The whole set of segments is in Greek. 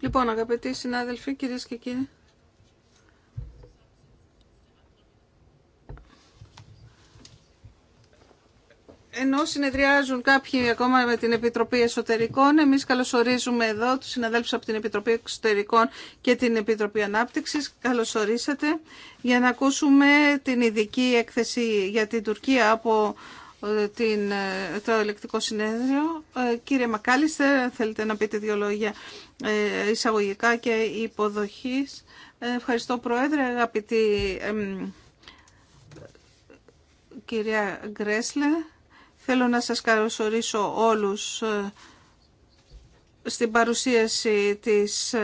Λοιπόν, αγαπητοί συνάδελφοι, κυρίες και κύριοι. Ενώ συνεδριάζουν κάποιοι ακόμα με την Επιτροπή Εσωτερικών, εμείς καλωσορίζουμε εδώ τους συναδέλφους από την Επιτροπή Εξωτερικών και την Επιτροπή Ανάπτυξης. Καλωσορίσατε για να ακούσουμε την ειδική έκθεση για την Τουρκία από ε, την, ε, το ελεκτικό συνέδριο. Ε, κύριε Μακάλιστερ, θέλετε να πείτε δύο λόγια εισαγωγικά και υποδοχής. Ευχαριστώ Πρόεδρε, αγαπητή κυρία Γκρέσλε. Θέλω να σας καλωσορίσω όλους στην παρουσίαση της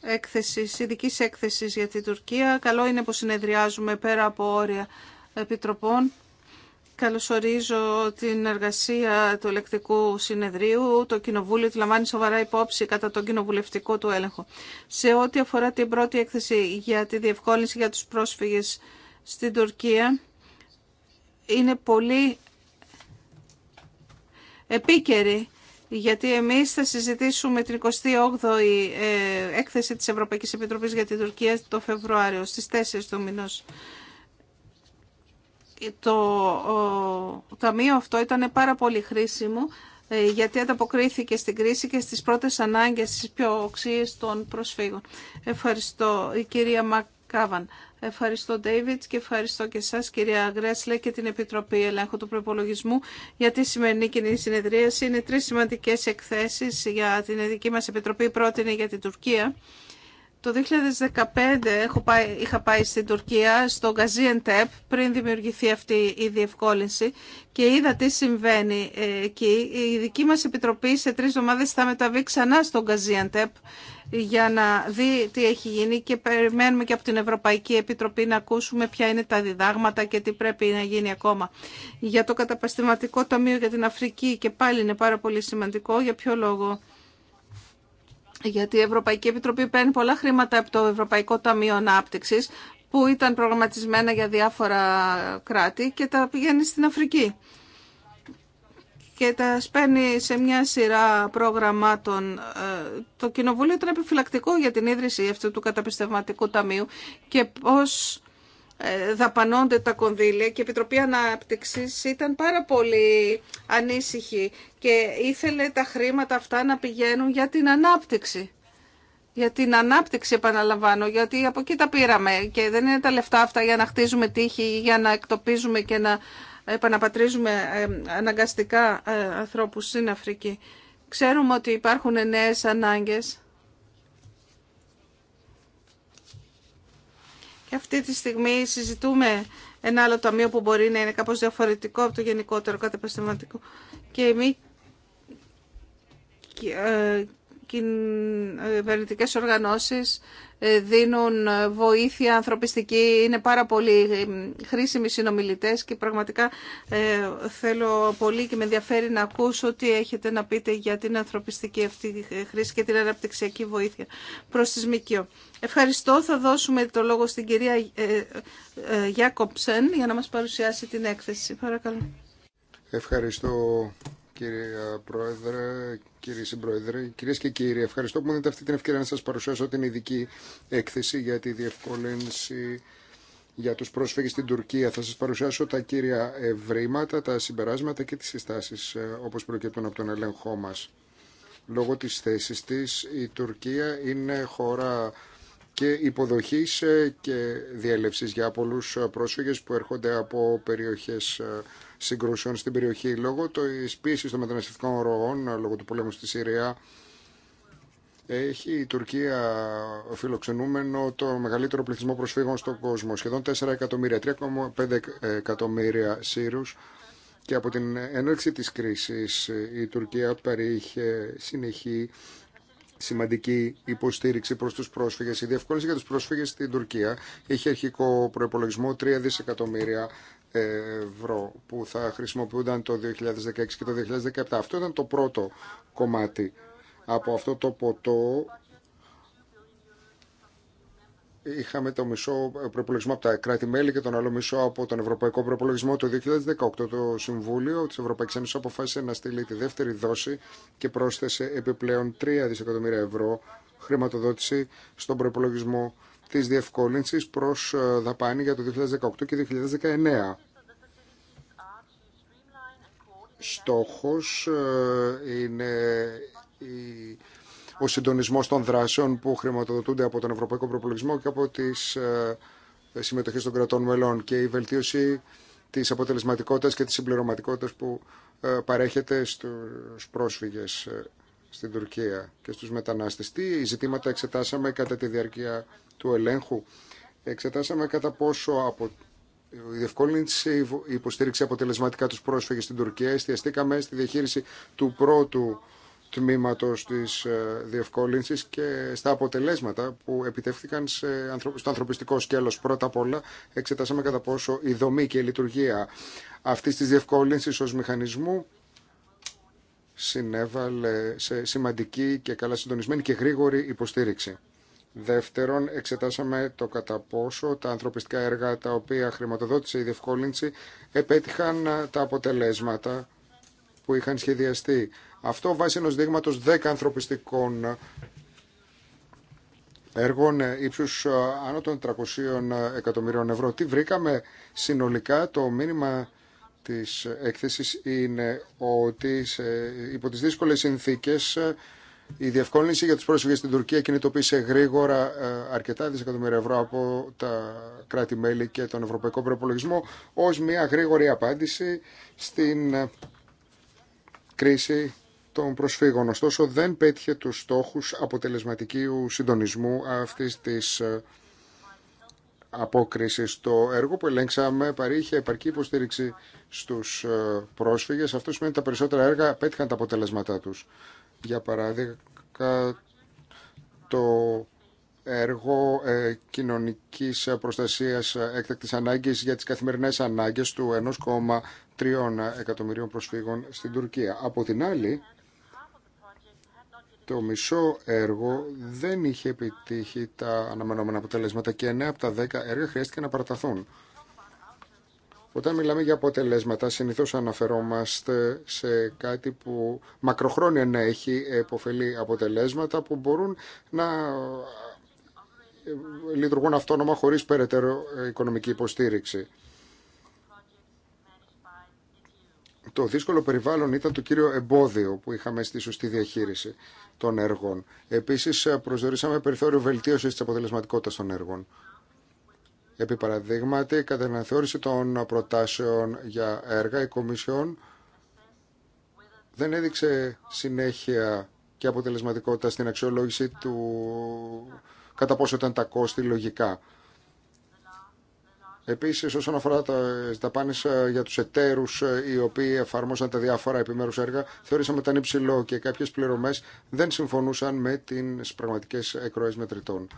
έκθεσης, ειδικής έκθεσης για την Τουρκία. Καλό είναι που συνεδριάζουμε πέρα από όρια επιτροπών Καλωσορίζω την εργασία του ελεκτικού συνεδρίου. Το Κοινοβούλιο τη λαμβάνει σοβαρά υπόψη κατά τον κοινοβουλευτικό του έλεγχο. Σε ό,τι αφορά την πρώτη έκθεση για τη διευκόλυνση για τους πρόσφυγες στην Τουρκία, είναι πολύ επίκαιρη γιατί εμείς θα συζητήσουμε την 28η ε, έκθεση της Ευρωπαϊκής Επιτροπής για την Τουρκία το Φεβρουάριο, στις 4 του μηνός το ταμείο αυτό ήταν πάρα πολύ χρήσιμο ε, γιατί ανταποκρίθηκε στην κρίση και στις πρώτες ανάγκες στις πιο οξύες των προσφύγων. Ευχαριστώ η κυρία Μακάβαν. Ευχαριστώ, Ντέιβιτ, και ευχαριστώ και εσά, κυρία Γκρέσλε, και την Επιτροπή Ελέγχου του Προπολογισμού για τη σημερινή κοινή συνεδρίαση. Είναι τρει σημαντικέ εκθέσει για την δική μα Επιτροπή. Η πρώτη είναι για την Τουρκία το 2015 έχω πάει, είχα πάει στην Τουρκία, στο Gaziantep, πριν δημιουργηθεί αυτή η διευκόλυνση και είδα τι συμβαίνει ε, εκεί. Η δική μας επιτροπή σε τρεις εβδομάδες θα μεταβεί ξανά στο Gaziantep για να δει τι έχει γίνει και περιμένουμε και από την Ευρωπαϊκή Επιτροπή να ακούσουμε ποια είναι τα διδάγματα και τι πρέπει να γίνει ακόμα. Για το καταπαστηματικό ταμείο για την Αφρική και πάλι είναι πάρα πολύ σημαντικό. Για ποιο λόγο γιατί η Ευρωπαϊκή Επιτροπή παίρνει πολλά χρήματα από το Ευρωπαϊκό Ταμείο Ανάπτυξη που ήταν προγραμματισμένα για διάφορα κράτη και τα πηγαίνει στην Αφρική. Και τα σπαίνει σε μια σειρά προγραμμάτων. Ε, το Κοινοβούλιο ήταν επιφυλακτικό για την ίδρυση αυτού του καταπιστευματικού ταμείου και πώς ε, δαπανώνται τα κονδύλια και η Επιτροπή Ανάπτυξης ήταν πάρα πολύ ανήσυχη και ήθελε τα χρήματα αυτά να πηγαίνουν για την ανάπτυξη. Για την ανάπτυξη επαναλαμβάνω, γιατί από εκεί τα πήραμε και δεν είναι τα λεφτά αυτά για να χτίζουμε ή για να εκτοπίζουμε και να επαναπατρίζουμε ε, αναγκαστικά ε, ανθρώπους στην Αφρική. Ξέρουμε ότι υπάρχουν νέες ανάγκες Αυτή τη στιγμή συζητούμε ένα άλλο ταμείο που μπορεί να είναι κάπως διαφορετικό από το γενικότερο κατεπαστηματικό. και εμείς ε, ε, κυβερνητικέ οργανώσεις ε, δίνουν ε, βοήθεια ανθρωπιστική, είναι πάρα πολύ χρήσιμοι συνομιλητέ, και πραγματικά θέλω πολύ και με ενδιαφέρει να ακούσω τι έχετε να πείτε για την ανθρωπιστική αυτή χρήση και την αναπτυξιακή βοήθεια προς τη ΜΚΙΟ. Ευχαριστώ. Θα δώσουμε το λόγο στην κυρία Γιάκοψεν για να μας παρουσιάσει την έκθεση. Παρακαλώ. Ευχαριστώ Κύριε Πρόεδρε, κύριε Συμπρόεδρε, κυρίες και κύριοι, ευχαριστώ που μου δίνετε αυτή την ευκαιρία να σας παρουσιάσω την ειδική έκθεση για τη διευκολύνση για τους πρόσφυγες στην Τουρκία. Θα σας παρουσιάσω τα κύρια ευρήματα, τα συμπεράσματα και τις συστάσεις ε, όπως προκύπτουν από τον έλεγχό μας. Λόγω της θέση της, η Τουρκία είναι χώρα και υποδοχής ε, και διέλευσης για πολλούς ε, πρόσφυγες που έρχονται από περιοχές ε, συγκρούσεων στην περιοχή λόγω της πίεση των μεταναστευτικών ροών, λόγω του πολέμου στη Συρία. Έχει η Τουρκία φιλοξενούμενο το μεγαλύτερο πληθυσμό προσφύγων στον κόσμο, σχεδόν 4 εκατομμύρια, 3,5 εκατομμύρια Σύρους και από την έναρξη της κρίσης η Τουρκία παρήχε συνεχή σημαντική υποστήριξη προς τους πρόσφυγες. Η διευκόλυνση για τους πρόσφυγες στην Τουρκία έχει αρχικό προπολογισμό 3 δισεκατομμύρια ε, ευρώ που θα χρησιμοποιούνταν το 2016 και το 2017. Αυτό ήταν το πρώτο κομμάτι από αυτό το ποτό είχαμε το μισό προπολογισμό από τα κράτη-μέλη και τον άλλο μισό από τον Ευρωπαϊκό Προπολογισμό. Το 2018 το Συμβούλιο τη Ευρωπαϊκή Ένωση αποφάσισε να στείλει τη δεύτερη δόση και πρόσθεσε επιπλέον 3 δισεκατομμύρια ευρώ χρηματοδότηση στον προπολογισμό τη διευκόλυνση προ ε, δαπάνη για το 2018 και 2019. Στόχος ε, είναι η ο συντονισμό των δράσεων που χρηματοδοτούνται από τον Ευρωπαϊκό Προπολογισμό και από τι ε, συμμετοχέ των κρατών μελών και η βελτίωση τη αποτελεσματικότητα και τη συμπληρωματικότητα που ε, παρέχεται στους πρόσφυγες ε, στην Τουρκία και στου μετανάστες. Τι ζητήματα εξετάσαμε κατά τη διάρκεια του ελέγχου. Εξετάσαμε κατά πόσο από η διευκόλυνση υποστήριξε αποτελεσματικά τους πρόσφυγες στην Τουρκία. Εστιαστήκαμε στη διαχείριση του πρώτου τμήματος της ε, διευκόλυνσης και στα αποτελέσματα που επιτεύχθηκαν στο ανθρωπιστικό σκέλος. Πρώτα απ' όλα εξετάσαμε κατά πόσο η δομή και η λειτουργία αυτής της διευκόλυνσης ως μηχανισμού συνέβαλε σε σημαντική και καλά συντονισμένη και γρήγορη υποστήριξη. Δεύτερον, εξετάσαμε το κατά πόσο τα ανθρωπιστικά έργα τα οποία χρηματοδότησε η διευκόλυνση επέτυχαν τα αποτελέσματα που είχαν σχεδιαστεί αυτό βάσει ενός δείγματος 10 ανθρωπιστικών έργων ε, ύψους ε, άνω των 300 ε, εκατομμυρίων ευρώ. Τι βρήκαμε συνολικά το μήνυμα της έκθεσης είναι ότι υπό τις δύσκολες συνθήκες η διευκόλυνση για τους πρόσφυγες στην Τουρκία κινητοποίησε γρήγορα αρκετά δισεκατομμύρια ευρώ από τα κράτη-μέλη και τον Ευρωπαϊκό Προπολογισμό ως μια γρήγορη απάντηση στην κρίση των προσφύγων. Ωστόσο δεν πέτυχε τους στόχους αποτελεσματικού συντονισμού αυτής της ε, απόκρισης. Το έργο που ελέγξαμε παρήχε επαρκή υποστήριξη στους ε, πρόσφυγες. Αυτό σημαίνει ότι τα περισσότερα έργα πέτυχαν τα αποτελέσματά τους. Για παράδειγμα, το έργο ε, κοινωνικής προστασίας ε, έκτακτης ανάγκης για τις καθημερινέ ανάγκες του 1,3 εκατομμυρίων προσφύγων στην Τουρκία. Από την άλλη, το μισό έργο δεν είχε επιτύχει τα αναμενόμενα αποτελέσματα και 9 από τα 10 έργα χρειάστηκε να παραταθούν. Όταν μιλάμε για αποτελέσματα, συνήθως αναφερόμαστε σε κάτι που μακροχρόνια να έχει υποφελεί αποτελέσματα που μπορούν να ε, λειτουργούν αυτόνομα χωρίς περαιτέρω ε, οικονομική υποστήριξη. Το δύσκολο περιβάλλον ήταν το κύριο εμπόδιο που είχαμε στη σωστή διαχείριση των έργων. Επίσης προσδιορίσαμε περιθώριο βελτίωσης τη αποτελεσματικότητα των έργων. Επί παραδείγματι, κατά την αναθεώρηση των προτάσεων για έργα, η Κομισιόν δεν έδειξε συνέχεια και αποτελεσματικότητα στην αξιολόγηση του κατά πόσο ήταν τα κόστη λογικά. Επίση, όσον αφορά τα πάνε ε, για του εταίρου ε, οι οποίοι εφαρμόσαν τα διάφορα επιμέρου έργα, θεωρήσαμε ότι ήταν υψηλό και κάποιε πληρωμέ δεν συμφωνούσαν με τι πραγματικέ εκροέ μετρητών.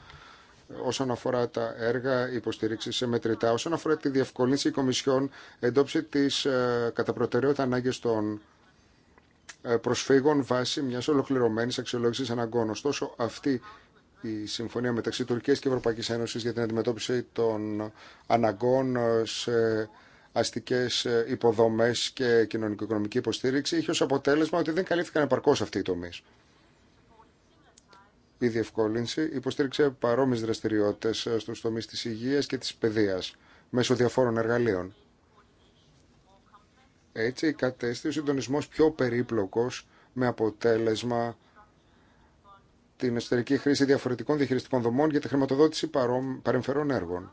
Όσον αφορά τα έργα υποστηρίξη σε μετρητά, όσον αφορά τη διευκολύνση κομισιών εντόψη τη ε, κατά προτεραιότητα ανάγκη των προσφύγων βάσει μια ολοκληρωμένη αξιολόγηση αναγκών. Ωστόσο, αυτή η συμφωνία μεταξύ Τουρκίας και Ευρωπαϊκής Ένωσης για την αντιμετώπιση των αναγκών σε αστικές υποδομές και κοινωνικο-οικονομική υποστήριξη είχε ως αποτέλεσμα ότι δεν καλύφθηκαν επαρκώς αυτοί οι τομείς. Η διευκόλυνση υποστήριξε παρόμοιες δραστηριότητες στους τομείς της υγείας και της παιδείας μέσω διαφόρων εργαλείων. Έτσι κατέστη ο συντονισμός πιο περίπλοκος με αποτέλεσμα την εσωτερική χρήση διαφορετικών διαχειριστικών δομών για τη χρηματοδότηση παρεμφερών έργων.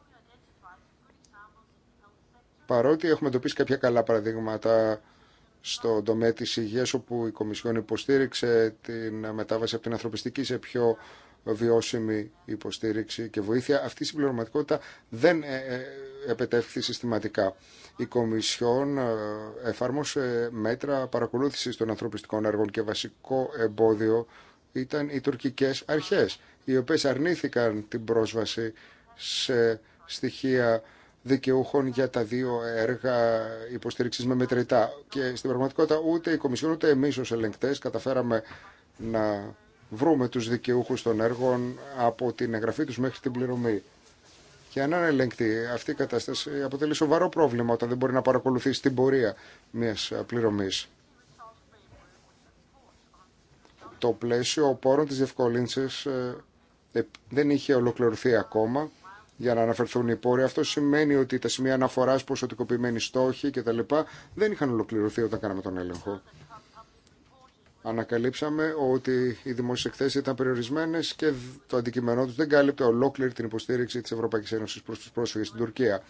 Παρότι έχουμε εντοπίσει κάποια καλά παραδείγματα στον τομέα της υγείας όπου η Κομισιόν υποστήριξε την μετάβαση από την ανθρωπιστική σε πιο βιώσιμη υποστήριξη και βοήθεια, αυτή η συμπληρωματικότητα δεν ε, ε, επετεύχθη συστηματικά. Η Κομισιόν ε, εφάρμοσε μέτρα παρακολούθησης των ανθρωπιστικών έργων και βασικό εμπόδιο ήταν οι τουρκικές αρχές, οι οποίες αρνήθηκαν την πρόσβαση σε στοιχεία δικαιούχων για τα δύο έργα υποστήριξης με μετρητά. Και στην πραγματικότητα ούτε η Κομισιόν ούτε εμείς ως ελεγκτές καταφέραμε να βρούμε τους δικαιούχους των έργων από την εγγραφή τους μέχρι την πληρωμή. Και αν ελεγκτή αυτή η κατάσταση αποτελεί σοβαρό πρόβλημα όταν δεν μπορεί να παρακολουθεί την πορεία μιας πληρωμής το πλαίσιο πόρων της διευκολύνσης ε, ε, δεν είχε ολοκληρωθεί ακόμα για να αναφερθούν οι πόροι. Αυτό σημαίνει ότι τα σημεία αναφορά, ποσοτικοποιημένοι στόχοι κτλ. δεν είχαν ολοκληρωθεί όταν κάναμε τον έλεγχο. Ανακαλύψαμε ότι οι δημόσιε εκθέσει ήταν περιορισμένε και το αντικείμενό του δεν κάλυπτε ολόκληρη την υποστήριξη τη Ευρωπαϊκή Ένωση προ του πρόσφυγε στην Τουρκία.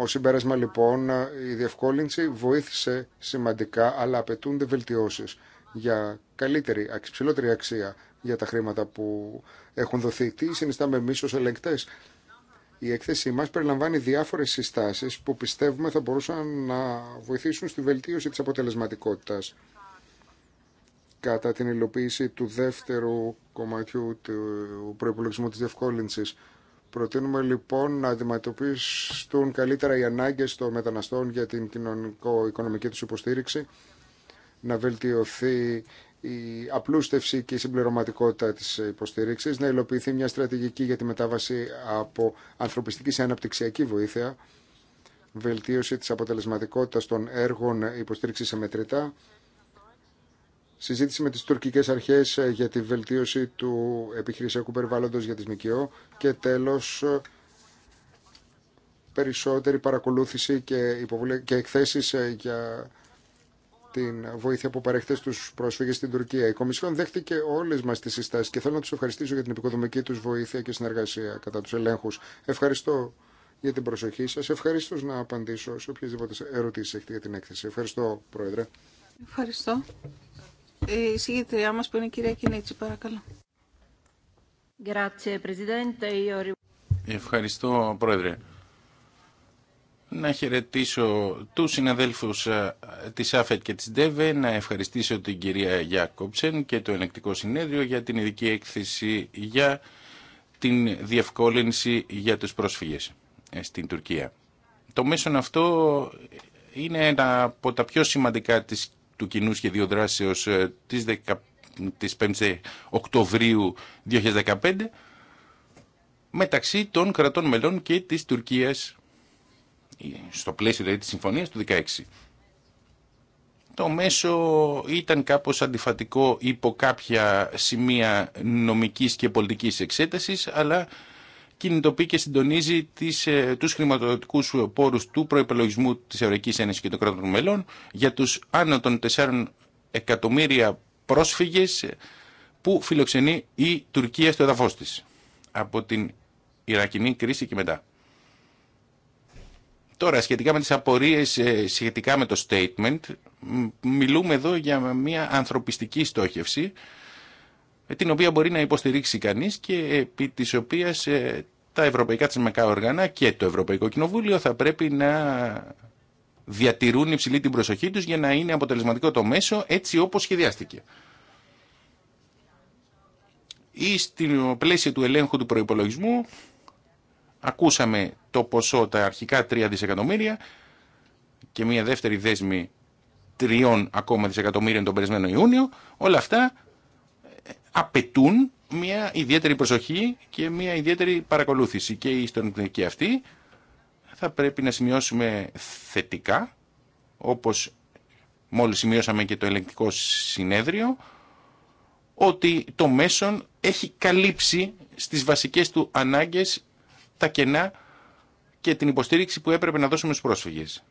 Ο συμπέρασμα λοιπόν, η διευκόλυνση βοήθησε σημαντικά, αλλά απαιτούνται βελτιώσει για καλύτερη, ψηλότερη αξία για τα χρήματα που έχουν δοθεί. Τι συνιστάμε εμεί ω ελεγκτέ. Η έκθεσή μα περιλαμβάνει διάφορες συστάσει που πιστεύουμε θα μπορούσαν να βοηθήσουν στη βελτίωση τη αποτελεσματικότητα κατά την υλοποίηση του δεύτερου κομματιού του προπολογισμού τη διευκόλυνση, Προτείνουμε λοιπόν να αντιμετωπιστούν καλύτερα οι ανάγκε των μεταναστών για την κοινωνικο-οικονομική του υποστήριξη να βελτιωθεί η απλούστευση και η συμπληρωματικότητα της υποστήριξης, να υλοποιηθεί μια στρατηγική για τη μετάβαση από ανθρωπιστική σε αναπτυξιακή βοήθεια, βελτίωση της αποτελεσματικότητας των έργων υποστήριξης σε μετρητά, συζήτηση με τις τουρκικές αρχές για τη βελτίωση του επιχειρησιακού περιβάλλοντος για τη ΜΚΟ και τέλος περισσότερη παρακολούθηση και, και εκθέσεις για την βοήθεια που παρέχεται στους πρόσφυγες στην Τουρκία. Η Κομισιόν δέχτηκε όλες μας τις συστάσεις και θέλω να του ευχαριστήσω για την επικοδομική του βοήθεια και συνεργασία κατά τους ελέγχους. Ευχαριστώ για την προσοχή σας. Ευχαριστώ να απαντήσω σε οποιασδήποτε ερωτήσεις έχετε για την έκθεση. Ευχαριστώ, Πρόεδρε. Ευχαριστώ. Η συγγετριά μα που είναι η κυρία Κινίτση, παρακαλώ. Ευχαριστώ, Πρόεδρε να χαιρετήσω τους συναδέλφους ε, της ΑΦΕΤ και της ΔΕΒΕ, να ευχαριστήσω την κυρία Γιάκοψεν και το Ενεκτικό Συνέδριο για την ειδική έκθεση για την διευκόλυνση για τους πρόσφυγες ε, στην Τουρκία. Το μέσον αυτό είναι ένα από τα πιο σημαντικά της, του κοινού σχεδίου δράσεως ε, της, 10, της 5 Οκτωβρίου 2015 μεταξύ των κρατών μελών και της Τουρκίας στο πλαίσιο δηλαδή, της συμφωνίας του 2016. Το μέσο ήταν κάπως αντιφατικό υπό κάποια σημεία νομικής και πολιτικής εξέτασης, αλλά κινητοποιεί και συντονίζει τις, ε, τους χρηματοδοτικούς πόρους του προϋπολογισμού της Ευρωπαϊκής Ένωσης και των κράτων μελών για τους άνω των 4 εκατομμύρια πρόσφυγες που φιλοξενεί η Τουρκία στο εδαφός της από την Ιρακινή κρίση και μετά. Τώρα, σχετικά με τις απορίες, ε, σχετικά με το statement, μιλούμε εδώ για μια ανθρωπιστική στόχευση, ε, την οποία μπορεί να υποστηρίξει κανείς και επί της οποίας ε, τα ευρωπαϊκά θεσμικά όργανα και το Ευρωπαϊκό Κοινοβούλιο θα πρέπει να διατηρούν υψηλή την προσοχή τους για να είναι αποτελεσματικό το μέσο έτσι όπως σχεδιάστηκε. Ή στην πλαίσιο του ελέγχου του προϋπολογισμού Ακούσαμε το ποσό, τα αρχικά 3 δισεκατομμύρια και μια δεύτερη δέσμη 3 ακόμα δισεκατομμύριων τον περασμένο Ιούνιο. Όλα αυτά ε, απαιτούν μια ιδιαίτερη προσοχή και μια ιδιαίτερη παρακολούθηση. Και η ιστορική αυτή θα πρέπει να σημειώσουμε θετικά, όπως μόλις σημειώσαμε και το ελεγκτικό συνέδριο, ότι το μέσον έχει καλύψει στις βασικές του ανάγκες τα κενά και την υποστήριξη που έπρεπε να δώσουμε στους πρόσφυγες.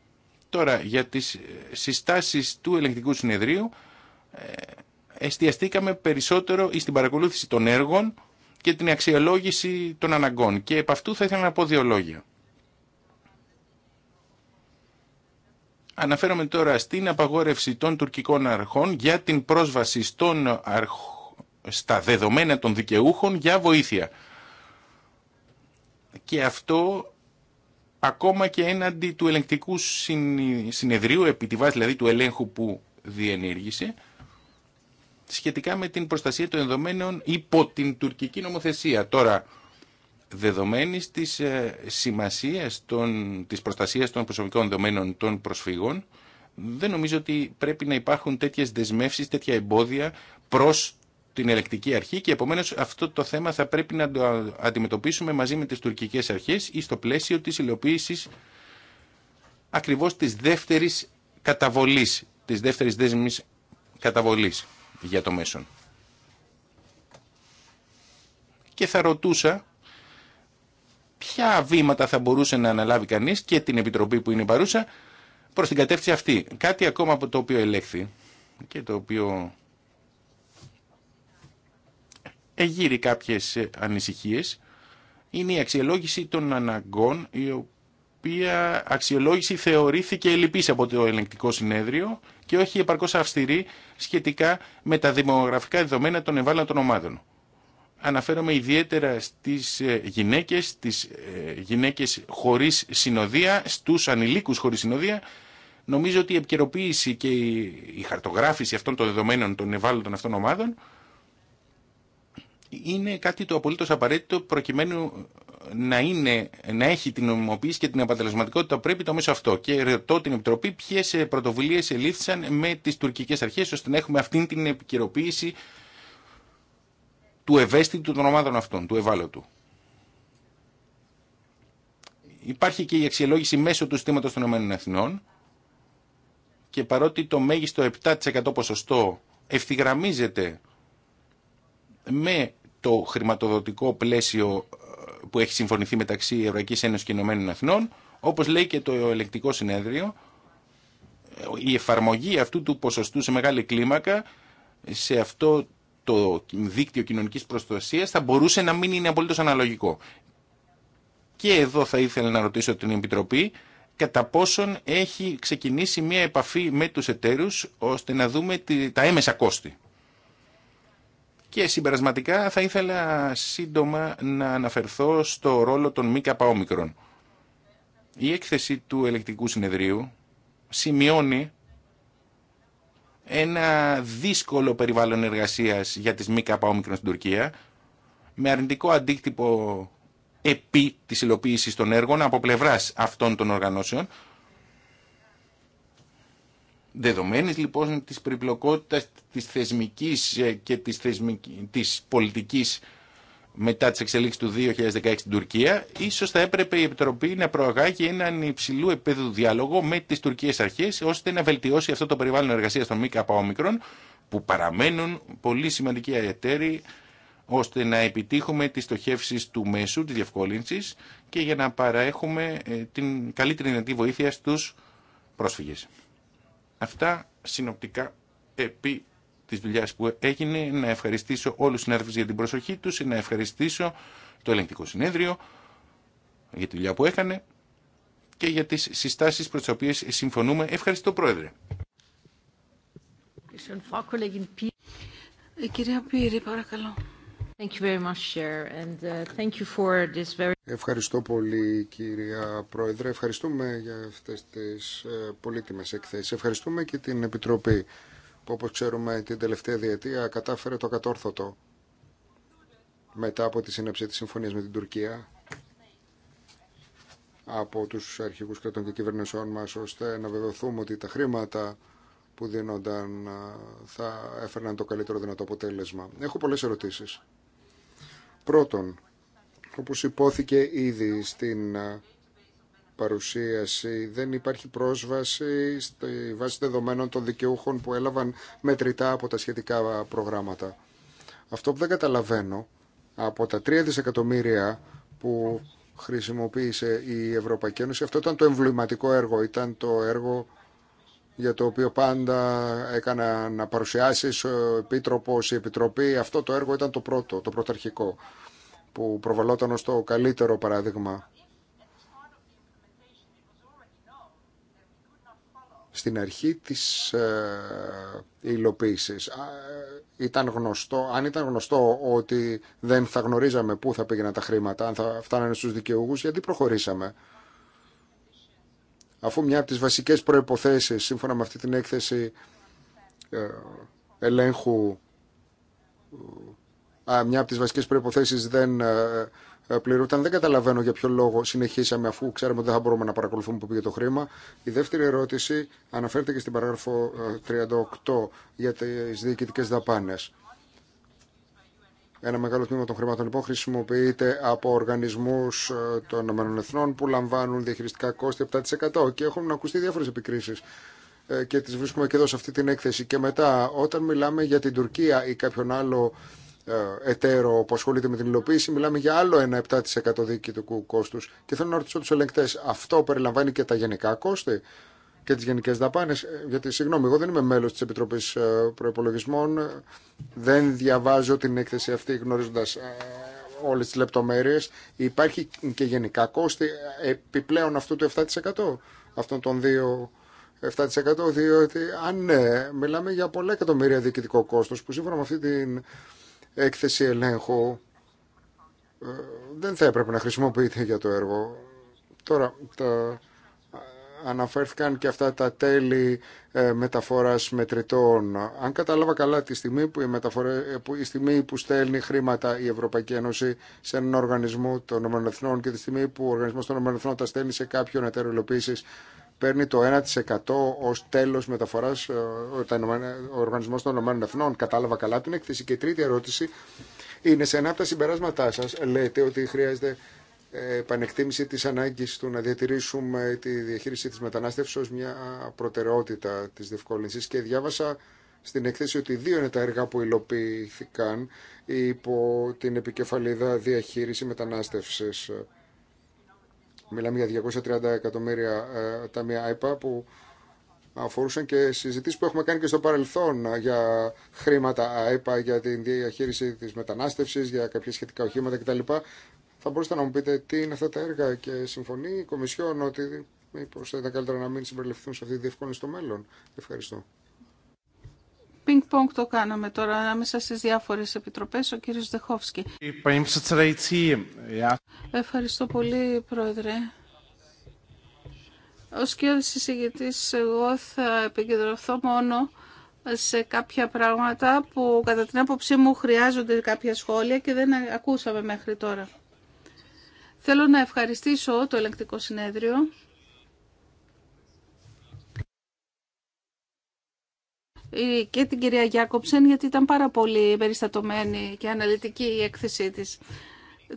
Τώρα, για τις ε, συστάσεις του ελεγκτικού συνεδρίου, ε, εστιαστήκαμε περισσότερο στην παρακολούθηση των έργων και την αξιολόγηση των αναγκών. Και επ' αυτού θα ήθελα να πω δύο λόγια. Αναφέρομαι τώρα στην απαγόρευση των τουρκικών αρχών για την πρόσβαση στον στα δεδομένα των δικαιούχων για βοήθεια και αυτό ακόμα και έναντι του ελεγκτικού συνεδρίου, επί τη βάση δηλαδή του ελέγχου που διενήργησε, σχετικά με την προστασία των ενδομένων υπό την τουρκική νομοθεσία. Τώρα, δεδομένης της ε, σημασίας των, της προστασίας των προσωπικών δεδομένων των προσφύγων, δεν νομίζω ότι πρέπει να υπάρχουν τέτοιες δεσμεύσεις, τέτοια εμπόδια προς την ελεκτική αρχή και επομένως αυτό το θέμα θα πρέπει να το αντιμετωπίσουμε μαζί με τις τουρκικές αρχές ή στο πλαίσιο της υλοποίησης ακριβώς της δεύτερης καταβολής, της δεύτερης δέσμης καταβολής για το μέσον. Και θα ρωτούσα ποια βήματα θα μπορούσε να αναλάβει κανείς και την Επιτροπή που είναι παρούσα προς την κατεύθυνση αυτή. Κάτι ακόμα από το οποίο ελέγχθη και το οποίο εγείρει κάποιες ε, ανησυχίες. Είναι η αξιολόγηση των αναγκών, η οποία αξιολόγηση θεωρήθηκε ελλειπής από το ελεγκτικό συνέδριο και όχι επαρκώς αυστηρή σχετικά με τα δημογραφικά δεδομένα των ευάλωτων ομάδων. Αναφέρομαι ιδιαίτερα στις ε, γυναίκες, στις ε, γυναίκες χωρίς συνοδεία, στους ανηλίκους χωρίς συνοδεία. Νομίζω ότι η επικαιροποίηση και η χαρτογράφηση αυτών των δεδομένων των ευάλωτων αυτών ομάδων είναι κάτι το απολύτως απαραίτητο προκειμένου να, είναι, να έχει την νομιμοποίηση και την αποτελεσματικότητα πρέπει το μέσο αυτό. Και ρωτώ την Επιτροπή ποιε πρωτοβουλίε ελήφθησαν με τι τουρκικέ αρχέ ώστε να έχουμε αυτή την επικαιροποίηση του ευαίσθητου των ομάδων αυτών, του ευάλωτου. Υπάρχει και η αξιολόγηση μέσω του συστήματο των ΗΠΑ και παρότι το μέγιστο 7% ποσοστό ευθυγραμμίζεται με το χρηματοδοτικό πλαίσιο ε, που έχει συμφωνηθεί μεταξύ Ευρωπαϊκής Ένωσης και Ηνωμένων Εθνών, όπως λέει και το ελεκτικό συνέδριο, ε, η εφαρμογή αυτού του ποσοστού σε μεγάλη κλίμακα σε αυτό το δίκτυο κοινωνικής προστασίας θα μπορούσε να μην είναι απολύτως αναλογικό. Και εδώ θα ήθελα να ρωτήσω την Επιτροπή κατά πόσον έχει ξεκινήσει μια επαφή με τους εταίρους ώστε να δούμε τα έμεσα κόστη. Και συμπερασματικά θα ήθελα σύντομα να αναφερθώ στο ρόλο των ΜΚΟ. Η έκθεση του ελεκτικού συνεδρίου σημειώνει ένα δύσκολο περιβάλλον εργασίας για τις μη στην Τουρκία, με αρνητικό αντίκτυπο επί της υλοποίησης των έργων από πλευράς αυτών των οργανώσεων, Δεδομένης λοιπόν της περιπλοκότητας της θεσμικής ε, και της, θεσμικής, της πολιτικής μετά τις εξελίξεις του 2016 στην Τουρκία, ίσως θα έπρεπε η Επιτροπή να προαγάγει έναν υψηλού επίπεδο διάλογο με τις τουρκικές αρχές, ώστε να βελτιώσει αυτό το περιβάλλον εργασίας των ΜΚΟ, που παραμένουν πολύ σημαντικοί αεταίροι, ώστε να επιτύχουμε τις στοχεύσεις του μέσου, της διευκόλυνσης και για να παραέχουμε ε, την καλύτερη δυνατή βοήθεια στους πρόσφυγες. Αυτά συνοπτικά επί της δουλειά που έγινε. Να ευχαριστήσω όλους τους συνάδελφους για την προσοχή τους, να ευχαριστήσω το ελεγκτικό συνέδριο για τη δουλειά που έκανε και για τις συστάσεις προς τις οποίες συμφωνούμε. Ευχαριστώ Πρόεδρε. Ε, κυρία παρακαλώ. Ευχαριστώ πολύ κυρία Πρόεδρε. Ευχαριστούμε για αυτές τις ε, πολύτιμες εκθέσεις. Ευχαριστούμε και την Επιτροπή που όπως ξέρουμε την τελευταία διετία κατάφερε το κατόρθωτο μετά από τη σύναψη της συμφωνίας με την Τουρκία από τους αρχηγούς κρατών και κυβερνησεών μας ώστε να βεβαιωθούμε ότι τα χρήματα που δίνονταν ε, θα έφερναν το καλύτερο δυνατό αποτέλεσμα. Έχω πολλές ερωτήσεις. Πρώτον, όπως υπόθηκε ήδη στην παρουσίαση, δεν υπάρχει πρόσβαση στη βάση δεδομένων των δικαιούχων που έλαβαν μετρητά από τα σχετικά προγράμματα. Αυτό που δεν καταλαβαίνω, από τα 3 δισεκατομμύρια που χρησιμοποίησε η Ευρωπαϊκή Ένωση, αυτό ήταν το εμβληματικό έργο, ήταν το έργο για το οποίο πάντα έκανα να παρουσιάσεις ο Επίτροπος, η Επιτροπή. Αυτό το έργο ήταν το πρώτο, το πρωταρχικό, που προβαλόταν ως το καλύτερο παράδειγμα. Στην αρχή της ε, υλοποίησης ε, ήταν γνωστό, αν ήταν γνωστό ότι δεν θα γνωρίζαμε πού θα πήγαιναν τα χρήματα, αν θα φτάνανε στους δικαιούγους, γιατί προχωρήσαμε αφού μια από τις βασικές προϋποθέσεις σύμφωνα με αυτή την έκθεση ε, ελέγχου ε, α, μια από τις βασικές προϋποθέσεις δεν ε, πληρούταν. Δεν καταλαβαίνω για ποιο λόγο συνεχίσαμε αφού ξέρουμε ότι δεν θα μπορούμε να παρακολουθούμε που πήγε το χρήμα. Η δεύτερη ερώτηση αναφέρεται και στην παράγραφο 38 για τις διοικητικές δαπάνες. Ένα μεγάλο τμήμα των χρημάτων λοιπόν χρησιμοποιείται από οργανισμού ε, των ΗΠΑ που λαμβάνουν διαχειριστικά κόστη 7% και έχουν ακουστεί διάφορε επικρίσει ε, και τις βρίσκουμε και εδώ σε αυτή την έκθεση. Και μετά, όταν μιλάμε για την Τουρκία ή κάποιον άλλο ε, εταίρο που ασχολείται με την υλοποίηση, μιλάμε για άλλο ένα 7% του κόστους. Και θέλω να ρωτήσω τους ελεγκτές, αυτό περιλαμβάνει και τα γενικά κόστη και τις γενικές δαπάνες. Ε, γιατί, συγγνώμη, εγώ δεν είμαι μέλος της Επιτροπής ε, Προπολογισμών. δεν διαβάζω την έκθεση αυτή γνωρίζοντα ε, όλες τις λεπτομέρειες. Υπάρχει και γενικά κόστη επιπλέον αυτού του 7%, αυτών των δύο 7% διότι αν ναι, μιλάμε για πολλά εκατομμύρια διοικητικό κόστος που σύμφωνα με αυτή την έκθεση ελέγχου δεν θα έπρεπε να χρησιμοποιείται για το έργο. Τώρα, τα αναφέρθηκαν και αυτά τα τέλη ε, μεταφοράς μετρητών. Αν κατάλαβα καλά τη στιγμή που η, που, η στιγμή που στέλνει χρήματα η Ευρωπαϊκή Ένωση σε έναν οργανισμό των ΟΕΕ και τη στιγμή που ο οργανισμός των ΗΠΑ τα στέλνει σε κάποιον εταίρο υλοποίησης παίρνει το 1% ως τέλος μεταφοράς ε, ο Οργανισμός των ΗΠΑ. Κατάλαβα καλά την έκθεση. Και η τρίτη ερώτηση είναι σε ένα από τα συμπεράσματά σας λέτε ότι χρειάζεται επανεκτίμηση της ανάγκης του να διατηρήσουμε τη διαχείριση της μετανάστευσης ως μια προτεραιότητα της διευκόλυνσης και διάβασα στην εκθέση ότι δύο είναι τα έργα που υλοποιήθηκαν υπό την επικεφαλίδα διαχείριση μετανάστευσης. Μιλάμε για 230 εκατομμύρια ε, ταμεία ΑΕΠΑ που αφορούσαν και συζητήσεις που έχουμε κάνει και στο παρελθόν για χρήματα ΑΕΠΑ, για την διαχείριση της μετανάστευσης, για κάποια σχετικά οχήματα κτλ. Θα μπορούσατε να μου πείτε τι είναι αυτά τα έργα και συμφωνεί η Κομισιόν ότι μήπω θα ήταν καλύτερα να μην συμπεριληφθούν σε αυτή τη διευκόνιση στο μέλλον. Ευχαριστώ. Πινκ πόνκ το κάναμε τώρα ανάμεσα στι διάφορε επιτροπέ, ο κύριο Δεχόφσκι. Ευχαριστώ πολύ, Πρόεδρε. Ως κύριο συζητητής, εγώ θα επικεντρωθώ μόνο σε κάποια πράγματα που κατά την άποψή μου χρειάζονται κάποια σχόλια και δεν ακούσαμε μέχρι τώρα. Θέλω να ευχαριστήσω το ελεγκτικό συνέδριο ε, και την κυρία Γιάκοψεν γιατί ήταν πάρα πολύ περιστατωμένη και αναλυτική η έκθεσή της.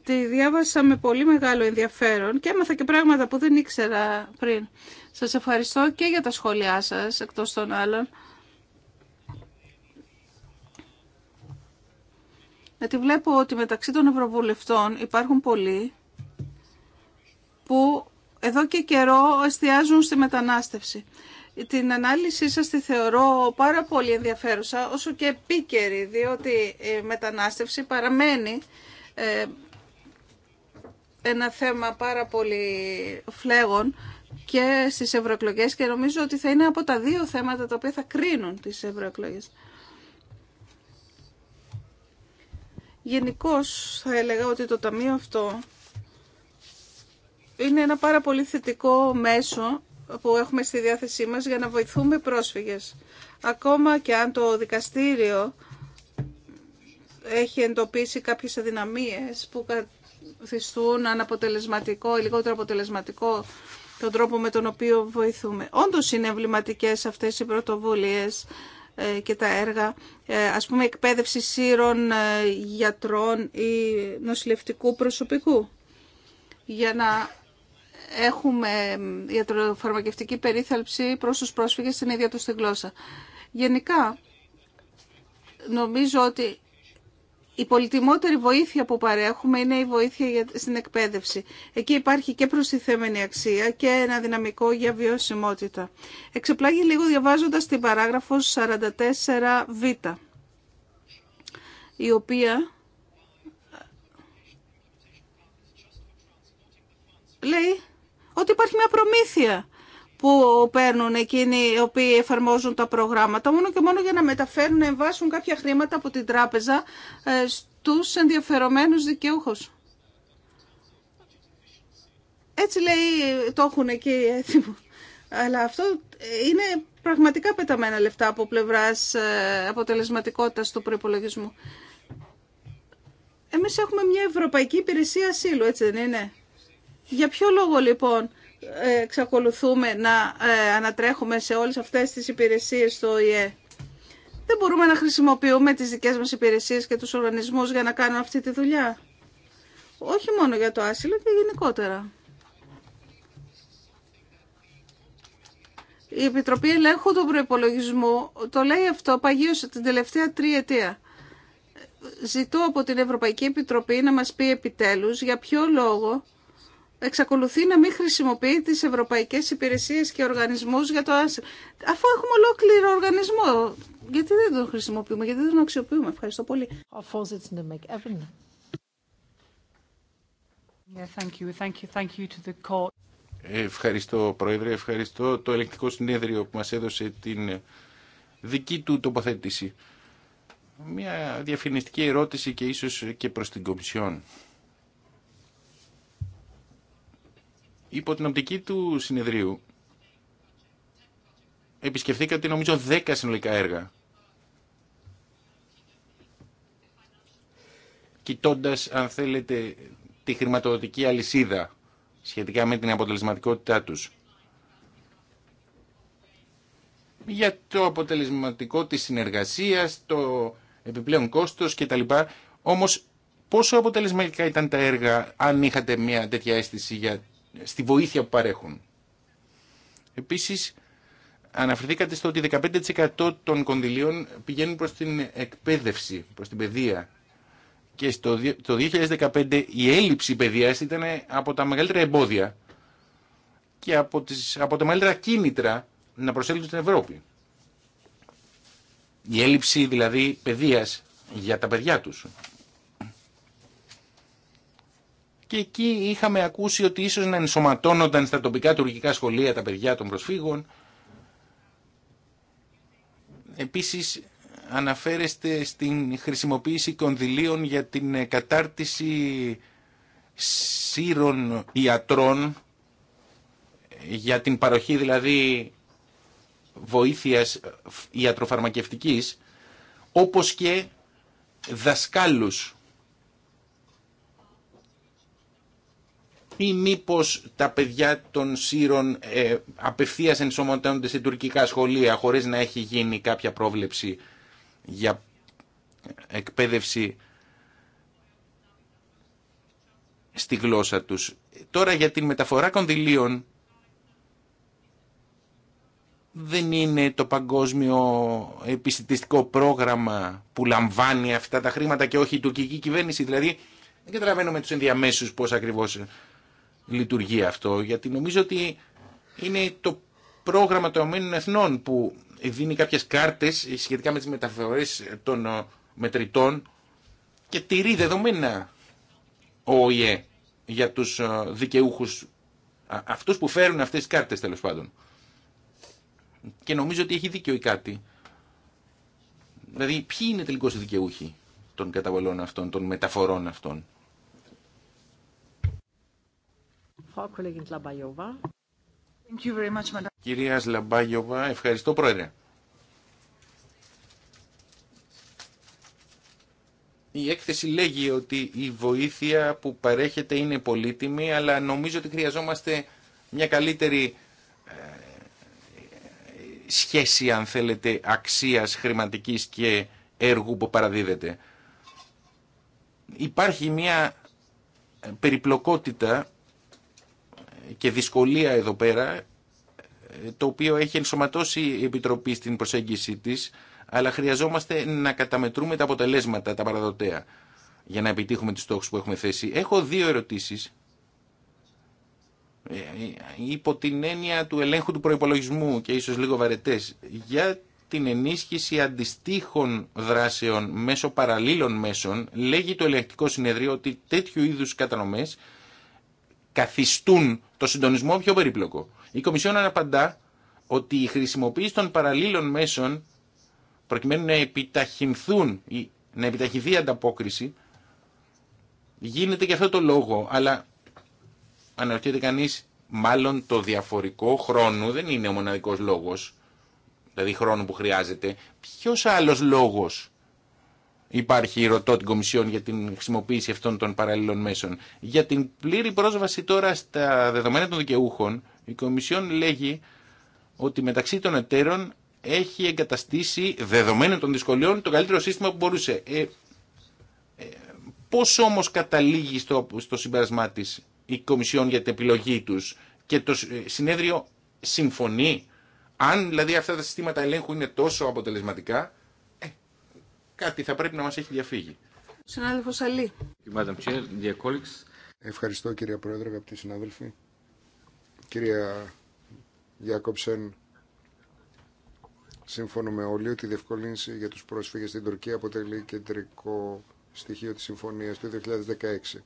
Τη διάβασα με πολύ μεγάλο ενδιαφέρον και έμαθα και πράγματα που δεν ήξερα πριν. Σας ευχαριστώ και για τα σχόλιά σας εκτός των άλλων. Γιατί βλέπω ότι μεταξύ των ευρωβουλευτών υπάρχουν πολλοί που εδώ και καιρό εστιάζουν στη μετανάστευση. Την ανάλυση σας τη θεωρώ πάρα πολύ ενδιαφέρουσα, όσο και επίκαιρη, διότι η μετανάστευση παραμένει ε, ένα θέμα πάρα πολύ φλέγον και στις ευρωεκλογέ και νομίζω ότι θα είναι από τα δύο θέματα τα οποία θα κρίνουν τις ευρωεκλογές. Γενικώ θα έλεγα ότι το Ταμείο αυτό είναι ένα πάρα πολύ θετικό μέσο που έχουμε στη διάθεσή μας για να βοηθούμε πρόσφυγες. Ακόμα και αν το δικαστήριο έχει εντοπίσει κάποιες αδυναμίες που καθιστούν αναποτελεσματικό ή λιγότερο αποτελεσματικό τον τρόπο με τον οποίο βοηθούμε. Όντως είναι εμβληματικέ αυτές οι πρωτοβουλίες ε, και τα έργα, ε, ας πούμε εκπαίδευση σύρων ε, γιατρών ή νοσηλευτικού προσωπικού για να έχουμε ιατροφαρμακευτική περίθαλψη προς τους πρόσφυγες στην ίδια τους τη γλώσσα. Γενικά, νομίζω ότι η πολυτιμότερη βοήθεια που παρέχουμε είναι η βοήθεια στην εκπαίδευση. Εκεί υπάρχει και προστιθέμενη αξία και ένα δυναμικό για βιωσιμότητα. Εξεπλάγει λίγο διαβάζοντας την παράγραφο 44β, η οποία λέει ότι υπάρχει μια προμήθεια που παίρνουν εκείνοι οι οποίοι εφαρμόζουν τα προγράμματα μόνο και μόνο για να μεταφέρουν, να εμβάσουν κάποια χρήματα από την τράπεζα ε, στους ενδιαφερομένους δικαιούχους. Έτσι λέει, το έχουν εκεί έτοιμο. Αλλά αυτό είναι πραγματικά πεταμένα λεφτά από πλευράς ε, αποτελεσματικότητας του προϋπολογισμού. Εμείς έχουμε μια Ευρωπαϊκή Υπηρεσία Ασύλου, έτσι δεν είναι. Για ποιο λόγο λοιπόν ε, εξακολουθούμε να ε, ανατρέχουμε σε όλες αυτές τις υπηρεσίες στο ΟΗΕ. Δεν μπορούμε να χρησιμοποιούμε τις δικές μας υπηρεσίες και τους οργανισμούς για να κάνουμε αυτή τη δουλειά. Όχι μόνο για το άσυλο και γενικότερα. Η Επιτροπή Ελέγχου του Προϋπολογισμού το λέει αυτό παγίωσε την τελευταία τριετία. Ζητώ από την Ευρωπαϊκή Επιτροπή να μας πει επιτέλους για ποιο λόγο εξακολουθεί να μην χρησιμοποιεί τις ευρωπαϊκές υπηρεσίες και οργανισμούς για το άσυλο. Αφού έχουμε ολόκληρο οργανισμό, γιατί δεν τον χρησιμοποιούμε, γιατί δεν τον αξιοποιούμε. Ευχαριστώ πολύ. Ευχαριστώ, Πρόεδρε. Ευχαριστώ το ελεκτικό συνέδριο που μας έδωσε την δική του τοποθέτηση. Μια διαφημιστική ερώτηση και ίσως και προς την Κομισιόν. Υπό την οπτική του συνεδρίου επισκεφθήκατε νομίζω 10 συνολικά έργα. Κοιτώντας αν θέλετε τη χρηματοδοτική αλυσίδα σχετικά με την αποτελεσματικότητά τους. Για το αποτελεσματικό της συνεργασίας, το επιπλέον κόστος κτλ. Όμως πόσο αποτελεσματικά ήταν τα έργα αν είχατε μια τέτοια αίσθηση για στη βοήθεια που παρέχουν. Επίσης, αναφερθήκατε στο ότι 15% των κονδυλίων πηγαίνουν προς την εκπαίδευση, προς την παιδεία. Και στο, το 2015 η έλλειψη παιδείας ήταν από τα μεγαλύτερα εμπόδια και από, τις, από τα μεγαλύτερα κίνητρα να προσέλθουν στην Ευρώπη. Η έλλειψη δηλαδή παιδείας για τα παιδιά τους και εκεί είχαμε ακούσει ότι ίσως να ενσωματώνονταν στα τοπικά τουρκικά σχολεία τα παιδιά των προσφύγων. Επίσης αναφέρεστε στην χρησιμοποίηση κονδυλίων για την κατάρτιση σύρων ιατρών για την παροχή δηλαδή βοήθειας ιατροφαρμακευτικής όπως και δασκάλους ή μήπω τα παιδιά των Σύρων ε, απευθείας ενσωματώνονται σε τουρκικά σχολεία χωρί να έχει γίνει κάποια πρόβλεψη για εκπαίδευση στη γλώσσα τους. Τώρα για την μεταφορά κονδυλίων δεν είναι το παγκόσμιο επιστημιστικό πρόγραμμα που λαμβάνει αυτά τα χρήματα και όχι η τουρκική κυβέρνηση. Δηλαδή δεν καταλαβαίνω με τους ενδιαμέσους πώς ακριβώς λειτουργεί αυτό, γιατί νομίζω ότι είναι το πρόγραμμα των Ηνωμένων Εθνών που δίνει κάποιες κάρτες σχετικά με τις μεταφορές των ε, μετρητών και τηρεί δεδομένα ο ΟΗΕ για τους ε, δικαιούχους, αυτούς που φέρουν αυτές τις κάρτες τέλος πάντων. Και νομίζω ότι έχει δίκιο ή κάτι. Δηλαδή ποιοι είναι τελικώς οι δικαιούχοι των καταβολών αυτών, των μεταφορών αυτών. Κυρία Λαμπάγιοβα, ευχαριστώ πρόεδρε. Η έκθεση λέγει ότι η βοήθεια που παρέχεται είναι πολύτιμη, αλλά νομίζω ότι χρειαζόμαστε μια καλύτερη ε, σχέση, αν θέλετε, αξίας χρηματικής και έργου που παραδίδεται. Υπάρχει μια ε, περιπλοκότητα και δυσκολία εδώ πέρα, το οποίο έχει ενσωματώσει η Επιτροπή στην προσέγγιση της, αλλά χρειαζόμαστε να καταμετρούμε τα αποτελέσματα, τα παραδοτέα, για να επιτύχουμε τους στόχους που έχουμε θέσει. Έχω δύο ερωτήσεις. Ε, υπό την έννοια του ελέγχου του προϋπολογισμού και ίσως λίγο βαρετές, για την ενίσχυση αντιστοίχων δράσεων μέσω παραλλήλων μέσων, λέγει το ελεγκτικό συνεδρίο ότι τέτοιου είδους κατανομές καθιστούν το συντονισμό πιο περίπλοκο. Η Κομισιόν αναπαντά ότι η χρησιμοποίηση των παραλλήλων μέσων προκειμένου να επιταχυνθούν ή να επιταχυνθεί η ανταπόκριση γίνεται και αυτό το λόγο, αλλά αναρωτιέται κανείς μάλλον το διαφορικό χρόνο δεν είναι ο μοναδικός λόγος, δηλαδή χρόνο που χρειάζεται. Ποιος άλλος λόγος υπάρχει ρωτώ την Κομισιόν για την χρησιμοποίηση αυτών των παραλληλών μέσων. Για την πλήρη πρόσβαση τώρα στα δεδομένα των δικαιούχων, η Κομισιόν λέγει ότι μεταξύ των εταίρων έχει εγκαταστήσει δεδομένων των δυσκολιών το καλύτερο σύστημα που μπορούσε. Ε, ε, πώς όμως καταλήγει στο, στο συμπέρασμά της η Κομισιόν για την επιλογή τους και το συνέδριο συμφωνεί αν δηλαδή αυτά τα συστήματα ελέγχου είναι τόσο αποτελεσματικά Κάτι θα πρέπει να μας έχει διαφύγει. Συνάδελφος Αλή. Ευχαριστώ κυρία Πρόεδρε, αγαπητοί συνάδελφοι. Κυρία Γιάκοψεν, με όλοι ότι η διευκολύνση για τους πρόσφυγες στην Τουρκία αποτελεί κεντρικό στοιχείο της συμφωνίας του 2016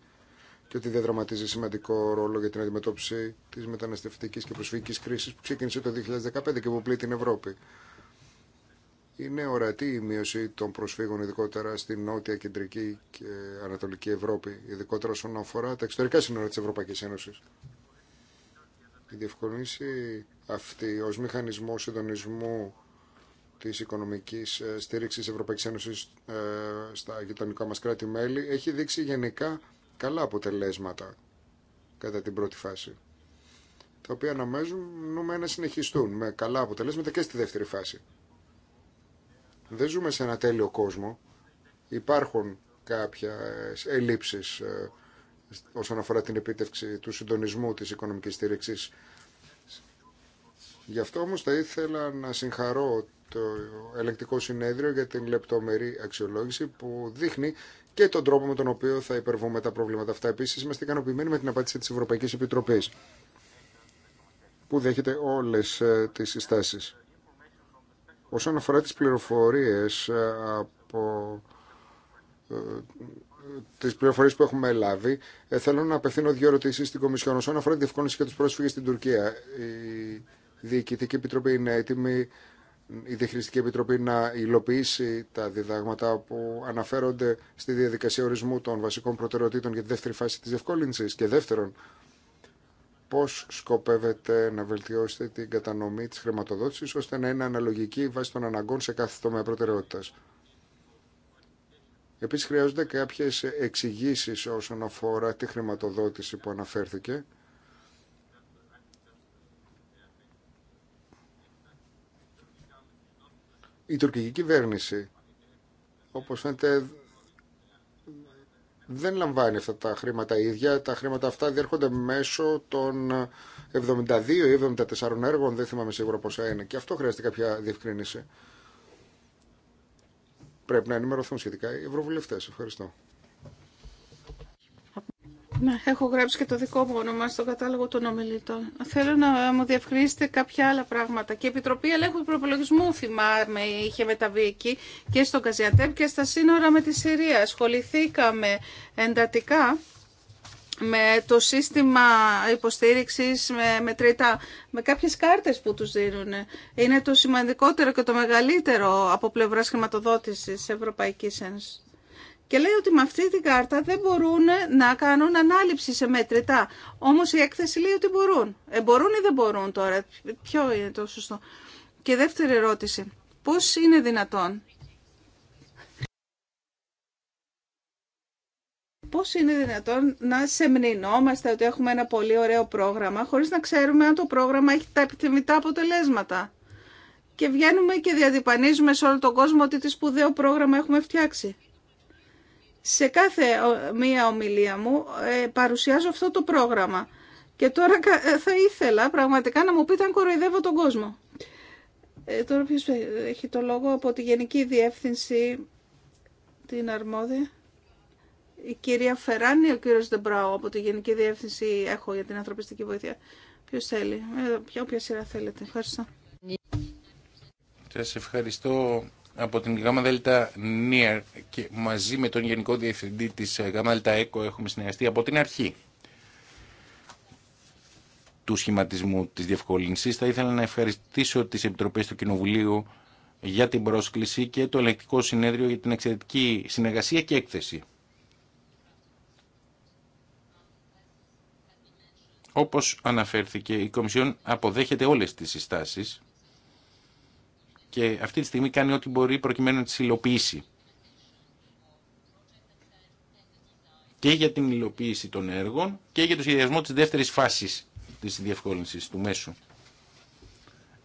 και ότι διαδραματίζει σημαντικό ρόλο για την αντιμετώπιση της μεταναστευτικής και προσφυγικής κρίσης που ξεκίνησε το 2015 και που πλήττει την Ευρώπη. Είναι ορατή η μείωση των προσφύγων, ειδικότερα στην νότια, κεντρική και ανατολική Ευρώπη, ειδικότερα όσον αφορά τα εξωτερικά σύνορα τη Ευρωπαϊκή Ένωση. Η διευκολύνση αυτή ω μηχανισμό συντονισμού της οικονομικής ε, στήριξης Ευρωπαϊκή Ένωση ε, στα γειτονικά μα κράτη-μέλη έχει δείξει γενικά καλά αποτελέσματα κατά την πρώτη φάση τα οποία αναμένουμε να συνεχιστούν με καλά αποτελέσματα και στη δεύτερη φάση. Δεν ζούμε σε ένα τέλειο κόσμο. Υπάρχουν κάποιες ελλείψεις ε, όσον αφορά την επίτευξη του συντονισμού της οικονομικής στήριξης. Γι' αυτό όμως θα ήθελα να συγχαρώ το ελεκτικό συνέδριο για την λεπτομερή αξιολόγηση που δείχνει και τον τρόπο με τον οποίο θα υπερβούμε τα προβλήματα αυτά. Επίσης είμαστε ικανοποιημένοι με την απάντηση της Ευρωπαϊκής Επιτροπής που δέχεται όλες ε, τις συστάσεις. Όσον αφορά τις πληροφορίες ε, από ε, τις πληροφορίες που έχουμε λάβει, ε, θέλω να απευθύνω δύο ερωτήσει στην Κομισιόν. Όσον αφορά τη διευκόλυνση και τους πρόσφυγες στην Τουρκία, η Διοικητική Επιτροπή είναι έτοιμη, η Διεχειριστική Επιτροπή να υλοποιήσει τα διδάγματα που αναφέρονται στη διαδικασία ορισμού των βασικών προτεραιοτήτων για τη δεύτερη φάση της διευκόλυνσης. Και δεύτερον, πώς σκοπεύετε να βελτιώσετε την κατανομή της χρηματοδότησης ώστε να είναι αναλογική βάσει των αναγκών σε κάθε τομέα προτεραιότητας. Επίσης χρειάζονται κάποιες εξηγήσει όσον αφορά τη χρηματοδότηση που αναφέρθηκε. Η τουρκική κυβέρνηση, όπως φαίνεται, δεν λαμβάνει αυτά τα χρήματα ίδια. Τα χρήματα αυτά διέρχονται μέσω των 72 ή 74 έργων, δεν θυμάμαι σίγουρα πόσα είναι. Και αυτό χρειάζεται κάποια διευκρίνηση. Πρέπει να ενημερωθούν σχετικά οι ευρωβουλευτές. Ευχαριστώ. Ναι, έχω γράψει και το δικό μου όνομα στο κατάλογο των ομιλητών. Θέλω να μου διευκρινίσετε κάποια άλλα πράγματα. Και η Επιτροπή Ελέγχου Προπολογισμού, θυμάμαι, είχε μεταβεί εκεί και στον Καζιαντέπ και στα σύνορα με τη Συρία. Ασχοληθήκαμε εντατικά με το σύστημα υποστήριξης με μετρητά, με κάποιες κάρτες που τους δίνουν. Είναι το σημαντικότερο και το μεγαλύτερο από πλευράς χρηματοδότησης Ευρωπαϊκής Ένωσης και λέει ότι με αυτή την κάρτα δεν μπορούν να κάνουν ανάληψη σε μετρητά. Όμω η έκθεση λέει ότι μπορούν. Ε, μπορούν ή δεν μπορούν τώρα. Ποιο είναι το σωστό. Και δεύτερη ερώτηση. Πώς είναι δυνατόν. Πώς είναι δυνατόν να σεμνινόμαστε ότι έχουμε ένα πολύ ωραίο πρόγραμμα χωρίς να ξέρουμε αν το πρόγραμμα έχει τα επιθυμητά αποτελέσματα. Και βγαίνουμε και διαδιπανίζουμε σε όλο τον κόσμο ότι τι σπουδαίο πρόγραμμα έχουμε φτιάξει. Σε κάθε μία ομιλία μου ε, παρουσιάζω αυτό το πρόγραμμα. Και τώρα ε, θα ήθελα πραγματικά να μου πείτε αν κοροϊδεύω τον κόσμο. Ε, τώρα ποιος έχει το λόγο από τη Γενική Διεύθυνση την αρμόδια. Η κυρία Φεράνη, ο κύριος Δεμπράου από τη Γενική Διεύθυνση έχω για την ανθρωπιστική βοήθεια. Ποιος θέλει, ποια, όποια σειρά θέλετε. Ευχαριστώ. Σας ευχαριστώ από την ΓΑΜΑ ΔΕΛΤΑ και μαζί με τον Γενικό Διευθυντή της ΓΑΜΑ ΕΚΟ έχουμε συνεργαστεί από την αρχή του σχηματισμού της διευκολύνσης. Θα ήθελα να ευχαριστήσω τις Επιτροπές του Κοινοβουλίου για την πρόσκληση και το Ελεκτικό Συνέδριο για την εξαιρετική συνεργασία και έκθεση. Όπως αναφέρθηκε, η Κομισιόν αποδέχεται όλες τις συστάσεις και αυτή τη στιγμή κάνει ό,τι μπορεί προκειμένου να τις υλοποιήσει. Και για την υλοποίηση των έργων και για το σχεδιασμό της δεύτερης φάσης της διευκόλυνσης του μέσου.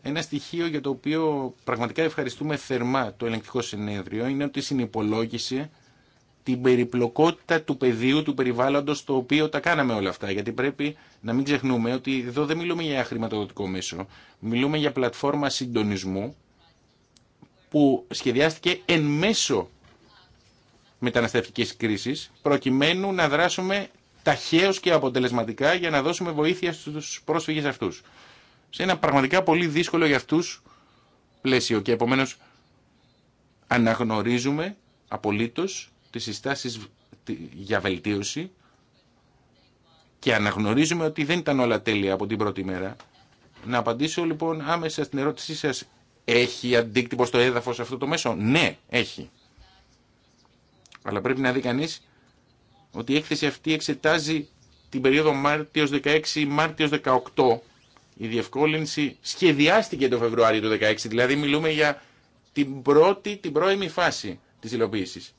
Ένα στοιχείο για το οποίο πραγματικά ευχαριστούμε θερμά το ελεγκτικό συνέδριο είναι ότι συνυπολόγησε την περιπλοκότητα του πεδίου, του περιβάλλοντος, το οποίο τα κάναμε όλα αυτά. Γιατί πρέπει να μην ξεχνούμε ότι εδώ δεν μιλούμε για χρηματοδοτικό μέσο. Μιλούμε για πλατφόρμα συντονισμού που σχεδιάστηκε εν μέσω μεταναστευτικής κρίσης προκειμένου να δράσουμε ταχαίως και αποτελεσματικά για να δώσουμε βοήθεια στους πρόσφυγες αυτούς. Σε ένα πραγματικά πολύ δύσκολο για αυτούς πλαίσιο και επομένως αναγνωρίζουμε απολύτως τις συστάσεις για βελτίωση και αναγνωρίζουμε ότι δεν ήταν όλα τέλεια από την πρώτη μέρα. Να απαντήσω λοιπόν άμεσα στην ερώτησή σας έχει αντίκτυπο στο έδαφος αυτό το μέσο. Ναι, έχει. Αλλά πρέπει να δει κανεί ότι η έκθεση αυτή εξετάζει την περίοδο Μάρτιος 16, Μάρτιος 18. Η διευκόλυνση σχεδιάστηκε το Φεβρουάριο του 16, δηλαδή μιλούμε για την πρώτη, την πρώιμη φάση της υλοποίησης.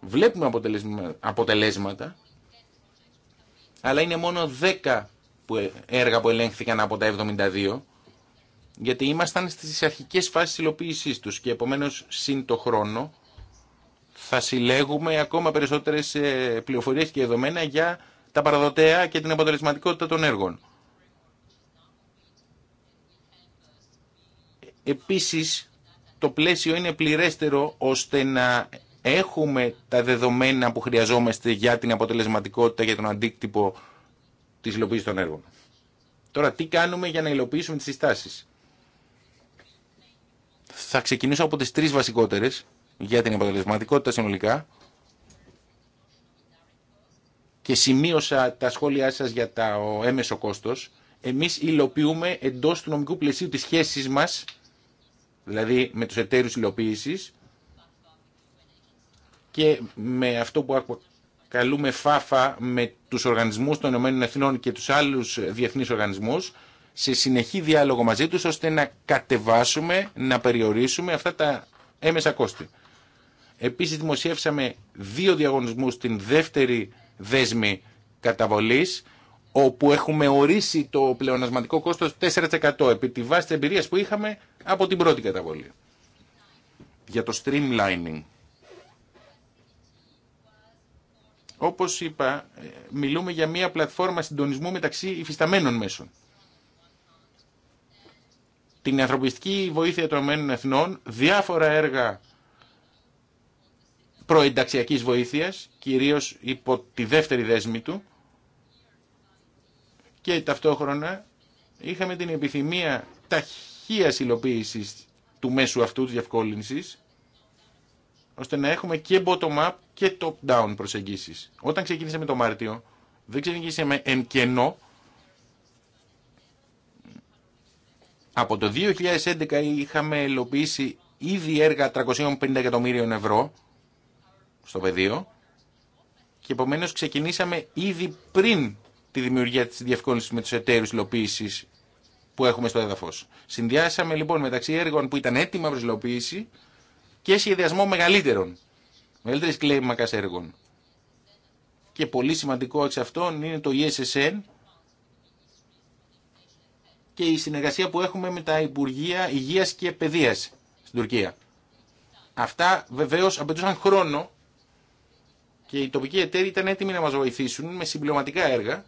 Βλέπουμε αποτελέσματα, αλλά είναι μόνο 10 έργα που ελέγχθηκαν από τα 72 γιατί ήμασταν στις αρχικές φάσεις υλοποίησής τους και επομένως συν το χρόνο θα συλλέγουμε ακόμα περισσότερες ε, πληροφορίες και δεδομένα για τα παραδοτέα και την αποτελεσματικότητα των έργων. Επίσης, το πλαίσιο είναι πληρέστερο ώστε να έχουμε τα δεδομένα που χρειαζόμαστε για την αποτελεσματικότητα και τον αντίκτυπο της υλοποίησης των έργων. Τώρα, τι κάνουμε για να υλοποιήσουμε τις συστάσεις. Θα ξεκινήσω από τις τρεις βασικότερες για την αποτελεσματικότητα συνολικά και σημείωσα τα σχόλιά σας για τα, ο έμεσο κόστος. Εμείς υλοποιούμε εντός του νομικού πλαισίου τις σχέσεις μας, δηλαδή με τους εταίρους υλοποίησης και με αυτό που καλούμε φάφα με τους οργανισμούς των ΗΕ και τους άλλους διεθνείς οργανισμούς σε συνεχή διάλογο μαζί τους ώστε να κατεβάσουμε, να περιορίσουμε αυτά τα έμεσα κόστη. Επίσης δημοσιεύσαμε δύο διαγωνισμούς στην δεύτερη δέσμη καταβολής όπου έχουμε ορίσει το πλεονασματικό κόστος 4% επί τη βάση της εμπειρίας που είχαμε από την πρώτη καταβολή. Για το streamlining. Όπως είπα, ε, μιλούμε για μια πλατφόρμα συντονισμού μεταξύ υφισταμένων μέσων την ανθρωπιστική βοήθεια των Εθνών, διάφορα έργα προενταξιακής βοήθειας, κυρίως υπό τη δεύτερη δέσμη του και ταυτόχρονα είχαμε την επιθυμία ταχείας υλοποίησης του μέσου αυτού της διευκόλυνσης ώστε να έχουμε και bottom-up και top-down προσεγγίσεις. Όταν ξεκίνησαμε το Μάρτιο, δεν ξεκίνησαμε εν κενό, Από το 2011 είχαμε ελοποιήσει ήδη έργα 350 εκατομμύριων ευρώ στο πεδίο και επομένως ξεκινήσαμε ήδη πριν τη δημιουργία της διευκόλυνσης με τους εταίρους υλοποίησης που έχουμε στο έδαφος. Συνδυάσαμε λοιπόν μεταξύ έργων που ήταν έτοιμα προς υλοποίηση και σχεδιασμό μεγαλύτερων, μεγαλύτερης κλέμακας έργων. Και πολύ σημαντικό εξ αυτών είναι το ESSN και η συνεργασία που έχουμε με τα Υπουργεία υγεία και Παιδεία στην Τουρκία. Αυτά βεβαίως απαιτούσαν χρόνο και οι τοπικοί εταίροι ήταν έτοιμοι να μας βοηθήσουν με συμπληρωματικά έργα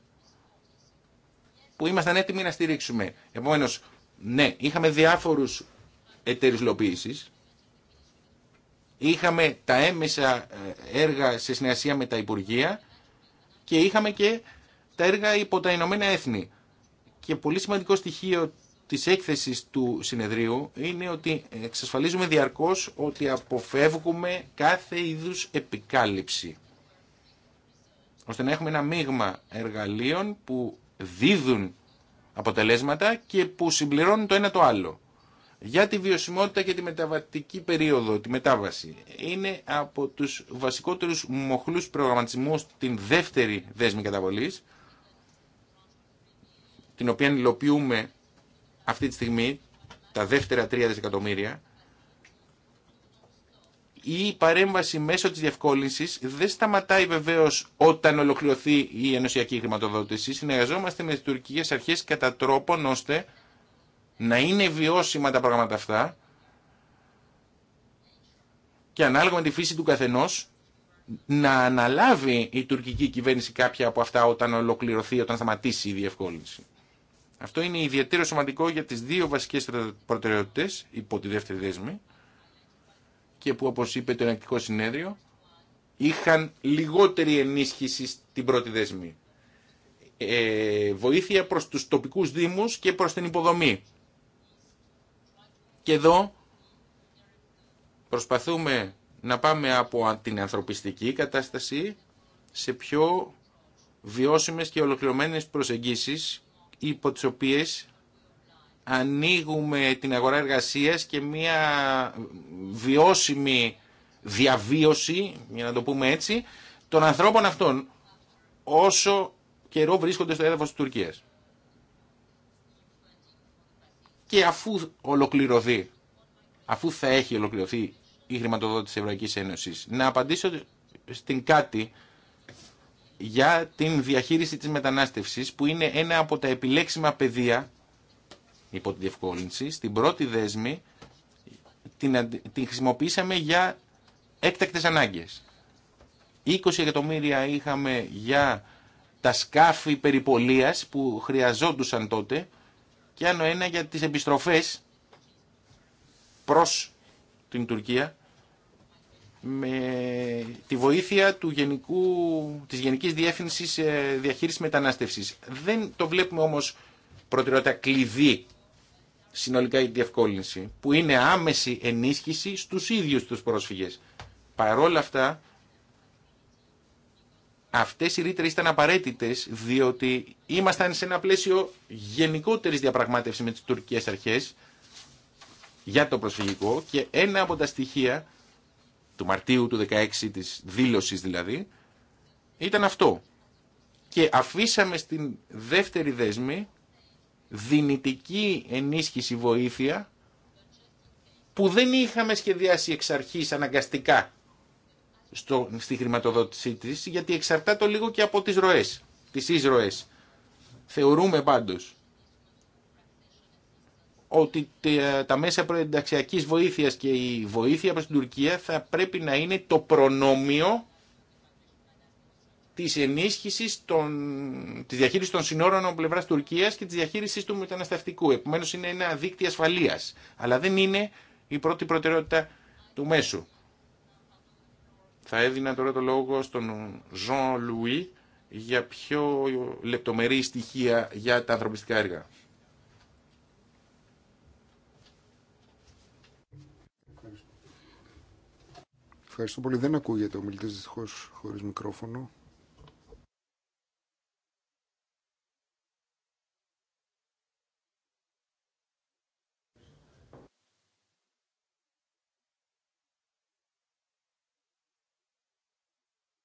που ήμασταν έτοιμοι να στηρίξουμε. Επομένω, ναι, είχαμε διάφορους εταίρου είχαμε τα έμεσα ε, έργα σε συνεργασία με τα Υπουργεία και είχαμε και τα έργα υπό τα Ηνωμένα Έθνη και πολύ σημαντικό στοιχείο της έκθεσης του συνεδρίου είναι ότι εξασφαλίζουμε διαρκώς ότι αποφεύγουμε κάθε είδους επικάλυψη ώστε να έχουμε ένα μείγμα εργαλείων που δίδουν αποτελέσματα και που συμπληρώνουν το ένα το άλλο. Για τη βιωσιμότητα και τη μεταβατική περίοδο, τη μετάβαση, είναι από τους βασικότερους μοχλούς προγραμματισμούς την δεύτερη δέσμη καταβολής, την οποία υλοποιούμε αυτή τη στιγμή, τα δεύτερα τρία δισεκατομμύρια, η παρέμβαση μέσω της διευκόλυνσης δεν σταματάει βεβαίως όταν ολοκληρωθεί η ενωσιακή χρηματοδότηση. Συνεργαζόμαστε με τις τουρκικές αρχές κατά τρόπον ώστε να είναι βιώσιμα τα πράγματα αυτά και ανάλογα με τη φύση του καθενός να αναλάβει η τουρκική κυβέρνηση κάποια από αυτά όταν ολοκληρωθεί, όταν σταματήσει η διευκόλυνση. Αυτό είναι ιδιαίτερο σημαντικό για τις δύο βασικές προτεραιότητες υπό τη δεύτερη δέσμη και που όπως είπε το Ενακτικό Συνέδριο είχαν λιγότερη ενίσχυση στην πρώτη δέσμη. Ε, βοήθεια προς τους τοπικούς δήμους και προς την υποδομή. Και εδώ προσπαθούμε να πάμε από την ανθρωπιστική κατάσταση σε πιο βιώσιμες και ολοκληρωμένες προσεγγίσεις υπό τις οποίες ανοίγουμε την αγορά εργασίας και μια βιώσιμη διαβίωση, για να το πούμε έτσι, των ανθρώπων αυτών όσο καιρό βρίσκονται στο έδαφος της Τουρκίας. Και αφού ολοκληρωθεί, αφού θα έχει ολοκληρωθεί η χρηματοδότηση της Ευρωπαϊκής Ένωσης, να απαντήσω στην κάτι για την διαχείριση της μετανάστευσης που είναι ένα από τα επιλέξιμα πεδία υπό τη διευκόλυνση. Στην πρώτη δέσμη την, χρησιμοποίησαμε για έκτακτες ανάγκες. 20 εκατομμύρια είχαμε για τα σκάφη περιπολίας που χρειαζόντουσαν τότε και άλλο ένα για τις επιστροφές προς την Τουρκία με τη βοήθεια του γενικού, της Γενικής Διεύθυνσης ε, Διαχείρισης Μετανάστευσης. Δεν το βλέπουμε όμως προτεραιότητα κλειδί συνολικά η διευκόλυνση, που είναι άμεση ενίσχυση στους ίδιους τους πρόσφυγες. Παρόλα αυτά, αυτές οι ρήτρες ήταν απαραίτητες, διότι ήμασταν σε ένα πλαίσιο γενικότερης διαπραγμάτευσης με τις τουρκικές αρχές για το προσφυγικό και ένα από τα στοιχεία του Μαρτίου του 16 της δήλωσης δηλαδή, ήταν αυτό. Και αφήσαμε στην δεύτερη δέσμη δυνητική ενίσχυση βοήθεια που δεν είχαμε σχεδιάσει εξ αρχής αναγκαστικά στο, στη χρηματοδότησή της γιατί εξαρτάται λίγο και από τις ροές, τις ροές. Θεωρούμε πάντως ότι τα μέσα προενταξιακής βοήθειας και η βοήθεια προς την Τουρκία θα πρέπει να είναι το προνόμιο της ενίσχυσης των, της διαχείρισης των συνόρων από πλευράς Τουρκίας και της διαχείρισης του μεταναστευτικού. Επομένως είναι ένα δίκτυο ασφαλείας, αλλά δεν είναι η πρώτη προτεραιότητα του μέσου. Θα έδινα τώρα το λόγο στον Ζων Λουί για πιο λεπτομερή στοιχεία για τα ανθρωπιστικά έργα. Ευχαριστώ πολύ. Δεν ακούγεται ο μιλητής δυστυχώς χωρίς μικρόφωνο.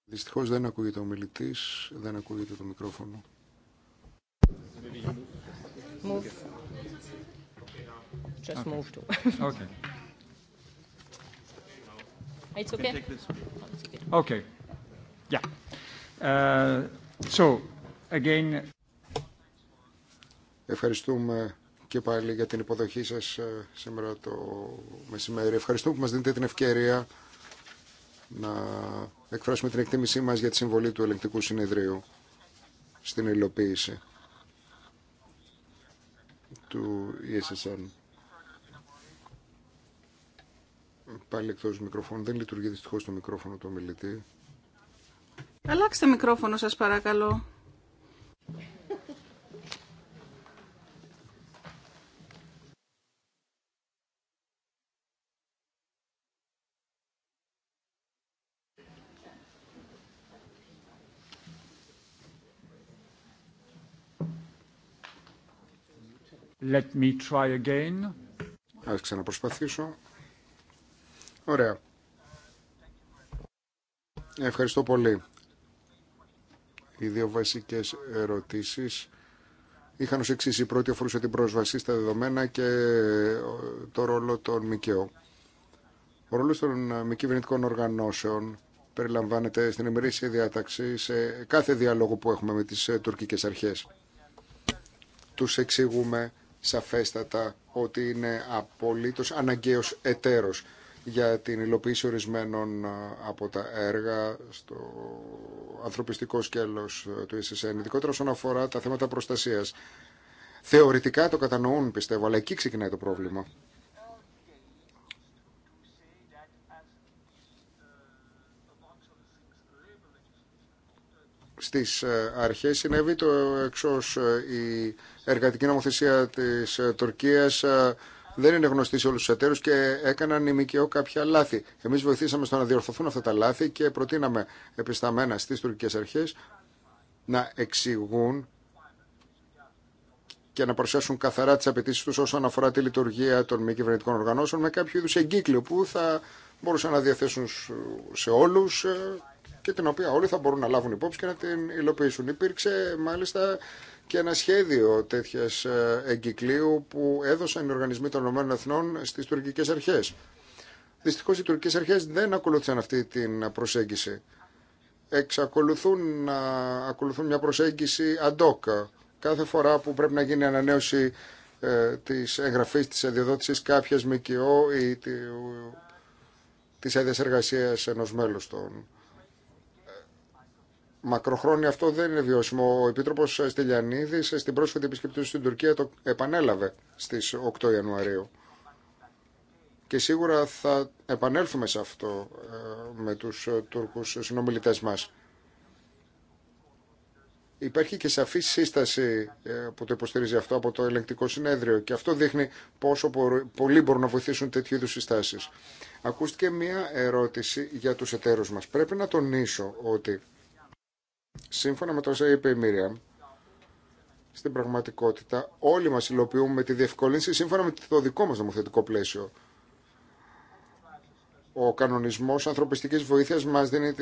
Δυστυχώ δεν ακούγεται ο μιλητής, δεν ακούγεται το μικρόφωνο. Move. Just move to. Okay. Ευχαριστούμε και πάλι για την υποδοχή σας ε, σήμερα το μεσημέρι. Ευχαριστούμε που μας δίνετε την ευκαιρία να εκφράσουμε την εκτίμησή μας για τη συμβολή του ελεγκτικού συνεδρίου στην υλοποίηση του ESSN. Πάλι εκτό μικροφώνου. Δεν λειτουργεί δυστυχώ το μικρόφωνο του ομιλητή. Αλλάξτε μικρόφωνο σας παρακαλώ. Let me try again. Ας ξαναπροσπαθήσω. Ωραία. Ευχαριστώ πολύ. Οι δύο βασικές ερωτήσεις είχαν ως εξής. Η πρώτη αφορούσε την πρόσβαση στα δεδομένα και ε, το ρόλο των ΜΚΟ. Ο ρόλος των ε, μη κυβερνητικών οργανώσεων περιλαμβάνεται στην ημερήσια διάταξη σε κάθε διάλογο που έχουμε με τις ε, τουρκικές αρχές. Τους εξηγούμε σαφέστατα ότι είναι απολύτως αναγκαίος εταίρος για την υλοποίηση ορισμένων από τα έργα στο ανθρωπιστικό σκέλος του SSN, ειδικότερα όσον αφορά τα θέματα προστασίας. Θεωρητικά το κατανοούν, πιστεύω, αλλά εκεί ξεκινάει το πρόβλημα. στις αρχές συνέβη το εξώς η εργατική νομοθεσία της Τουρκίας δεν είναι γνωστή σε όλου του εταίρου και έκαναν η ΜΚΟ κάποια λάθη. Εμεί βοηθήσαμε στο να διορθωθούν αυτά τα λάθη και προτείναμε επισταμένα στι τουρκικέ αρχέ να εξηγούν και να παρουσιάσουν καθαρά τι απαιτήσει του όσον αφορά τη λειτουργία των μη κυβερνητικών οργανώσεων με κάποιο είδου εγκύκλιο που θα μπορούσαν να διαθέσουν σε όλου ε, και την οποία όλοι θα μπορούν να λάβουν υπόψη και να την υλοποιήσουν. Υπήρξε μάλιστα και ένα σχέδιο τέτοια ε, εγκυκλίου που έδωσαν οι οργανισμοί των ΗΕ στι τουρκικέ αρχέ. Δυστυχώ οι τουρκικέ αρχέ δεν ακολούθησαν αυτή την προσέγγιση. Εξακολουθούν να ακολουθούν μια προσέγγιση αντόκα. Κάθε φορά που πρέπει να γίνει ανανέωση ε, της τη εγγραφή τη αδειοδότηση κάποια ΜΚΟ ή τη ε, ενό μέλου των μακροχρόνια αυτό δεν είναι βιώσιμο. Ο Επίτροπος Στυλιανίδης στην πρόσφατη επισκεπτή του στην Τουρκία το επανέλαβε στις 8 Ιανουαρίου. Και σίγουρα θα επανέλθουμε σε αυτό ε, με τους ε, Τούρκους συνομιλητές μας. Υπάρχει και σαφή σύσταση ε, που το υποστηρίζει αυτό από το ελεγκτικό συνέδριο και αυτό δείχνει πόσο πολλοί μπορούν να βοηθήσουν τέτοιου είδου συστάσει. Ακούστηκε μία ερώτηση για τους εταίρους μας. Πρέπει να τονίσω ότι Σύμφωνα με το είπε η Μίρια, στην πραγματικότητα όλοι μας υλοποιούμε τη διευκολύνση σύμφωνα με το δικό μας νομοθετικό πλαίσιο. Ο κανονισμός ανθρωπιστικής βοήθειας μας, δίνει,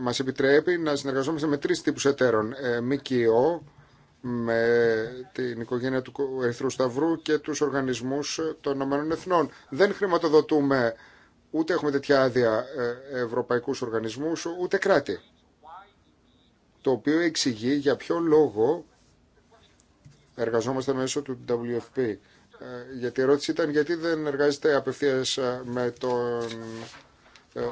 μας επιτρέπει να συνεργαζόμαστε με τρεις τύπους εταίρων. Ε, ΜΚΟ, με την οικογένεια του Ερυθρού Σταυρού και τους οργανισμούς των ΗΠΑ. Δεν χρηματοδοτούμε, ούτε έχουμε τέτοια άδεια ε, ευρωπαϊκούς οργανισμούς, ούτε κράτη το οποίο εξηγεί για ποιο λόγο εργαζόμαστε μέσω του WFP. Ε, γιατί η ερώτηση ήταν γιατί δεν εργάζεται απευθείας ε, με τον ε,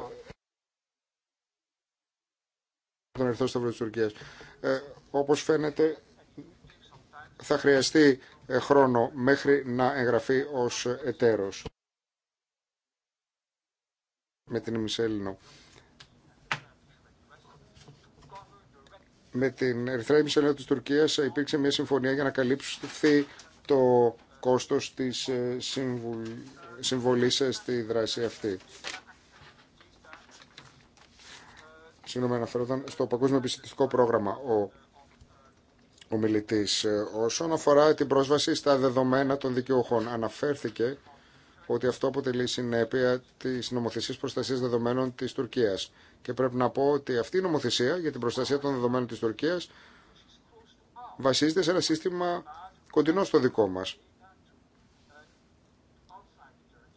τον Σταυρό της Τουρκίας. Ε, όπως φαίνεται θα χρειαστεί χρόνο μέχρι να εγγραφεί ως εταίρος με την Εμισέλινο. με την Ερυθρέα Μισελέα της Τουρκίας ε, υπήρξε μια συμφωνία για να καλύψει το κόστος της ε, συμβολής ε, στη δράση αυτή. Συγγνώμη, αναφερόταν στο Παγκόσμιο Επιστημιστικό Πρόγραμμα ο ομιλητής. Όσον αφορά την πρόσβαση στα δεδομένα των δικαιούχων, αναφέρθηκε ότι αυτό αποτελεί συνέπεια τη νομοθεσία προστασία δεδομένων τη Τουρκία. Και πρέπει να πω ότι αυτή η νομοθεσία για την προστασία των δεδομένων τη Τουρκία βασίζεται σε ένα σύστημα κοντινό στο δικό μα.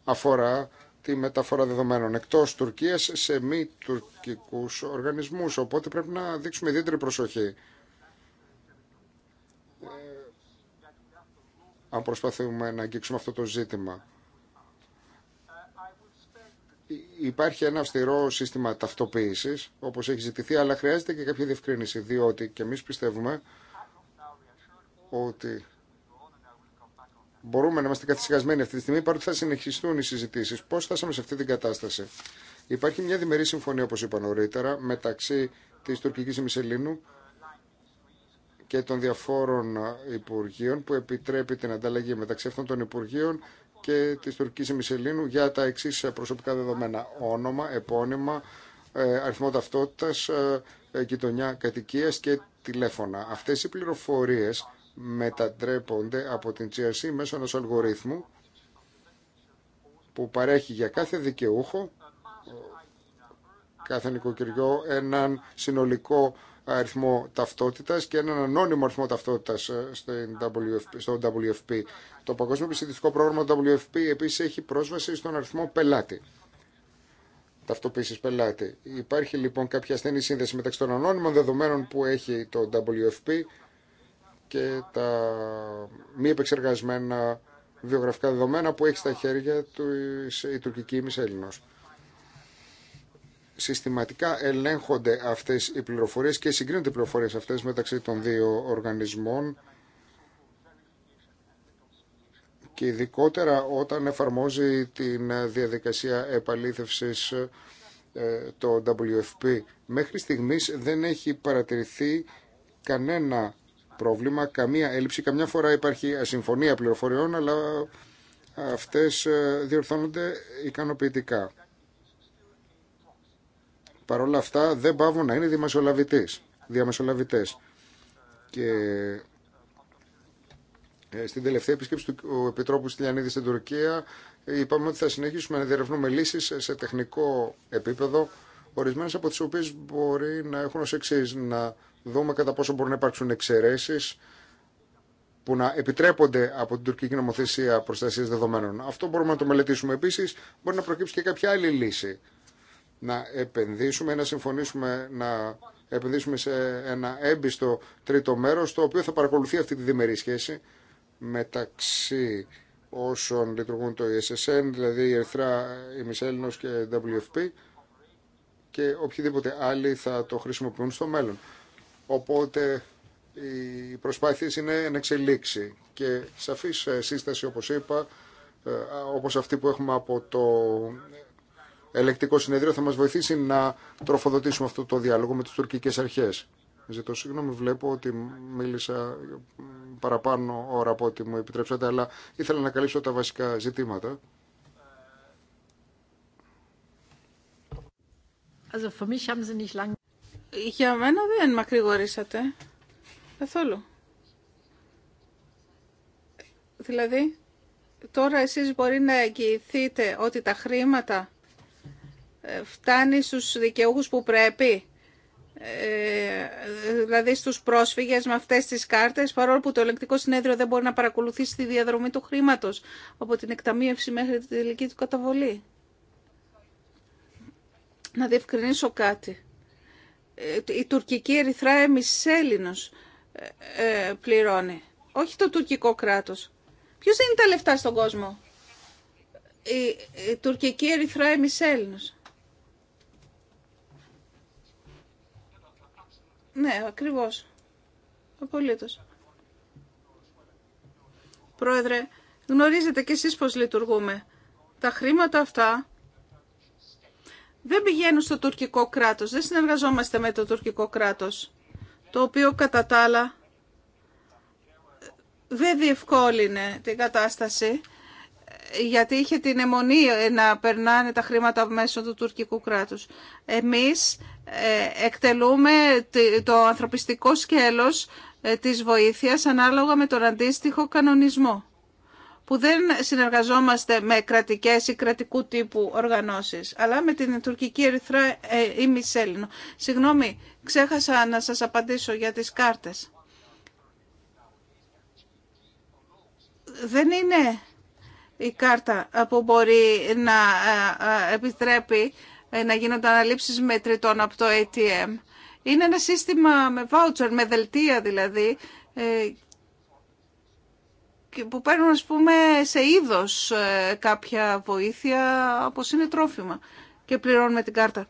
Αφορά τη μεταφορά δεδομένων εκτός Τουρκίας σε μη τουρκικούς οργανισμούς. Οπότε πρέπει να δείξουμε ιδιαίτερη προσοχή. Ε, αν προσπαθούμε να αγγίξουμε αυτό το ζήτημα υπάρχει ένα αυστηρό σύστημα ταυτοποίηση, όπω έχει ζητηθεί, αλλά χρειάζεται και κάποια διευκρίνηση, διότι και εμεί πιστεύουμε ότι μπορούμε να είμαστε καθυσυχασμένοι αυτή τη στιγμή, παρότι θα συνεχιστούν οι συζητήσει. Πώ φτάσαμε σε αυτή την κατάσταση. Υπάρχει μια διμερή συμφωνία, όπω είπα νωρίτερα, μεταξύ τη Τουρκική μισελίνου και των διαφόρων υπουργείων που επιτρέπει την ανταλλαγή μεταξύ αυτών των υπουργείων και τη Τουρκική ημισελήνου για τα εξή ε, προσωπικά δεδομένα. Όνομα, επώνυμα, ε, αριθμό ταυτότητας, ε, γειτονιά κατοικία και τηλέφωνα. Αυτές οι πληροφορίες μετατρέπονται από την GRC μέσω ενό αλγορίθμου που παρέχει για κάθε δικαιούχο, κάθε νοικοκυριό, έναν συνολικό αριθμό ταυτότητας και έναν ανώνυμο αριθμό ταυτότητας ε, στο WFP. Το Παγκόσμιο Επιστημιστικό Πρόγραμμα WFP επίσης έχει πρόσβαση στον αριθμό πελάτη. Ταυτοποίησης πελάτη. Υπάρχει λοιπόν κάποια ασθενή σύνδεση μεταξύ των ανώνυμων δεδομένων που έχει το WFP και τα μη επεξεργασμένα βιογραφικά δεδομένα που έχει στα χέρια του η τουρκική συστηματικά ελέγχονται αυτές οι πληροφορίες και συγκρίνονται οι πληροφορίες αυτές μεταξύ των δύο οργανισμών και ειδικότερα όταν εφαρμόζει την διαδικασία επαλήθευσης ε, το WFP. Μέχρι στιγμής δεν έχει παρατηρηθεί κανένα πρόβλημα, καμία έλλειψη. Καμιά φορά υπάρχει ασυμφωνία πληροφοριών, αλλά αυτές ε, διορθώνονται ικανοποιητικά. Παρ' όλα αυτά δεν πάβουν να είναι διαμεσολαβητές. Και ε, στην τελευταία επισκέψη του Επιτρόπου Στυλιανίδη στην Τουρκία είπαμε ότι θα συνεχίσουμε να διερευνούμε λύσεις σε τεχνικό επίπεδο ορισμένες από τις οποίες μπορεί να έχουν ως εξή να δούμε κατά πόσο μπορούν να υπάρξουν εξαιρέσει που να επιτρέπονται από την τουρκική νομοθεσία προστασία δεδομένων. Αυτό μπορούμε να το μελετήσουμε επίση. Μπορεί να προκύψει και κάποια άλλη λύση να επενδύσουμε, να συμφωνήσουμε να επενδύσουμε σε ένα έμπιστο τρίτο μέρος το οποίο θα παρακολουθεί αυτή τη διμερή σχέση μεταξύ όσων λειτουργούν το ESSN, δηλαδή η Ερθρά, η Μισέλινος και WFP και οποιοδήποτε άλλοι θα το χρησιμοποιούν στο μέλλον. Οπότε οι προσπάθειες είναι να εξελίξει και σαφής ε, σύσταση όπως είπα, ε, όπως αυτή που έχουμε από το ελεκτικό συνεδρίο θα μας βοηθήσει να τροφοδοτήσουμε αυτό το διάλογο με τις τουρκικές αρχές. Ζητώ συγγνώμη, βλέπω ότι μίλησα παραπάνω ώρα από ό,τι μου επιτρέψατε, αλλά ήθελα να καλύψω τα βασικά ζητήματα. Για μένα δεν μακρηγορήσατε. Καθόλου. Δηλαδή, τώρα εσείς μπορεί να εγγυηθείτε ότι τα χρήματα ε, φτάνει στους δικαιούχους που πρέπει, ε, δηλαδή στους πρόσφυγες με αυτές τις κάρτες, παρόλο που το ελεγκτικό συνέδριο δεν μπορεί να παρακολουθήσει τη διαδρομή του χρήματος από την εκταμείευση μέχρι τη τελική του καταβολή. Να διευκρινίσω κάτι. Ε, η τουρκική ερυθρά ε, πληρώνει, όχι το τουρκικό κράτος. Ποιος δίνει τα λεφτά στον κόσμο. Η, τουρκική ερυθρά Έλληνος Ναι, ακριβώς. Απολύτως. Πρόεδρε, γνωρίζετε κι εσείς πώς λειτουργούμε. Τα χρήματα αυτά δεν πηγαίνουν στο τουρκικό κράτος. Δεν συνεργαζόμαστε με το τουρκικό κράτος, το οποίο κατά τα άλλα ε, δεν διευκόλυνε την κατάσταση γιατί είχε την αιμονή ε, να περνάνε τα χρήματα μέσω του τουρκικού κράτους. Εμείς ε, εκτελούμε το ανθρωπιστικό σκέλος ε, της βοήθειας ανάλογα με τον αντίστοιχο κανονισμό που δεν συνεργαζόμαστε με κρατικές ή κρατικού τύπου οργανώσεις, αλλά με την τουρκική ερυθρά ή μισέλινο. Συγγνώμη, ξέχασα να σας απαντήσω για τις κάρτες. Δεν είναι η κάρτα που μπορεί να ε, ε, επιτρέπει ε, να γίνονται αναλήψεις μετρητών από το ATM. Είναι ένα σύστημα με voucher, με δελτία δηλαδή, που παίρνουν ας πούμε σε είδος κάποια βοήθεια όπως είναι τρόφιμα και πληρώνουμε την κάρτα.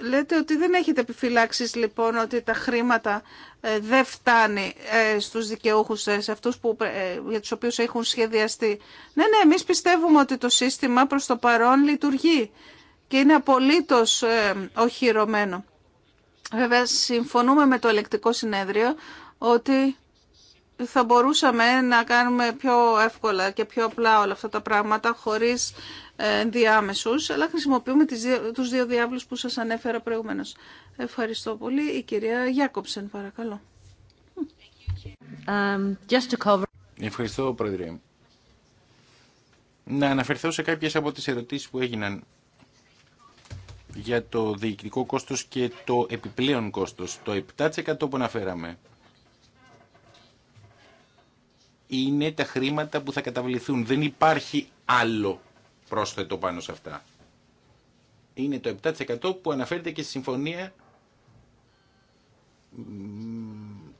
Λέτε ότι δεν έχετε επιφυλάξει λοιπόν ότι τα χρήματα ε, δεν φτάνει ε, στους δικαιούχους, ε, σε αυτούς που, για τους οποίους έχουν σχεδιαστεί. Ναι, ναι, εμείς πιστεύουμε ότι το σύστημα προς το παρόν λειτουργεί και είναι απολύτως οχυρωμένο. Βέβαια, συμφωνούμε με το ελεκτικό συνέδριο ότι θα μπορούσαμε να κάνουμε πιο εύκολα και πιο απλά όλα αυτά τα πράγματα χωρίς ε, διάμεσους, αλλά χρησιμοποιούμε τις τους δύο διάβλους που σας ανέφερα προηγουμένως. Ευχαριστώ πολύ. Η κυρία Γιάκοψεν, παρακαλώ. Um, Ευχαριστώ, Πρόεδρε. Να αναφερθώ σε κάποιες από τις ερωτήσεις που έγιναν για το διοικητικό κόστος και το επιπλέον κόστος. Το 7% που αναφέραμε είναι τα χρήματα που θα καταβληθούν. Δεν υπάρχει άλλο πρόσθετο πάνω σε αυτά. Είναι το 7% που αναφέρεται και στη συμφωνία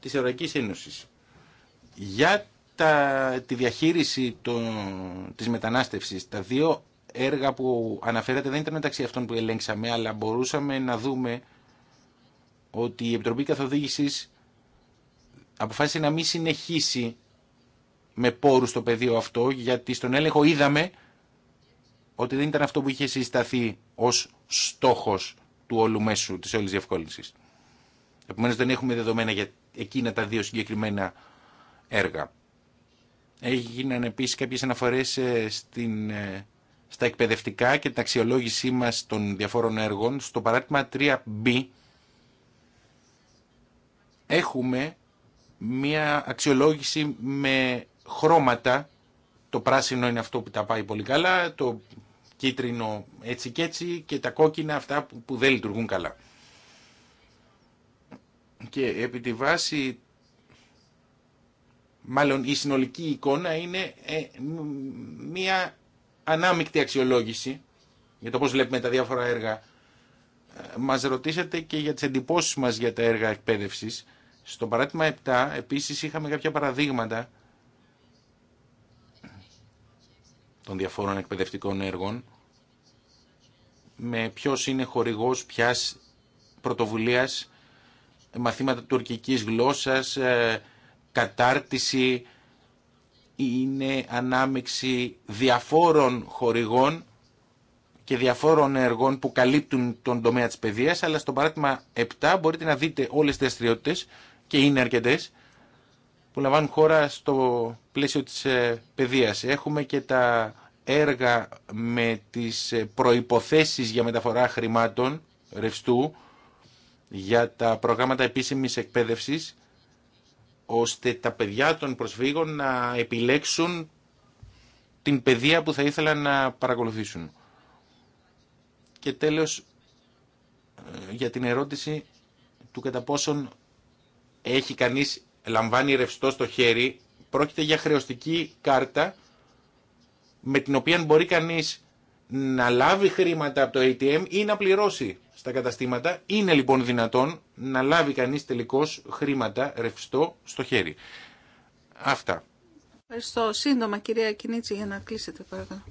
της Ευρωπαϊκής Ένωσης. Για τα, τη διαχείριση των, της μετανάστευσης, τα δύο έργα που αναφέρατε δεν ήταν μεταξύ αυτών που ελέγξαμε, αλλά μπορούσαμε να δούμε ότι η Επιτροπή Καθοδήγησης αποφάσισε να μην συνεχίσει με πόρους στο πεδίο αυτό, γιατί στον έλεγχο είδαμε ότι δεν ήταν αυτό που είχε συσταθεί ως στόχος του όλου μέσου της όλης διευκόλυνση. Επομένως δεν έχουμε δεδομένα για εκείνα τα δύο συγκεκριμένα έργα. Έγιναν επίσης κάποιες αναφορές ε, στην, ε, στα εκπαιδευτικά και την αξιολόγησή μας των διαφόρων έργων. Στο παράδειγμα 3B έχουμε μία αξιολόγηση με χρώματα, το πράσινο είναι αυτό που τα πάει πολύ καλά, το κίτρινο έτσι και έτσι και τα κόκκινα αυτά που δεν λειτουργούν καλά. Και επί τη βάση, μάλλον η συνολική εικόνα είναι ε, μία ανάμεικτη αξιολόγηση για το πώς βλέπουμε τα διάφορα έργα. Ε, μας ρωτήσατε και για τις εντυπώσεις μας για τα έργα εκπαίδευσης. Στο παράδειγμα 7 επίσης είχαμε κάποια παραδείγματα των διαφόρων εκπαιδευτικών έργων με ποιος είναι χορηγός ποιας πρωτοβουλίας, μαθήματα τουρκικής γλώσσας, ε, κατάρτιση, είναι ανάμειξη διαφόρων χορηγών και διαφόρων εργών που καλύπτουν τον τομέα της παιδείας, αλλά στο παράδειγμα 7 μπορείτε να δείτε όλες τις δραστηριότητε και είναι αρκετές που λαμβάνουν χώρα στο πλαίσιο της ε, παιδείας. Έχουμε και τα έργα με τις ε, προϋποθέσεις για μεταφορά χρημάτων ρευστού για τα προγράμματα επίσημης εκπαίδευσης ώστε τα παιδιά των προσφύγων να επιλέξουν την παιδεία που θα ήθελαν να παρακολουθήσουν. Και τέλος, ε, για την ερώτηση του κατά πόσον έχει κανείς λαμβάνει ρευστό στο χέρι, πρόκειται για χρεωστική κάρτα με την οποία μπορεί κανείς να λάβει χρήματα από το ATM ή να πληρώσει στα καταστήματα. Είναι λοιπόν δυνατόν να λάβει κανείς τελικώς χρήματα ρευστό στο χέρι. Αυτά. Ευχαριστώ. Σύντομα κυρία Κινίτση για να κλείσετε παρακαλώ.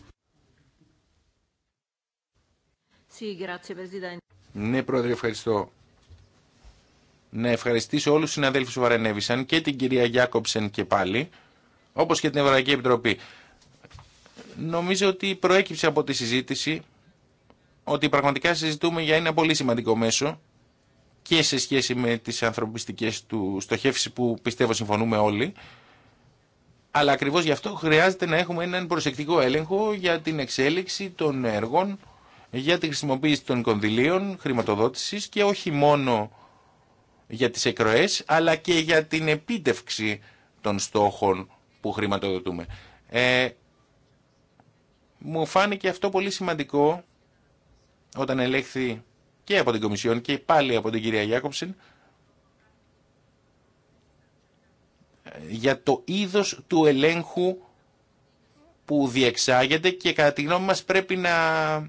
Ναι, Πρόεδρε, ευχαριστώ να ευχαριστήσω όλου του συναδέλφου που παρενέβησαν και την κυρία Γιάκοψεν και πάλι, όπω και την Ευρωπαϊκή Επιτροπή. Νομίζω ότι προέκυψε από τη συζήτηση ότι πραγματικά συζητούμε για ένα πολύ σημαντικό μέσο και σε σχέση με τις ανθρωπιστικές του στοχεύσεις που πιστεύω συμφωνούμε όλοι. Αλλά ακριβώς γι' αυτό χρειάζεται να έχουμε έναν προσεκτικό έλεγχο για την εξέλιξη των έργων, για τη χρησιμοποίηση των κονδυλίων χρηματοδότησης και όχι μόνο για τις εκροές αλλά και για την επίτευξη των στόχων που χρηματοδοτούμε. Ε, μου φάνηκε αυτό πολύ σημαντικό όταν ελέγχθη και από την Κομισιόν και πάλι από την κυρία Γιάκοψεν ε, για το είδος του ελέγχου που διεξάγεται και κατά τη γνώμη μας πρέπει να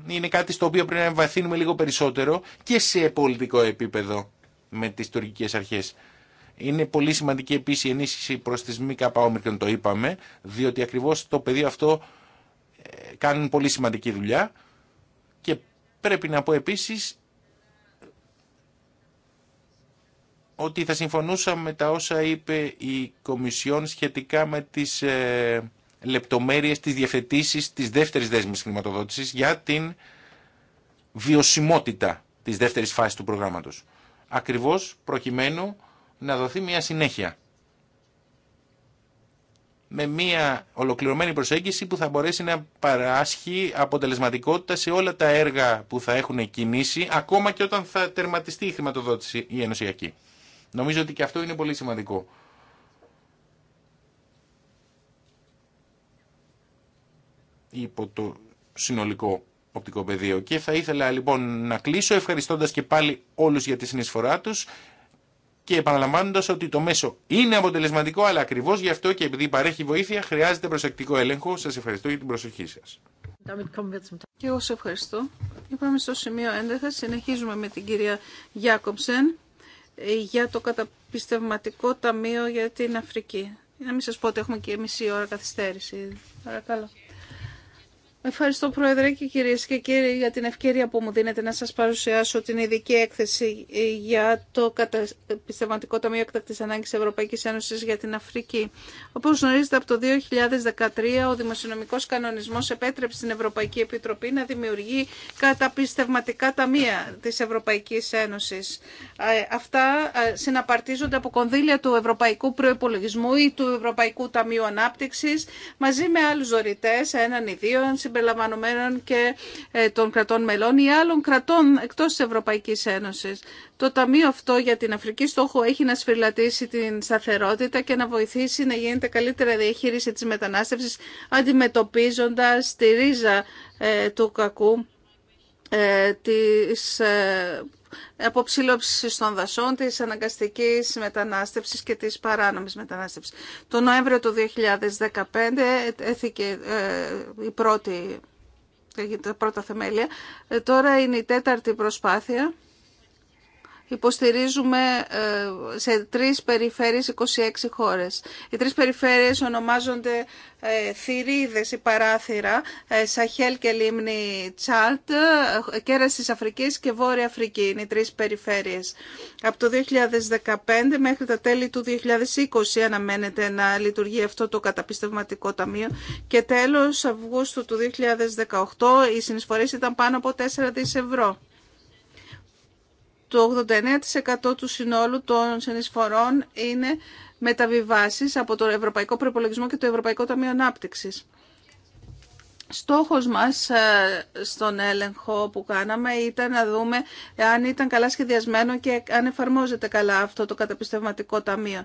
είναι κάτι στο οποίο πρέπει να εμβαθύνουμε λίγο περισσότερο και σε πολιτικό επίπεδο με τις τουρκικές αρχές. Είναι πολύ σημαντική επίσης η ενίσχυση προς τις ΜΚΟ, το είπαμε, διότι ακριβώς το πεδίο αυτό ε, κάνουν πολύ σημαντική δουλειά και πρέπει να πω επίσης ότι θα συμφωνούσα με τα όσα είπε η Κομισιόν σχετικά με τις ε, λεπτομέρειες, της διευθετήσεις της δεύτερης δέσμης χρηματοδότησης για την βιωσιμότητα της δεύτερης φάσης του προγράμματος ακριβώς προκειμένου να δοθεί μια συνέχεια με μια ολοκληρωμένη προσέγγιση που θα μπορέσει να παράσχει αποτελεσματικότητα σε όλα τα έργα που θα έχουν κινήσει, ακόμα και όταν θα τερματιστεί η χρηματοδότηση η ενωσιακή. Νομίζω ότι και αυτό είναι πολύ σημαντικό. Υπό το συνολικό οπτικό Και θα ήθελα λοιπόν να κλείσω ευχαριστώντα και πάλι όλου για τη συνεισφορά του και επαναλαμβάνοντα ότι το μέσο είναι αποτελεσματικό αλλά ακριβώ γι' αυτό και επειδή παρέχει βοήθεια χρειάζεται προσεκτικό έλεγχο. σα ευχαριστώ για την προσοχή σα. Και εγώ σε ευχαριστώ. Είπαμε στο σημείο 11. Συνεχίζουμε με την κυρία Γιάκοψεν ε, για το καταπιστευματικό ταμείο για την Αφρική. Να μην σα πω ότι έχουμε και μισή ώρα καθυστέρηση. Παρακαλώ. Ευχαριστώ Πρόεδρε και κυρίες και κύριοι για την ευκαιρία που μου δίνετε να σας παρουσιάσω την ειδική έκθεση για το Πιστευματικό Ταμείο Εκτακτής Ανάγκης Ευρωπαϊκής Ένωσης για την Αφρική. Όπως γνωρίζετε από το 2013 ο Δημοσιονομικός Κανονισμός επέτρεψε στην Ευρωπαϊκή Επιτροπή να δημιουργεί καταπιστευματικά ταμεία της Ευρωπαϊκής Ένωσης. Ε, αυτά ε, συναπαρτίζονται από κονδύλια του Ευρωπαϊκού Προπολογισμού ή του Ευρωπαϊκού Ταμείου Ανάπτυξης μαζί με άλλους δωρητές, έναν ιδίων, συμπεριλαμβανομένων και ε, των κρατών μελών ή άλλων κρατών εκτός της Ευρωπαϊκής Ένωσης. Το Ταμείο αυτό για την Αφρική στόχο έχει να σφυρλατήσει την σταθερότητα και να βοηθήσει να γίνεται καλύτερα διαχείριση της μετανάστευσης αντιμετωπίζοντας τη ρίζα ε, του κακού ε, της αποψήλωση των δασών, τη αναγκαστική μετανάστευση και τη παράνομη μετανάστευση. Το Νοέμβριο του 2015 έθηκε ε, η πρώτη, τα πρώτα θεμέλια. Ε, τώρα είναι η τέταρτη προσπάθεια υποστηρίζουμε ε, σε τρεις περιφέρειες 26 χώρες. Οι τρεις περιφέρειες ονομάζονται ε, θηρίδες ή παράθυρα, ε, Σαχέλ και Λίμνη Τσάλτ, Κέρας της Αφρικής και Βόρεια Αφρική είναι οι τρεις περιφέρειες. Από το 2015 μέχρι τα τέλη του 2020 αναμένεται να λειτουργεί αυτό το καταπιστευματικό ταμείο και τέλος Αυγούστου του 2018 οι συνεισφορές ήταν πάνω από 4 δις ευρώ το 89% του συνόλου των συνεισφορών είναι μεταβιβάσεις από το Ευρωπαϊκό Προπολογισμό και το Ευρωπαϊκό Ταμείο Ανάπτυξης. Στόχος μας ε, στον έλεγχο που κάναμε ήταν να δούμε αν ήταν καλά σχεδιασμένο και αν εφαρμόζεται καλά αυτό το καταπιστευματικό ταμείο.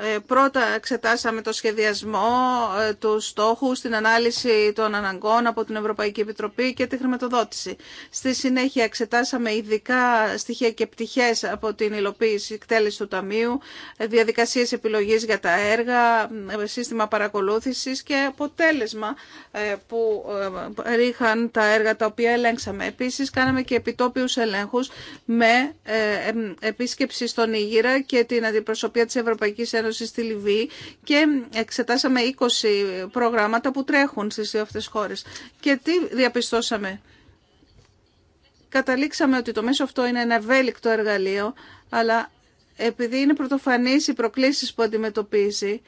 Ε, πρώτα εξετάσαμε το σχεδιασμό, ε, του στόχου, την ανάλυση των αναγκών από την Ευρωπαϊκή Επιτροπή και τη χρηματοδότηση. Στη συνέχεια εξετάσαμε ειδικά στοιχεία και πτυχές από την υλοποίηση εκτέλεση του Ταμείου, ε, διαδικασίες επιλογής για τα έργα, σύστημα παρακολούθησης και αποτέλεσμα που ρίχαν τα έργα τα οποία ελέγξαμε. Επίσης κάναμε και επιτόπιους ελέγχους με επίσκεψη στον Ήγυρα και την αντιπροσωπεία της Ευρωπαϊκής Ένωση στη Λιβύη και εξετάσαμε 20 προγράμματα που τρέχουν στις δύο αυτές χώρες. Και τι διαπιστώσαμε. Καταλήξαμε ότι το μέσο αυτό είναι ένα ευέλικτο εργαλείο, αλλά επειδή είναι πρωτοφανείς οι προκλήσεις που αντιμετωπίζει,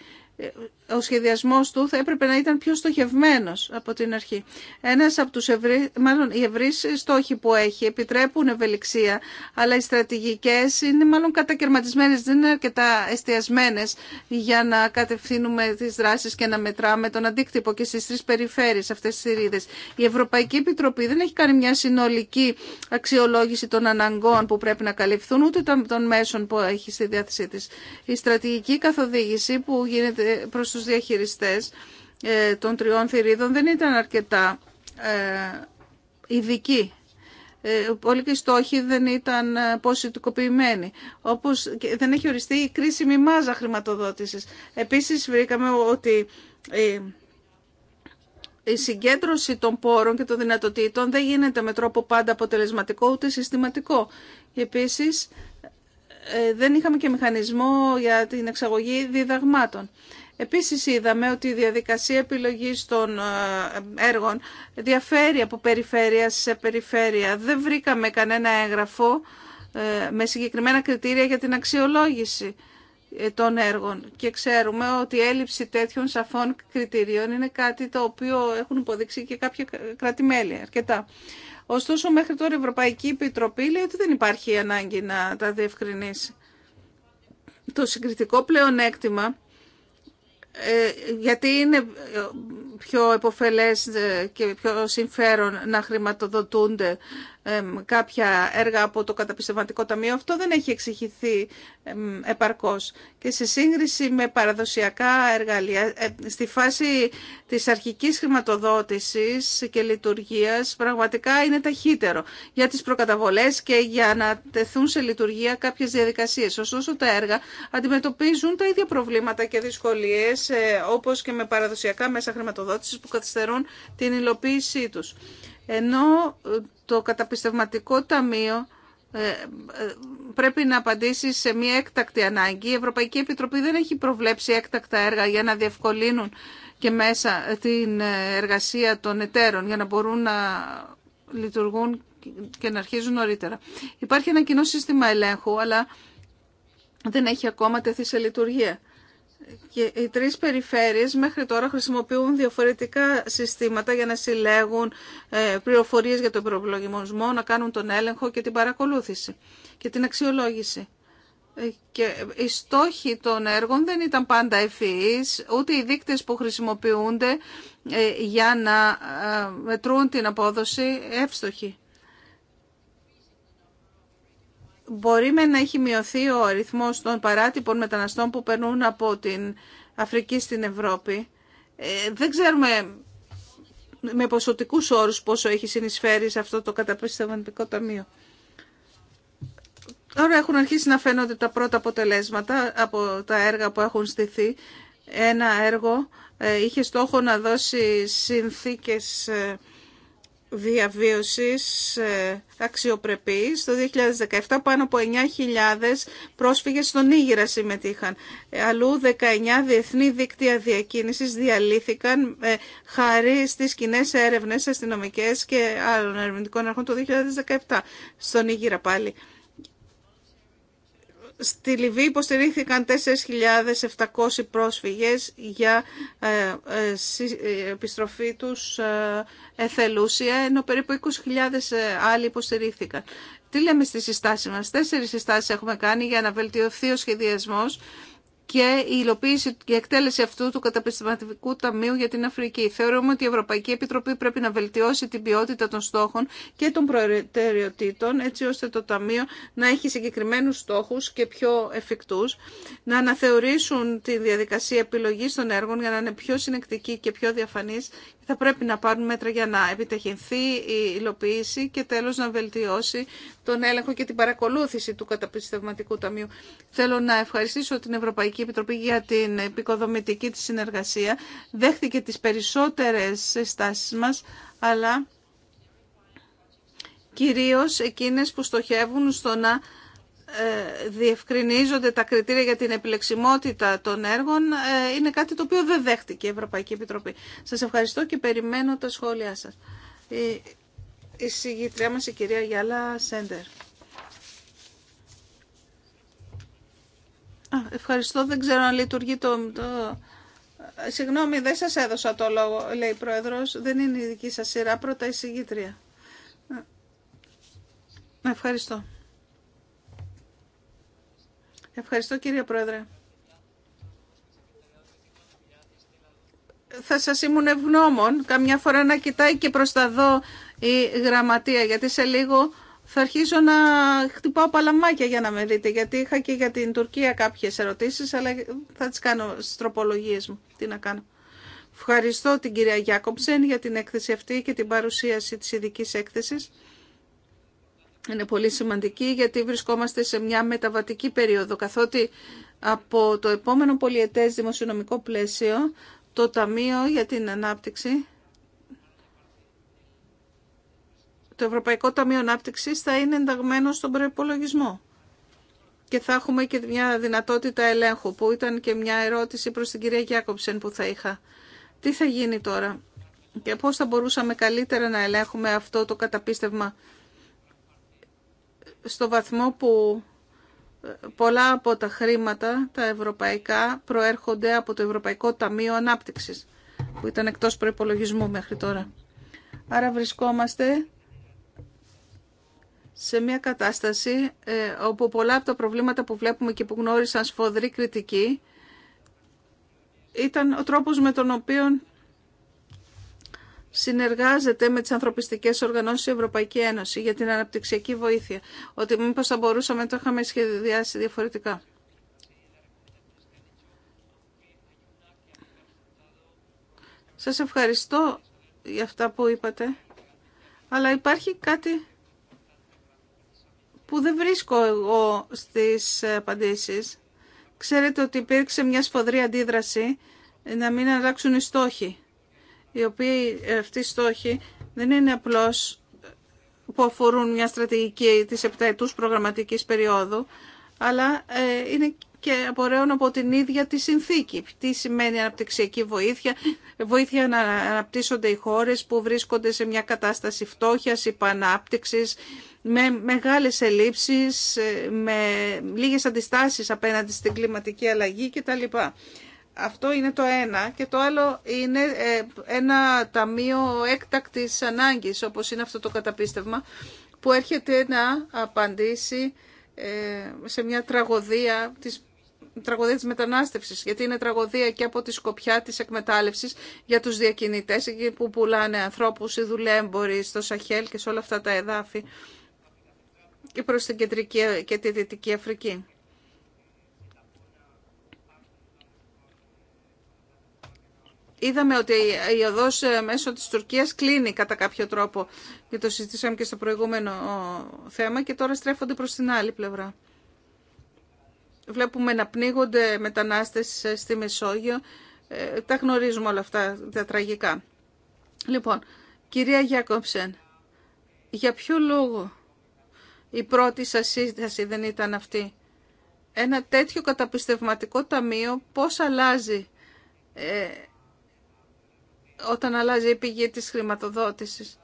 ο σχεδιασμός του θα έπρεπε να ήταν πιο στοχευμένος από την αρχή. Ένας από τους ευρύ, μάλλον οι ευρύ στόχοι που έχει επιτρέπουν ευελιξία, αλλά οι στρατηγικές είναι μάλλον κατακαιρματισμένες, δεν είναι αρκετά εστιασμένες για να κατευθύνουμε τις δράσεις και να μετράμε τον αντίκτυπο και στις τρεις περιφέρειες αυτές τις ρίδες. Η Ευρωπαϊκή Επιτροπή δεν έχει κάνει μια συνολική αξιολόγηση των αναγκών που πρέπει να καλυφθούν, ούτε των μέσων που έχει στη διάθεσή της. Η στρατηγική καθοδήγηση που γίνεται προς τους διαχειριστές ε, των τριών θηρίδων δεν ήταν αρκετά ε, ειδικοί. Όλοι ε, και οι στόχοι δεν ήταν ποσοτικοποιημένοι. Όπως δεν έχει οριστεί η κρίσιμη μάζα χρηματοδότησης. Επίσης βρήκαμε ότι η συγκέντρωση των πόρων και των δυνατοτήτων δεν γίνεται με τρόπο πάντα αποτελεσματικό ούτε συστηματικό. Επίσης, δεν είχαμε και μηχανισμό για την εξαγωγή διδαγμάτων. Επίσης είδαμε ότι η διαδικασία επιλογής των ε, έργων διαφέρει από περιφέρεια σε περιφέρεια. Δεν βρήκαμε κανένα έγγραφο ε, με συγκεκριμένα κριτήρια για την αξιολόγηση ε, των έργων. Και ξέρουμε ότι η έλλειψη τέτοιων σαφών κριτηρίων είναι κάτι το οποίο έχουν υποδείξει και κάποια κράτη-μέλη αρκετά. Ωστόσο, μέχρι τώρα η Ευρωπαϊκή Επιτροπή λέει ότι δεν υπάρχει ανάγκη να τα διευκρινίσει. Το συγκριτικό πλεονέκτημα ε, γιατί είναι ε, πιο επωφελές ε, και πιο συμφέρον να χρηματοδοτούνται κάποια έργα από το καταπιστευματικό ταμείο. Αυτό δεν έχει εξηγηθεί επαρκώς. Και σε σύγκριση με παραδοσιακά εργαλεία, ε, στη φάση της αρχικής χρηματοδότησης και λειτουργίας, πραγματικά είναι ταχύτερο για τις προκαταβολές και για να τεθούν σε λειτουργία κάποιες διαδικασίες. Ωστόσο, τα έργα αντιμετωπίζουν τα ίδια προβλήματα και δυσκολίες, ε, όπως και με παραδοσιακά μέσα χρηματοδότησης που καθυστερούν την υλοποίησή τους ενώ ε, το καταπιστευματικό ταμείο ε, ε, πρέπει να απαντήσει σε μια έκτακτη ανάγκη. Η Ευρωπαϊκή Επιτροπή δεν έχει προβλέψει έκτακτα έργα για να διευκολύνουν και μέσα την εργασία των εταίρων για να μπορούν να λειτουργούν και να αρχίζουν νωρίτερα. Υπάρχει ένα κοινό σύστημα ελέγχου, αλλά δεν έχει ακόμα τεθεί σε λειτουργία. Και οι τρεις περιφέρειες μέχρι τώρα χρησιμοποιούν διαφορετικά συστήματα για να συλλέγουν ε, πληροφορίες για τον προβλογισμό, να κάνουν τον έλεγχο και την παρακολούθηση και την αξιολόγηση. Ε, και οι στόχοι των έργων δεν ήταν πάντα ευφυείς, ούτε οι δείκτες που χρησιμοποιούνται ε, για να μετρούν την απόδοση εύστοχοι. μπορεί με να έχει μειωθεί ο αριθμός των παράτυπων μεταναστών που περνούν από την Αφρική στην Ευρώπη. Ε, δεν ξέρουμε με ποσοτικούς όρους πόσο έχει συνεισφέρει σε αυτό το καταπιστευαντικό ταμείο. Τώρα έχουν αρχίσει να φαίνονται τα πρώτα αποτελέσματα από τα έργα που έχουν στηθεί. Ένα έργο ε, είχε στόχο να δώσει συνθήκες ε, διαβίωσης ε, αξιοπρεπής. Το 2017 πάνω από 9.000 πρόσφυγες στον Ήγηρα συμμετείχαν. Ε, αλλού 19 διεθνή δίκτυα διακίνησης διαλύθηκαν ε, χάρη στις κοινέ έρευνες αστυνομικέ και άλλων ερευνητικών αρχών το 2017 στον Ήγηρα πάλι. Στη Λιβύη υποστηρίχθηκαν 4.700 πρόσφυγες για ε, ε, ε, επιστροφή τους εθελούσια, ενώ περίπου 20.000 άλλοι υποστηρίχθηκαν. Τι λέμε στις συστάσεις μας. Τέσσερις συστάσεις έχουμε κάνει για να βελτιωθεί ο σχεδιασμός και η υλοποίηση και η εκτέλεση αυτού του καταπιστηματικού ταμείου για την Αφρική. Θεωρούμε ότι η Ευρωπαϊκή Επιτροπή πρέπει να βελτιώσει την ποιότητα των στόχων και των προτεραιοτήτων, έτσι ώστε το Ταμείο να έχει συγκεκριμένου στόχου και πιο εφικτού, να αναθεωρήσουν τη διαδικασία επιλογή των έργων για να είναι πιο συνεκτική και πιο διαφανής. Θα πρέπει να πάρουν μέτρα για να επιτεχυνθεί η υλοποίηση και τέλος να βελτιώσει τον έλεγχο και την παρακολούθηση του καταπιστευματικού ταμείου. Θέλω να ευχαριστήσω την Ευρωπαϊκή Ευρωπαϊκή Επιτροπή για την επικοδομητική της συνεργασία δέχθηκε τις περισσότερες στάσεις μας, αλλά κυρίως εκείνες που στοχεύουν στο να ε, διευκρινίζονται τα κριτήρια για την επιλεξιμότητα των έργων ε, είναι κάτι το οποίο δεν δέχτηκε η Ευρωπαϊκή Επιτροπή. Σας ευχαριστώ και περιμένω τα σχόλιά σας. Η, η συγγητριά μας η κυρία Γιάλα Σέντερ. ευχαριστώ. Δεν ξέρω αν λειτουργεί το... το... Συγγνώμη, δεν σας έδωσα το λόγο, λέει η Πρόεδρος. Δεν είναι η δική σας σειρά. Πρώτα η συγγήτρια. Ευχαριστώ. Ευχαριστώ κύριε Πρόεδρε. Θα σας ήμουν ευγνώμων καμιά φορά να κοιτάει και προς τα δω η γραμματεία, γιατί σε λίγο θα αρχίσω να χτυπάω παλαμάκια για να με δείτε, γιατί είχα και για την Τουρκία κάποιες ερωτήσεις, αλλά θα τις κάνω στις τροπολογίες μου. Τι να κάνω. Ευχαριστώ την κυρία Γιάκοψεν για την έκθεση αυτή και την παρουσίαση της ειδική έκθεσης. Είναι πολύ σημαντική γιατί βρισκόμαστε σε μια μεταβατική περίοδο, καθότι από το επόμενο πολιετές δημοσιονομικό πλαίσιο, το Ταμείο για την Ανάπτυξη το Ευρωπαϊκό Ταμείο Ανάπτυξη θα είναι ενταγμένο στον προπολογισμό. Και θα έχουμε και μια δυνατότητα ελέγχου, που ήταν και μια ερώτηση προς την κυρία Γιάκοψεν που θα είχα. Τι θα γίνει τώρα και πώς θα μπορούσαμε καλύτερα να ελέγχουμε αυτό το καταπίστευμα στο βαθμό που πολλά από τα χρήματα, τα ευρωπαϊκά, προέρχονται από το Ευρωπαϊκό Ταμείο Ανάπτυξης, που ήταν εκτός προϋπολογισμού μέχρι τώρα. Άρα βρισκόμαστε σε μια κατάσταση ε, όπου πολλά από τα προβλήματα που βλέπουμε και που γνώρισαν σφοδρή κριτική ήταν ο τρόπος με τον οποίο συνεργάζεται με τις ανθρωπιστικές οργανώσεις η Ευρωπαϊκή Ένωση για την αναπτυξιακή βοήθεια. Ότι μήπως θα μπορούσαμε να το είχαμε σχεδιάσει διαφορετικά. Σας ευχαριστώ για αυτά που είπατε. Αλλά υπάρχει κάτι που δεν βρίσκω εγώ στις απαντήσεις. Ξέρετε ότι υπήρξε μια σφοδρή αντίδραση να μην αλλάξουν οι στόχοι. Οι οποίοι ε, αυτοί οι στόχοι δεν είναι απλώς που αφορούν μια στρατηγική της επταετούς προγραμματικής περίοδου, αλλά ε, είναι και απορρέων από την ίδια τη συνθήκη. Τι σημαίνει αναπτυξιακή βοήθεια, βοήθεια να αναπτύσσονται οι χώρες που βρίσκονται σε μια κατάσταση φτώχειας, υπανάπτυξης, με μεγάλες ελλείψεις, ε, με λίγες αντιστάσεις απέναντι στην κλιματική αλλαγή κτλ. Αυτό είναι το ένα. Και το άλλο είναι ε, ένα ταμείο έκτακτης ανάγκης, όπως είναι αυτό το καταπίστευμα, που έρχεται να απαντήσει ε, σε μια τραγωδία της τραγωδία μετανάστευσης, γιατί είναι τραγωδία και από τη σκοπιά της εκμετάλλευσης για του διακινητές, εκεί που πουλάνε ανθρώπους, οι δουλέμποροι στο Σαχέλ και σε όλα αυτά τα εδάφη και προς την Κεντρική και τη Δυτική Αφρική. Είδαμε ότι η οδός ε, μέσω της Τουρκίας κλείνει κατά κάποιο τρόπο και το συζητήσαμε και στο προηγούμενο θέμα και τώρα στρέφονται προς την άλλη πλευρά. Βλέπουμε να πνίγονται μετανάστες ε, στη Μεσόγειο. Ε, τα γνωρίζουμε όλα αυτά τα τραγικά. Λοιπόν, κυρία Γιάκοψεν, για ποιο λόγο η πρώτη σας σύσταση δεν ήταν αυτή. Ένα τέτοιο καταπιστευματικό ταμείο πώς αλλάζει ε, όταν αλλάζει η πηγή της χρηματοδότησης.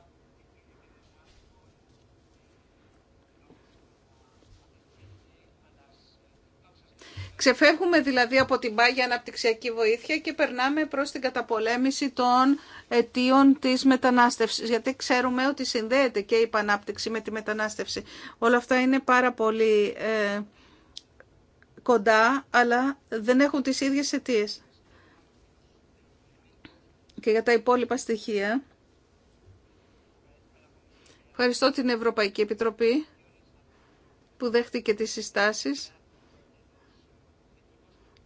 Ξεφεύγουμε δηλαδή από την πάγια αναπτυξιακή βοήθεια και περνάμε προς την καταπολέμηση των αιτίων της μετανάστευσης, γιατί ξέρουμε ότι συνδέεται και η επανάπτυξη με τη μετανάστευση. Όλα αυτά είναι πάρα πολύ ε, κοντά, αλλά δεν έχουν τις ίδιες αιτίε. Και για τα υπόλοιπα στοιχεία, ευχαριστώ την Ευρωπαϊκή Επιτροπή που δέχτηκε τις συστάσεις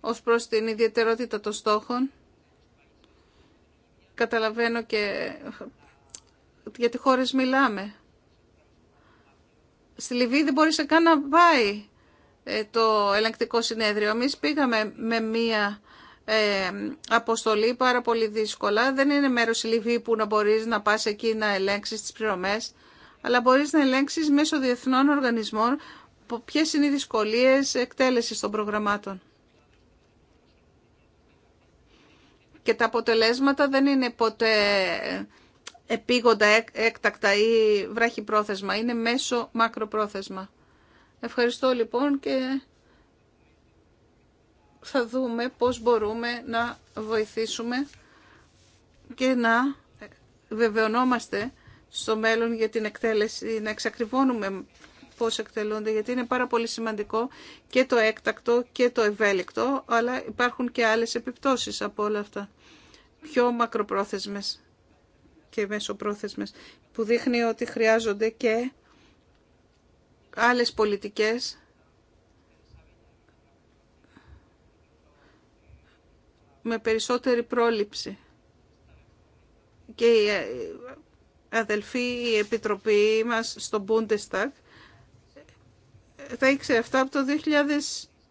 ως προς την ιδιαιτερότητα των στόχων. Καταλαβαίνω και γιατί χώρες μιλάμε. Στη Λιβύη δεν μπορείς καν να πάει ε, το ελεγκτικό συνέδριο. Εμεί πήγαμε με μία ε, αποστολή πάρα πολύ δύσκολα. Δεν είναι μέρος η Λιβύη που να μπορείς να πας εκεί να ελέγξεις τις πληρωμές, αλλά μπορείς να ελέγξεις μέσω διεθνών οργανισμών ποιες είναι οι δυσκολίες εκτέλεσης των προγραμμάτων. και τα αποτελέσματα δεν είναι ποτέ επίγοντα έκτακτα ή βράχη είναι μέσο μακροπρόθεσμα. Ευχαριστώ λοιπόν και θα δούμε πώς μπορούμε να βοηθήσουμε και να βεβαιωνόμαστε στο μέλλον για την εκτέλεση, να εξακριβώνουμε πώς εκτελούνται, γιατί είναι πάρα πολύ σημαντικό και το έκτακτο και το ευέλικτο, αλλά υπάρχουν και άλλες επιπτώσεις από όλα αυτά, πιο μακροπρόθεσμες και μεσοπρόθεσμες, που δείχνει ότι χρειάζονται και άλλες πολιτικές με περισσότερη πρόληψη. Και η ε, αδελφή η επιτροπή μας στο Bundestag θα ήξερε αυτά από το 2000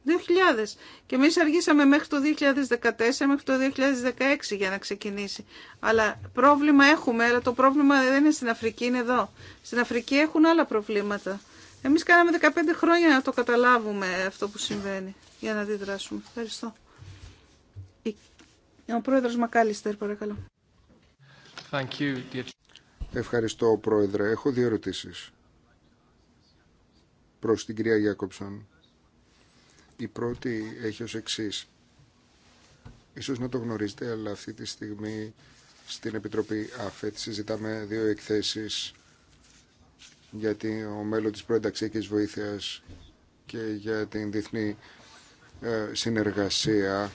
2000. Και εμεί αργήσαμε μέχρι το 2014, μέχρι το 2016 για να ξεκινήσει. Αλλά πρόβλημα έχουμε, αλλά το πρόβλημα δεν είναι στην Αφρική, είναι εδώ. Στην Αφρική έχουν άλλα προβλήματα. Εμείς κάναμε 15 χρόνια να το καταλάβουμε αυτό που συμβαίνει, για να αντιδράσουμε. Ευχαριστώ. Ο πρόεδρος Μακάλιστερ, παρακαλώ. Ευχαριστώ, πρόεδρε. Έχω δύο ερωτήσει προς την κυρία Γιάκοψον. Η πρώτη έχει ως εξής. Ίσως να το γνωρίζετε, αλλά αυτή τη στιγμή στην Επιτροπή ΑΦΕΤ συζητάμε δύο εκθέσεις για ο μέλλον της προενταξιακής βοήθειας και για την διεθνή ε, συνεργασία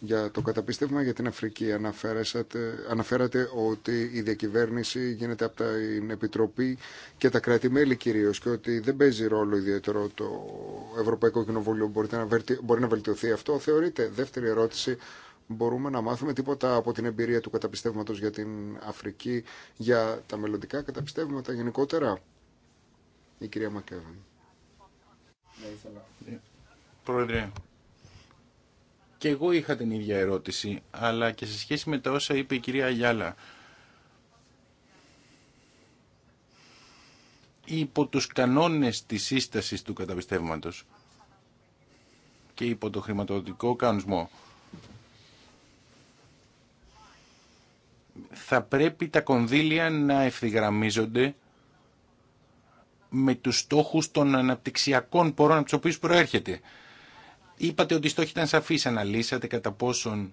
για το καταπίστευμα για την Αφρική αναφέρατε ότι η διακυβέρνηση γίνεται από την Επιτροπή και τα κράτη-μέλη κυρίως και ότι δεν παίζει ρόλο ιδιαίτερο το Ευρωπαϊκό Κοινοβούλιο. Μπορείτε να βελτι... Μπορεί να βελτιωθεί αυτό, θεωρείτε. Δεύτερη ερώτηση, μπορούμε να μάθουμε τίποτα από την εμπειρία του καταπιστεύματος για την Αφρική, για τα μελλοντικά καταπιστεύματα γενικότερα. Η κυρία Μακέβαν. Πρόεδρε, και εγώ είχα την ίδια ερώτηση, αλλά και σε σχέση με τα όσα είπε η κυρία Αγιάλα. Υπό τους κανόνες της σύστασης του καταπιστεύματος και υπό το χρηματοδοτικό κανονισμό, θα πρέπει τα κονδύλια να ευθυγραμμίζονται με τους στόχους των αναπτυξιακών πόρων από τους οποίους προέρχεται Είπατε ότι οι στόχοι ήταν σαφείς, αναλύσατε κατά πόσον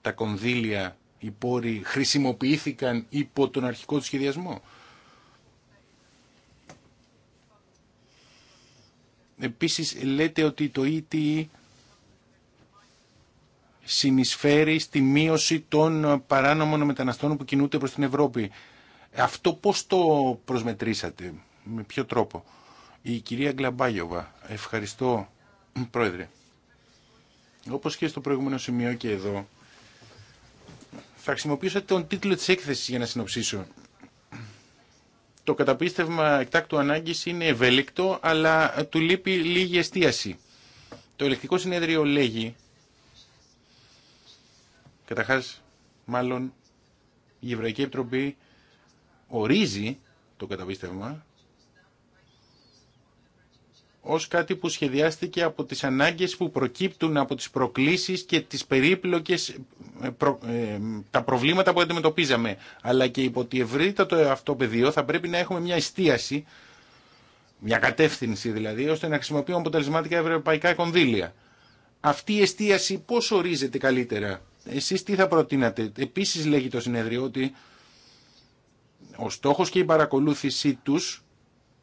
τα κονδύλια, οι πόροι χρησιμοποιήθηκαν υπό τον αρχικό του σχεδιασμό. Επίσης λέτε ότι το ETE συνεισφέρει στη μείωση των παράνομων μεταναστών που κινούνται προς την Ευρώπη. Αυτό πώς το προσμετρήσατε, με ποιο τρόπο. Η κυρία Γκλαμπάγιοβα, ευχαριστώ πρόεδρε. Όπως και στο προηγούμενο σημείο και εδώ, θα χρησιμοποιήσω τον τίτλο της έκθεσης για να συνοψίσω. Το καταπίστευμα εκτάκτου ανάγκης είναι ευέλικτο, αλλά του λείπει λίγη εστίαση. Το ελεκτικό συνέδριο λέγει, καταρχάς μάλλον η Ευρωπαϊκή Επιτροπή ορίζει το καταπίστευμα ως κάτι που σχεδιάστηκε από τις ανάγκες που προκύπτουν από τις προκλήσεις και τις περίπλοκες ε, ε, τα προβλήματα που αντιμετωπίζαμε. Αλλά και υπό τη ευρύτατο αυτό πεδίο θα πρέπει να έχουμε μια εστίαση, μια κατεύθυνση δηλαδή, ώστε να χρησιμοποιούμε αποτελεσματικά ευρωπαϊκά κονδύλια. Αυτή η εστίαση πώς ορίζεται καλύτερα. Εσείς τι θα προτείνατε. Επίσης λέγει το συνέδριο ότι ο στόχος και η παρακολούθησή τους,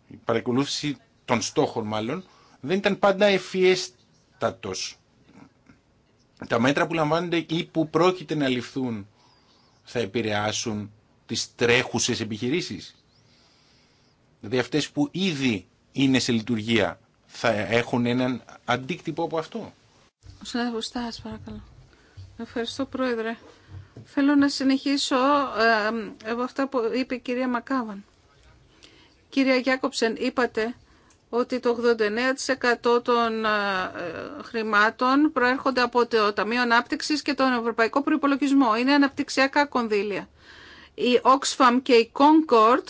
η παρακολούθηση των στόχων μάλλον, δεν ήταν πάντα ευφιέστατος. Τα μέτρα που λαμβάνονται ή που πρόκειται να ληφθούν θα επηρεάσουν τις τρέχουσες επιχειρήσεις. Δηλαδή αυτές που ήδη είναι σε λειτουργία θα έχουν έναν αντίκτυπο από αυτό. Συνάδελφος Στάς, παρακαλώ. Ευχαριστώ, Πρόεδρε. Θέλω να συνεχίσω ε, ε, από αυτά που είπε η κυρία Μακάβαν. θα εχουν εναν αντικτυπο απο αυτο συνεδευος στας Γιάκοψεν, είπατε ότι το 89% των ε, χρημάτων προέρχονται από το Ταμείο Ανάπτυξη και τον Ευρωπαϊκό Προπολογισμό. Είναι αναπτυξιακά κονδύλια. Η Oxfam και η Concord,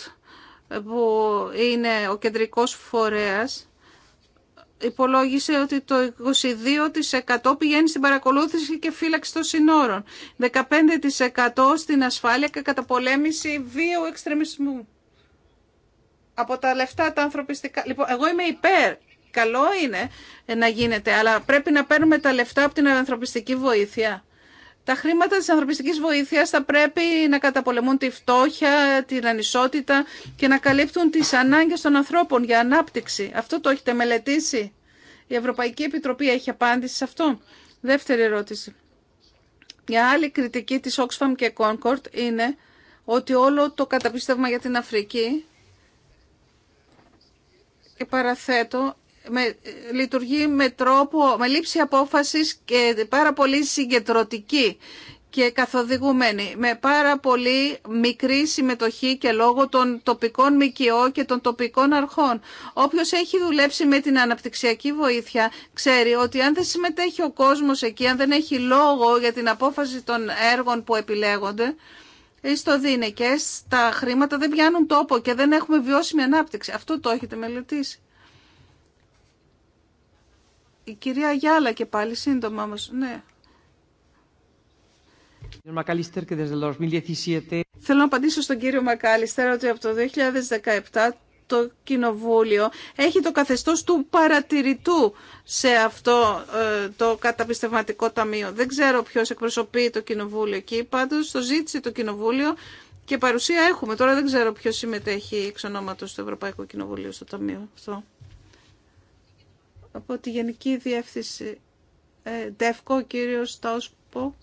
που είναι ο κεντρικός φορέας, υπολόγισε ότι το 22% πηγαίνει στην παρακολούθηση και φύλαξη των συνόρων, 15% στην ασφάλεια και καταπολέμηση βίου εξτρεμισμού από τα λεφτά τα ανθρωπιστικά. Λοιπόν, εγώ είμαι υπέρ. Καλό είναι ε, να γίνεται, αλλά πρέπει να παίρνουμε τα λεφτά από την ανθρωπιστική βοήθεια. Τα χρήματα της ανθρωπιστικής βοήθειας θα πρέπει να καταπολεμούν τη φτώχεια, την ανισότητα και να καλύπτουν τις ανάγκες των ανθρώπων για ανάπτυξη. Αυτό το έχετε μελετήσει. Η Ευρωπαϊκή Επιτροπή έχει απάντηση σε αυτό. Δεύτερη ερώτηση. Μια άλλη κριτική της Oxfam και Concord είναι ότι όλο το καταπίστευμα για την Αφρική παραθέτω, με, λειτουργεί με τρόπο, με λήψη απόφασης και πάρα πολύ συγκεντρωτική και καθοδηγούμενη, με πάρα πολύ μικρή συμμετοχή και λόγω των τοπικών ΜΚΟ και των τοπικών αρχών. Όποιος έχει δουλέψει με την αναπτυξιακή βοήθεια ξέρει ότι αν δεν συμμετέχει ο κόσμος εκεί, αν δεν έχει λόγο για την απόφαση των έργων που επιλέγονται, στο Δίνεκε, τα χρήματα δεν πιάνουν τόπο και δεν έχουμε βιώσιμη ανάπτυξη. Αυτό το έχετε μελετήσει. Η κυρία Γιάλα και πάλι σύντομα όμως, ναι. Θέλω να απαντήσω στον κύριο Μακάλιστερ ότι από το 2017 το Κοινοβούλιο έχει το καθεστώς του παρατηρητού σε αυτό ε, το καταπιστευματικό ταμείο. Δεν ξέρω ποιος εκπροσωπεί το Κοινοβούλιο εκεί, πάντως το ζήτησε το Κοινοβούλιο και παρουσία έχουμε. Τώρα δεν ξέρω ποιος συμμετέχει εξ ονόματος του Ευρωπαϊκό Κοινοβούλιο στο ταμείο αυτό. Από τη Γενική Διεύθυνση ε, ΔΕΦΚΟ, ο κύριος Τόσπο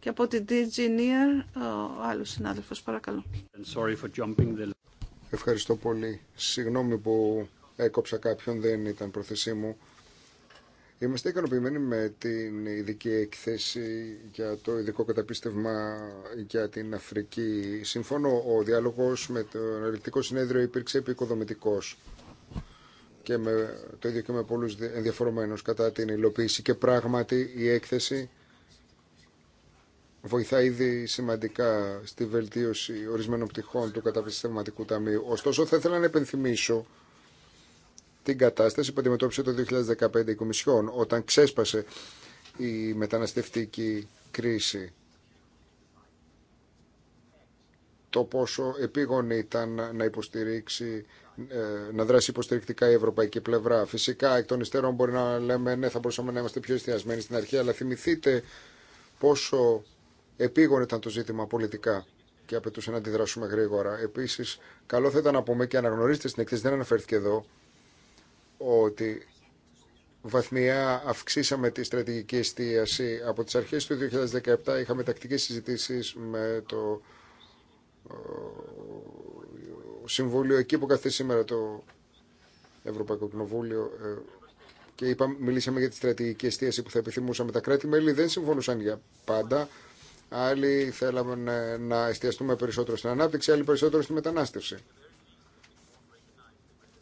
και από την DGNIR ο άλλος συνάδελφος, παρακαλώ. Ευχαριστώ πολύ. Συγγνώμη που έκοψα κάποιον, δεν ήταν πρόθεσή μου. Είμαστε ικανοποιημένοι με την ειδική έκθεση για το ειδικό καταπίστευμα για την Αφρική. Συμφωνώ, ο διάλογος με το Αναλυτικό Συνέδριο υπήρξε επικοδομητικός και με, το ίδιο και με πολλούς ενδιαφορομένους κατά την υλοποίηση και πράγματι η έκθεση βοηθά ήδη σημαντικά στη βελτίωση ορισμένων πτυχών του καταπιστευματικού ταμείου. Ωστόσο, θα ήθελα να επενθυμίσω την κατάσταση που αντιμετώπισε το 2015 η Κομισιόν, όταν ξέσπασε η μεταναστευτική κρίση. Το πόσο επίγον ήταν να υποστηρίξει ε, να δράσει υποστηρικτικά η ευρωπαϊκή πλευρά. Φυσικά, εκ των υστέρων μπορεί να λέμε ναι, θα μπορούσαμε να είμαστε πιο εστιασμένοι στην αρχή, αλλά θυμηθείτε πόσο Επίγον ήταν το ζήτημα πολιτικά και απαιτούσε να αντιδράσουμε γρήγορα. Επίση, καλό θα ήταν να πούμε και αναγνωρίστε στην εκθέση, δεν αναφέρθηκε εδώ, ότι βαθμιά αυξήσαμε τη στρατηγική εστίαση. Από τις αρχές του 2017 είχαμε τακτικές συζητήσεις με το Συμβούλιο εκεί που καθίσει σήμερα το Ευρωπαϊκό Κοινοβούλιο ε, και είπα, μιλήσαμε για τη στρατηγική εστίαση που θα επιθυμούσαμε. Τα κράτη-μέλη δεν συμφωνούσαν για πάντα. Άλλοι θέλαμε να εστιαστούμε περισσότερο στην ανάπτυξη, άλλοι περισσότερο στη μετανάστευση.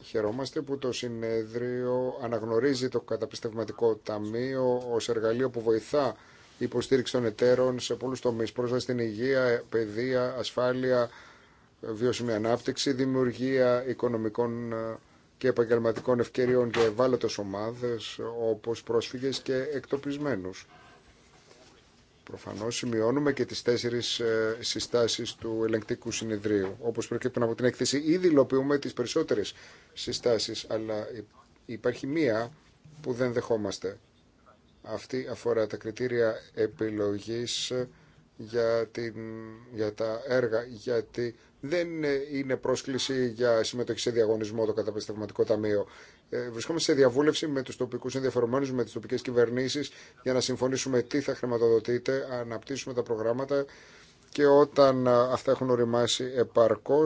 Χαιρόμαστε που το συνέδριο αναγνωρίζει το καταπιστευματικό ταμείο ως εργαλείο που βοηθά υποστήριξη των εταίρων σε πολλούς τομείς, πρόσβαση στην υγεία, παιδεία, ασφάλεια, βιώσιμη ανάπτυξη, δημιουργία οικονομικών ε, και επαγγελματικών ευκαιριών για ευάλωτες ομάδες όπως πρόσφυγες και εκτοπισμένους. Προφανώς σημειώνουμε και τις τέσσερις ε, συστάσεις του ελεγκτικού συνεδρίου. Όπως προκύπτουν από την έκθεση, ήδη υλοποιούμε τις περισσότερες συστάσεις, αλλά υπάρχει μία που δεν δεχόμαστε. Αυτή αφορά τα κριτήρια επιλογής για, την, για τα έργα, γιατί δεν είναι πρόσκληση για συμμετοχή σε διαγωνισμό το καταπιστευματικό ταμείο. Ε, βρισκόμαστε σε διαβούλευση με του τοπικού ενδιαφερομένου, με τι τοπικέ κυβερνήσει για να συμφωνήσουμε τι θα να αναπτύσσουμε τα προγράμματα και όταν ε, αυτά έχουν οριμάσει επαρκώ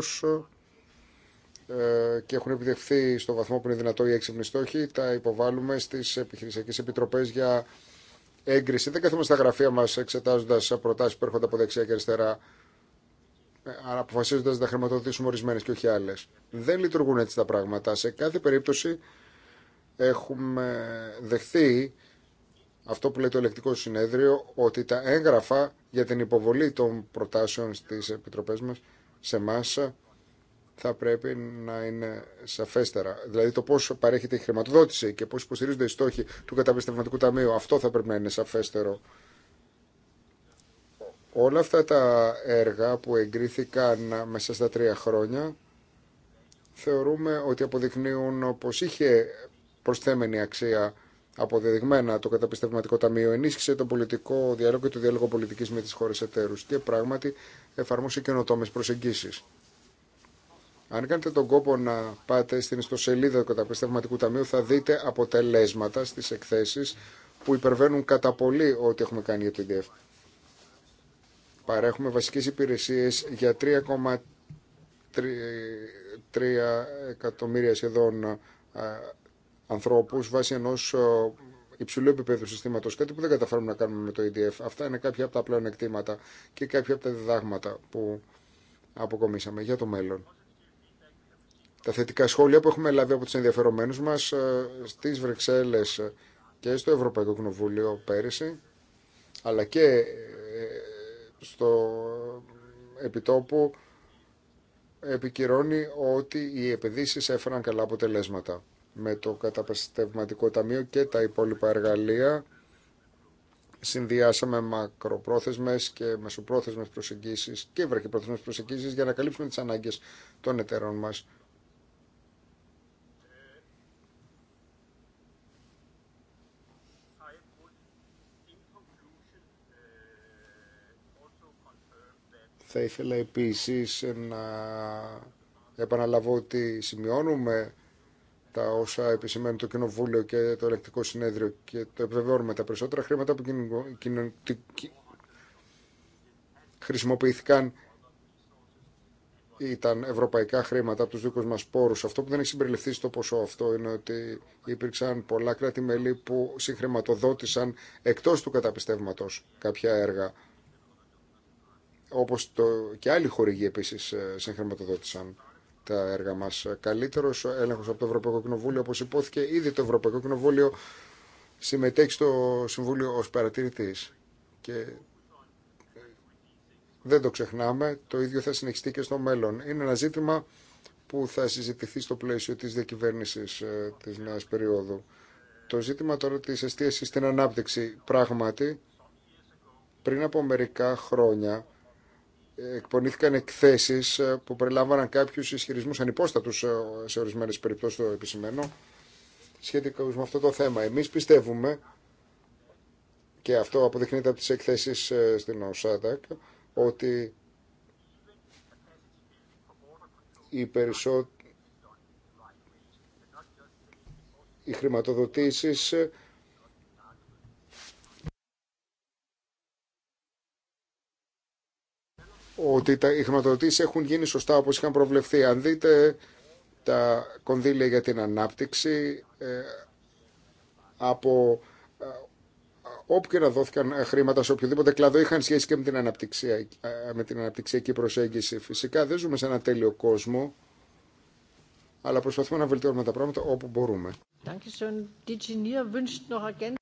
ε, και έχουν επιδεχθεί στο βαθμό που είναι δυνατό οι έξυπνοι στόχοι, τα υποβάλλουμε στι επιχειρησιακέ επιτροπέ για έγκριση. Δεν καθόμαστε στα γραφεία μα εξετάζοντα προτάσει που έρχονται από δεξιά και αριστερά ε, άρα αποφασίζοντας να χρηματοδοτήσουμε ορισμένε και όχι άλλες. Δεν λειτουργούν έτσι τα πράγματα. Σε κάθε περίπτωση έχουμε δεχθεί αυτό που λέει το ελεκτικό συνέδριο ότι τα έγγραφα για την υποβολή των προτάσεων στις επιτροπές μας σε μάσα θα πρέπει να είναι σαφέστερα. Δηλαδή το πώ παρέχεται η χρηματοδότηση και πώ υποστηρίζονται οι στόχοι του καταπιστευματικού ταμείου, αυτό θα πρέπει να είναι σαφέστερο Όλα αυτά τα έργα που εγκρίθηκαν μέσα στα τρία χρόνια θεωρούμε ότι αποδεικνύουν πως είχε προσθέμενη αξία αποδεδειγμένα το καταπιστευματικό ταμείο ενίσχυσε τον πολιτικό διάλογο και το διάλογο πολιτικής με τις χώρες εταίρους και πράγματι εφαρμόσε καινοτόμες προσεγγίσεις. Αν κάνετε τον κόπο να πάτε στην ιστοσελίδα του καταπιστευματικού ταμείου θα δείτε αποτελέσματα στις εκθέσεις που υπερβαίνουν κατά πολύ ό,τι έχουμε κάνει για το EDF. Παρέχουμε βασικές υπηρεσίες για 3,3 εκατομμύρια σχεδόν ε, ανθρώπους βάσει ενός ε, υψηλού επίπεδου συστήματο, κάτι που δεν καταφέρουμε να κάνουμε με το EDF. Αυτά είναι κάποια από τα πλέον εκτήματα και κάποια από τα διδάγματα που αποκομίσαμε για το μέλλον. Τα θετικά σχόλια που έχουμε λάβει από τους ενδιαφερομένους μα ε, στι Βρυξέλλε και στο Ευρωπαϊκό Κοινοβούλιο πέρυσι, αλλά και στο επιτόπου επικυρώνει ότι οι επενδύσεις έφεραν καλά αποτελέσματα με το καταπαστευματικό ταμείο και τα υπόλοιπα εργαλεία συνδυάσαμε μακροπρόθεσμες και μεσοπρόθεσμες προσεγγίσεις και βραχυπρόθεσμες προσεγγίσεις για να καλύψουμε τις ανάγκες των εταίρων μας Θα ήθελα επίσης να επαναλαβώ ότι σημειώνουμε τα όσα επισημαίνει το Κοινοβούλιο και το Ελεκτικό Συνέδριο και το επιβεβαιώνουμε τα περισσότερα χρήματα που χρησιμοποιήθηκαν ήταν ευρωπαϊκά χρήματα από τους δίκους μας πόρους. Αυτό που δεν έχει συμπεριληφθεί στο ποσό αυτό είναι ότι υπήρξαν πολλά κράτη-μέλη που συγχρηματοδότησαν εκτός του καταπιστεύματος κάποια έργα όπως και άλλοι χορηγοί επίσης ε, συγχρηματοδότησαν τα έργα μας. Καλύτερος έλεγχος από το Ευρωπαϊκό Κοινοβούλιο, όπως υπόθηκε ήδη το Ευρωπαϊκό Κοινοβούλιο συμμετέχει στο Συμβούλιο ως παρατηρητής και ε, δεν το ξεχνάμε, το ίδιο θα συνεχιστεί και στο μέλλον. Είναι ένα ζήτημα που θα συζητηθεί στο πλαίσιο της διακυβέρνησης ε, της νέας περίοδου. Το ζήτημα τώρα της εστίασης στην ανάπτυξη πράγματι πριν από μερικά χρόνια εκπονήθηκαν εκθέσεις ε, που περιλάμβαναν κάποιους ισχυρισμούς ανυπόστατου ε, σε ορισμένες περιπτώσεις το επισημένο σχετικά με αυτό το θέμα. Εμείς πιστεύουμε και αυτό αποδεικνύεται από τι εκθέσεις ε, στην ΟΣΑΤΑΚ ότι οι περισσότεροι οι χρηματοδοτήσεις ότι τα, οι χρηματοδοτήσει έχουν γίνει σωστά όπως είχαν προβλεφθεί. Αν δείτε τα κονδύλια για την ανάπτυξη ε, από ε, όπου και να δόθηκαν ε, χρήματα σε οποιοδήποτε κλάδο είχαν σχέση και με την, αναπτυξιακή, με την αναπτυξιακή προσέγγιση. Φυσικά δεν ζούμε σε ένα τέλειο κόσμο, αλλά προσπαθούμε να βελτιώνουμε τα πράγματα όπου μπορούμε.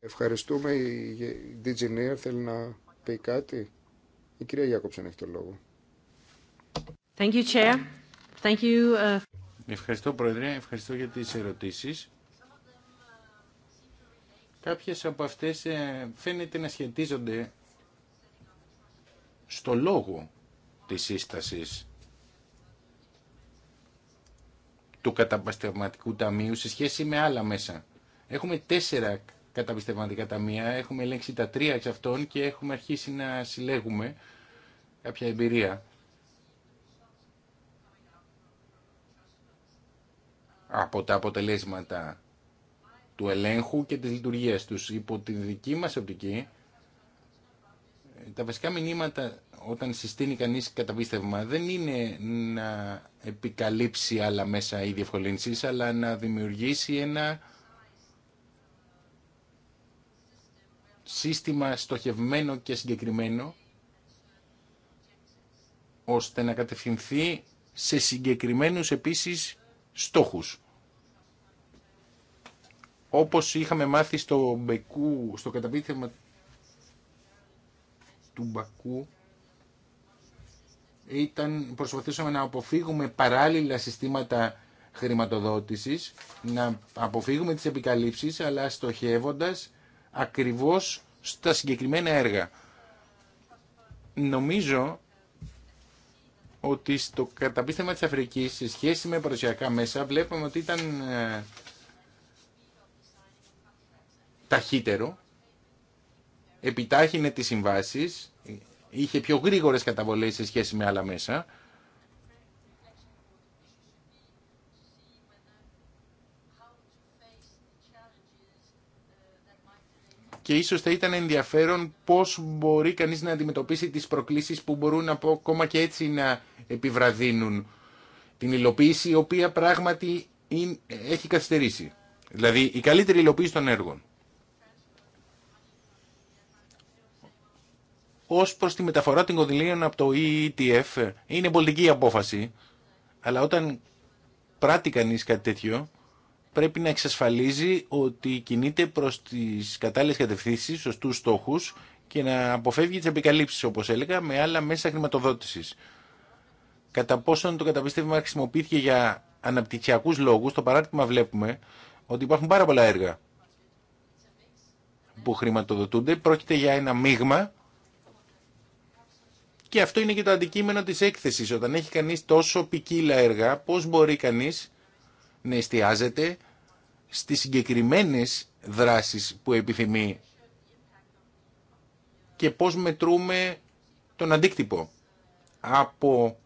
Ευχαριστούμε. Η DGNIR θέλει να πει κάτι. Η κυρία Γιάκοψεν έχει το λόγο. Thank you, Chair. Thank you, uh, Ευχαριστώ, Πρόεδρε. Ευχαριστώ για τις ερωτήσεις. Κάποιες από αυτές ε, φαίνεται να σχετίζονται στο λόγο της σύστασης του καταπιστευματικού ταμείου σε σχέση με άλλα μέσα. Έχουμε τέσσερα καταπιστευματικά ταμεία, έχουμε ελέγξει τα τρία εξ αυτών και έχουμε αρχίσει να συλλέγουμε κάποια εμπειρία από τα αποτελέσματα του ελέγχου και της λειτουργίας τους. Υπό τη δική μας οπτική, τα βασικά μηνύματα όταν συστήνει κανείς καταπίστευμα δεν είναι να επικαλύψει άλλα μέσα ή διευκολύνσεις, αλλά να δημιουργήσει ένα σύστημα στοχευμένο και συγκεκριμένο ώστε να κατευθυνθεί σε συγκεκριμένους επίσης στόχους. Όπως είχαμε μάθει στο, Μπεκού, στο καταπίθεμα του Μπακού, ήταν, προσπαθήσαμε να αποφύγουμε παράλληλα συστήματα χρηματοδότησης, να αποφύγουμε τις επικαλύψεις, αλλά στοχεύοντας ακριβώς στα συγκεκριμένα έργα. Νομίζω ότι στο καταπίστευμα της Αφρικής σε σχέση με παρουσιακά μέσα βλέπουμε ότι ήταν ε, ταχύτερο, επιτάχυνε τις συμβάσεις, είχε πιο γρήγορες καταβολές σε σχέση με άλλα μέσα και ίσως θα ήταν ενδιαφέρον πώς μπορεί κανείς να αντιμετωπίσει τις προκλήσεις που μπορούν ακόμα και έτσι να επιβραδύνουν την υλοποίηση η οποία πράγματι έχει καθυστερήσει. Δηλαδή η καλύτερη υλοποίηση των έργων. Ως προς τη μεταφορά των κονδυλίων από το EETF είναι πολιτική απόφαση αλλά όταν πράττει κανείς κάτι τέτοιο πρέπει να εξασφαλίζει ότι κινείται προς τις κατάλληλες κατευθύνσεις, σωστούς στόχους και να αποφεύγει τις επικαλύψεις, όπως έλεγα, με άλλα μέσα χρηματοδότησης. Κατά πόσον το καταπίστευμα χρησιμοποιήθηκε για αναπτυξιακούς λόγους, το παράδειγμα βλέπουμε ότι υπάρχουν πάρα πολλά έργα που χρηματοδοτούνται. Πρόκειται για ένα μείγμα και αυτό είναι και το αντικείμενο της έκθεσης. Όταν έχει κανείς τόσο ποικίλα έργα, πώς μπορεί κανείς να εστιάζεται στις συγκεκριμένες δράσεις που επιθυμεί και πώς μετρούμε τον αντίκτυπο από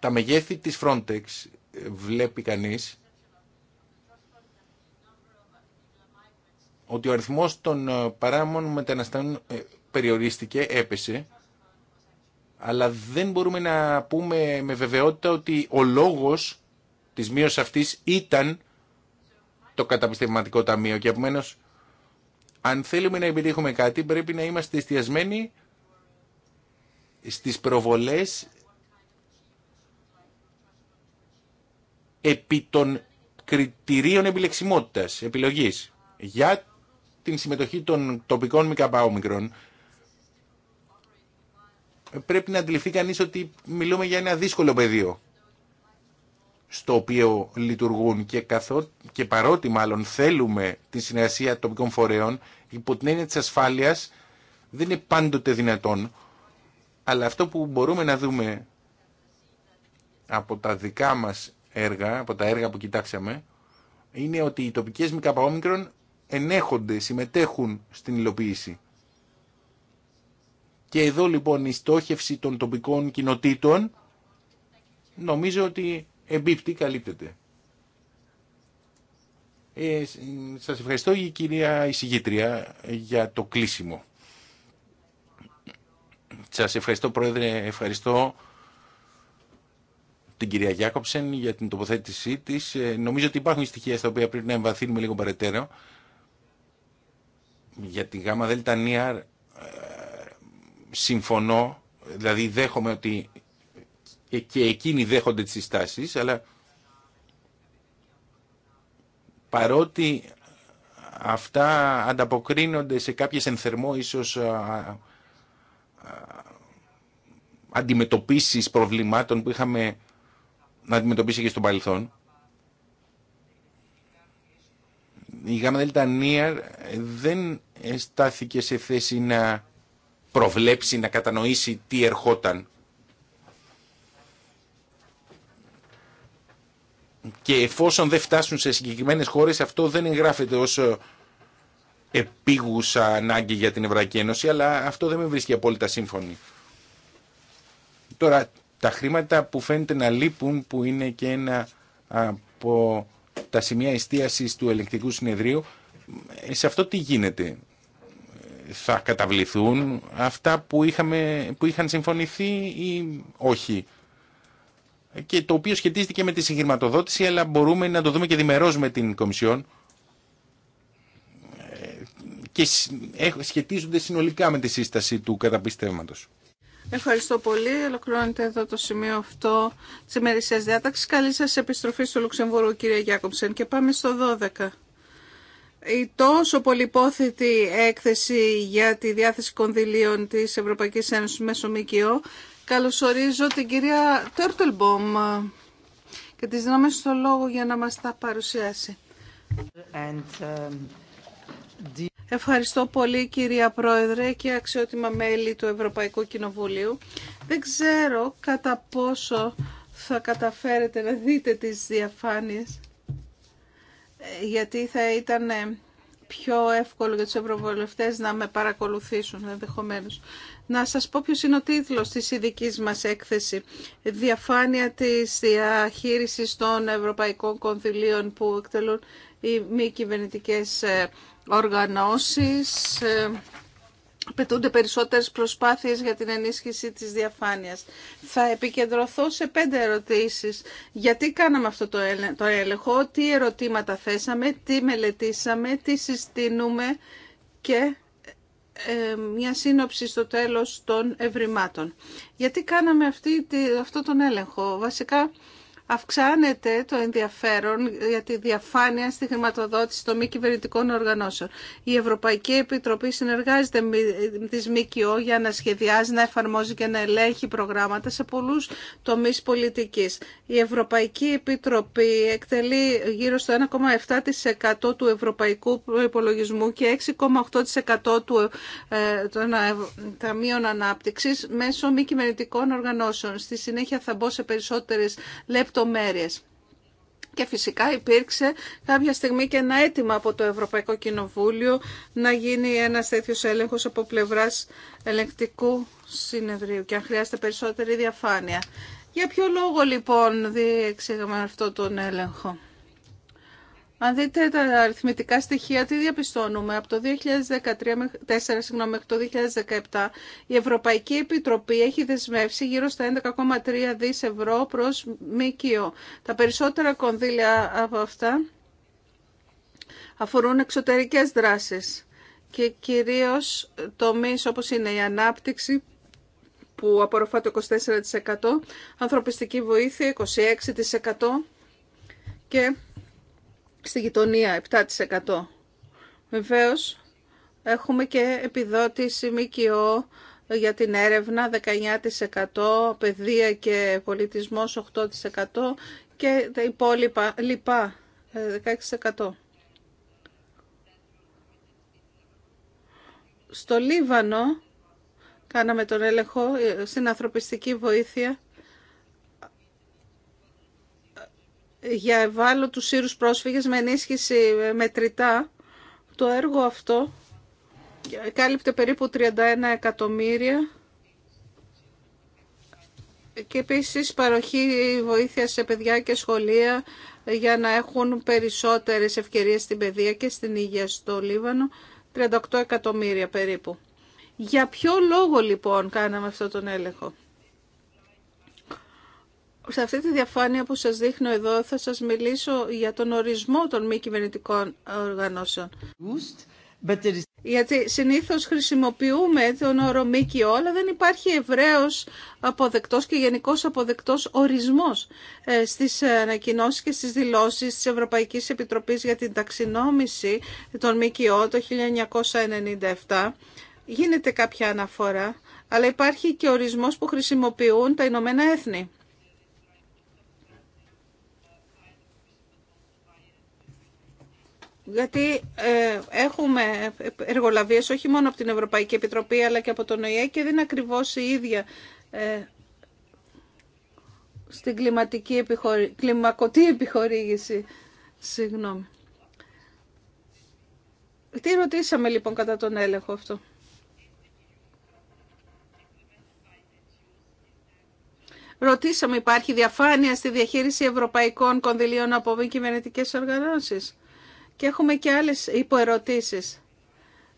τα μεγέθη της Frontex βλέπει κανείς ότι ο αριθμός των ε, παράμων μεταναστών ε, περιορίστηκε, έπεσε, αλλά δεν μπορούμε να πούμε με βεβαιότητα ότι ο λόγος της μειώση αυτής ήταν το καταπιστευματικό ταμείο και επομένω, αν θέλουμε να επιτύχουμε κάτι πρέπει να είμαστε εστιασμένοι στις προβολές επί των κριτηρίων επιλεξιμότητας, επιλογής για την συμμετοχή των τοπικών μικαπαόμικρων πρέπει να αντιληφθεί κανείς ότι μιλούμε για ένα δύσκολο πεδίο στο οποίο λειτουργούν και, καθό, και παρότι μάλλον θέλουμε τη συνεργασία τοπικών φορέων υπό την έννοια της ασφάλειας δεν είναι πάντοτε δυνατόν αλλά αυτό που μπορούμε να δούμε από τα δικά μας έργα, από τα έργα που κοιτάξαμε είναι ότι οι τοπικές ΜΚΟ ενέχονται, συμμετέχουν στην υλοποίηση. Και εδώ λοιπόν η στόχευση των τοπικών κοινοτήτων νομίζω ότι εμπίπτει, καλύπτεται. Ε, σας ευχαριστώ η κυρία εισηγήτρια για το κλείσιμο. Σας ευχαριστώ Πρόεδρε, ευχαριστώ την κυρία Γιάκοψεν για την τοποθέτησή της. Ε, νομίζω ότι υπάρχουν στοιχεία στα οποία πρέπει να εμβαθύνουμε λίγο παρετέρω. Για την γάμα δελτα ε, συμφωνώ, δηλαδή δέχομαι ότι ε, και εκείνοι δέχονται τις συστάσεις, αλλά παρότι αυτά ανταποκρίνονται σε κάποιες ενθερμό ίσως αντιμετωπίσεις προβλημάτων που είχαμε να αντιμετωπίσει και στο παρελθόν. Η γάμαδελτα ΝΙΑΡ δεν στάθηκε σε θέση να προβλέψει, να κατανοήσει τι ερχόταν και εφόσον δεν φτάσουν σε συγκεκριμένες χώρες αυτό δεν εγγράφεται ως ε, επίγουσα ανάγκη για την Ευρωπαϊκή Ένωση αλλά αυτό δεν με βρίσκει απόλυτα σύμφωνη. Τώρα τα χρήματα που φαίνεται να λείπουν που είναι και ένα από τα σημεία εστίασης του ελεκτικού συνεδρίου ε, σε αυτό τι γίνεται ε, θα καταβληθούν αυτά που, είχαμε, που είχαν συμφωνηθεί ή όχι και το οποίο σχετίζεται και με τη συγχρηματοδότηση, αλλά μπορούμε να το δούμε και διμερώς με την Κομισιόν ε, και σχετίζονται συνολικά με τη σύσταση του καταπιστεύματος. Ευχαριστώ πολύ. Ολοκληρώνεται εδώ το σημείο αυτό τη ημερησία διάταξη. Καλή σα επιστροφή στο Λουξεμβούργο, κύριε Γιάκοψεν. Και πάμε στο 12 η τόσο πολυπόθητη έκθεση για τη διάθεση κονδυλίων της Ευρωπαϊκής Ένωσης μέσω ΜΚΟ Καλωσορίζω την κυρία Τέρτελμπομ και τις δυνάμεις στο λόγο για να μας τα παρουσιάσει. And, um, Ευχαριστώ πολύ κυρία Πρόεδρε και αξιότιμα μέλη του Ευρωπαϊκού Κοινοβουλίου. Δεν ξέρω κατά πόσο θα καταφέρετε να δείτε τις διαφάνειες γιατί θα ήταν ε, πιο εύκολο για τους ευρωβουλευτές να με παρακολουθήσουν ενδεχομένω. Να σας πω ποιος είναι ο τίτλος της ειδική μας έκθεση. Διαφάνεια της διαχείρισης των ευρωπαϊκών κονδυλίων που εκτελούν οι μη κυβερνητικέ ε, οργανώσεις. Ε, Πετούνται περισσότερες προσπάθειες για την ενίσχυση της διαφάνειας. Θα επικεντρωθώ σε πέντε ερωτήσεις. Γιατί κάναμε αυτό το έλεγχο, τι ερωτήματα θέσαμε, τι μελετήσαμε, τι συστήνουμε και ε, μια σύνοψη στο τέλος των ευρημάτων. Γιατί κάναμε αυτή, αυτό τον έλεγχο. Βασικά αυξάνεται το ενδιαφέρον για τη διαφάνεια στη χρηματοδότηση των μη κυβερνητικών οργανώσεων. Η Ευρωπαϊκή Επιτροπή συνεργάζεται με τις ΜΚΟ για να σχεδιάζει, να εφαρμόζει και να ελέγχει προγράμματα σε πολλούς τομείς πολιτικής. Η Ευρωπαϊκή Επιτροπή εκτελεί γύρω στο 1,7% του ευρωπαϊκού προϋπολογισμού και 6,8% του, ε, των ε, Ταμείων Ανάπτυξης μέσω μη κυβερνητικών οργανώσεων. Στη συνέχεια θα μπω σε περισσότερες λεπτομέρειες λεπτομέρειες. Και φυσικά υπήρξε κάποια στιγμή και ένα αίτημα από το Ευρωπαϊκό Κοινοβούλιο να γίνει ένας τέτοιος έλεγχος από πλευράς ελεγκτικού συνεδρίου και αν χρειάζεται περισσότερη διαφάνεια. Για ποιο λόγο λοιπόν διεξήγαμε αυτό τον έλεγχο. Αν δείτε τα αριθμητικά στοιχεία, τι διαπιστώνουμε. Από το 2014 μέχρι το 2017 η Ευρωπαϊκή Επιτροπή έχει δεσμεύσει γύρω στα 11,3 δις ευρώ προς ΜΚΟ. Τα περισσότερα κονδύλια από αυτά αφορούν εξωτερικές δράσεις και κυρίως τομείς όπως είναι η ανάπτυξη που απορροφά το 24%, ανθρωπιστική βοήθεια 26% και στη γειτονία 7%. Βεβαίως, έχουμε και επιδότηση ΜΚΟ για την έρευνα 19%, παιδεία και πολιτισμός 8% και τα υπόλοιπα λοιπά ε, 16%. Στο Λίβανο κάναμε τον έλεγχο ε, στην ανθρωπιστική βοήθεια για τους σύρους πρόσφυγες με ενίσχυση ε, μετρητά. Το έργο αυτό κάλυπτε περίπου 31 εκατομμύρια και επίσης παροχή βοήθεια σε παιδιά και σχολεία για να έχουν περισσότερες ευκαιρίες στην παιδεία και στην υγεία στο Λίβανο, 38 εκατομμύρια περίπου. Για ποιο λόγο λοιπόν κάναμε αυτό τον έλεγχο. Σε αυτή τη διαφάνεια που σας δείχνω εδώ θα σας μιλήσω για τον ορισμό των μη κυβερνητικών οργανώσεων. Γιατί συνήθως χρησιμοποιούμε τον όρο ΜΚΟ, αλλά δεν υπάρχει ευρέως αποδεκτός και γενικός αποδεκτός ορισμός ε, στις ανακοινώσεις και στις δηλώσεις της Ευρωπαϊκής Επιτροπής για την ταξινόμηση των ΜΚΟ το 1997. Γίνεται κάποια αναφορά, αλλά υπάρχει και ορισμός που χρησιμοποιούν τα Ηνωμένα Έθνη. γιατί ε, έχουμε εργολαβίες όχι μόνο από την Ευρωπαϊκή Επιτροπή αλλά και από τον ΟΗΕ και δεν είναι ακριβώς η ίδια ε, στην κλιματική κλιμακωτή επιχορήγηση. Συγγνώμη. Τι ρωτήσαμε λοιπόν κατά τον έλεγχο αυτό. Ρωτήσαμε υπάρχει διαφάνεια στη διαχείριση ευρωπαϊκών κονδυλίων από μη κυβερνητικέ οργανώσεις. Και έχουμε και άλλες υποερωτήσεις.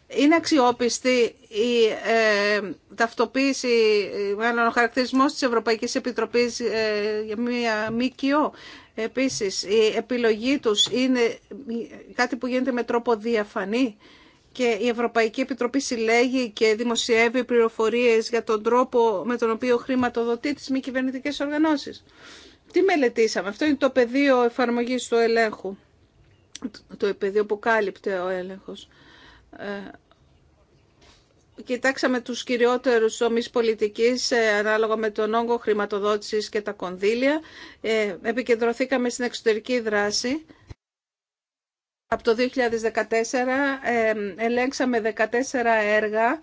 Είναι αξιόπιστη η ε, ταυτοποίηση, μάλλον ο χαρακτηρισμός της Ευρωπαϊκής Επιτροπής ε, για μία ΜΚΟ. Επίσης, η επιλογή τους είναι κάτι που γίνεται με τρόπο διαφανή και η Ευρωπαϊκή Επιτροπή συλλέγει και δημοσιεύει πληροφορίες για τον τρόπο με τον οποίο χρηματοδοτεί τις μη κυβερνητικές οργανώσεις. Τι μελετήσαμε. Αυτό είναι το πεδίο εφαρμογής του ελέγχου το επειδή που ο έλεγχος. Ε, κοιτάξαμε τους κυριότερους τομείς πολιτικής ε, ανάλογα με τον όγκο χρηματοδότησης και τα κονδύλια. Ε, επικεντρωθήκαμε στην εξωτερική δράση. Από το 2014 ελέγξαμε 14 έργα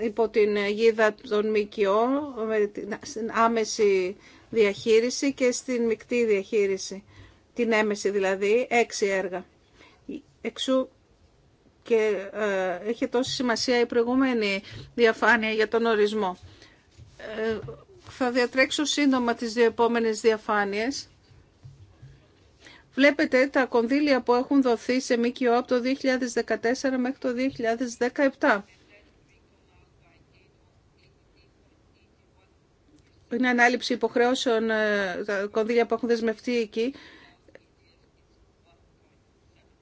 υπό την γίδα των ΜΚΟ, στην άμεση διαχείριση και στην μεικτή διαχείριση την έμεση δηλαδή, έξι έργα. Εξού και ε, έχει τόση σημασία η προηγούμενη διαφάνεια για τον ορισμό. Ε, θα διατρέξω σύντομα τις δύο επόμενες διαφάνειες. Βλέπετε τα κονδύλια που έχουν δοθεί σε ΜΚΟ από το 2014 μέχρι το 2017. Είναι ανάληψη υποχρεώσεων, ε, τα κονδύλια που έχουν δεσμευτεί εκεί,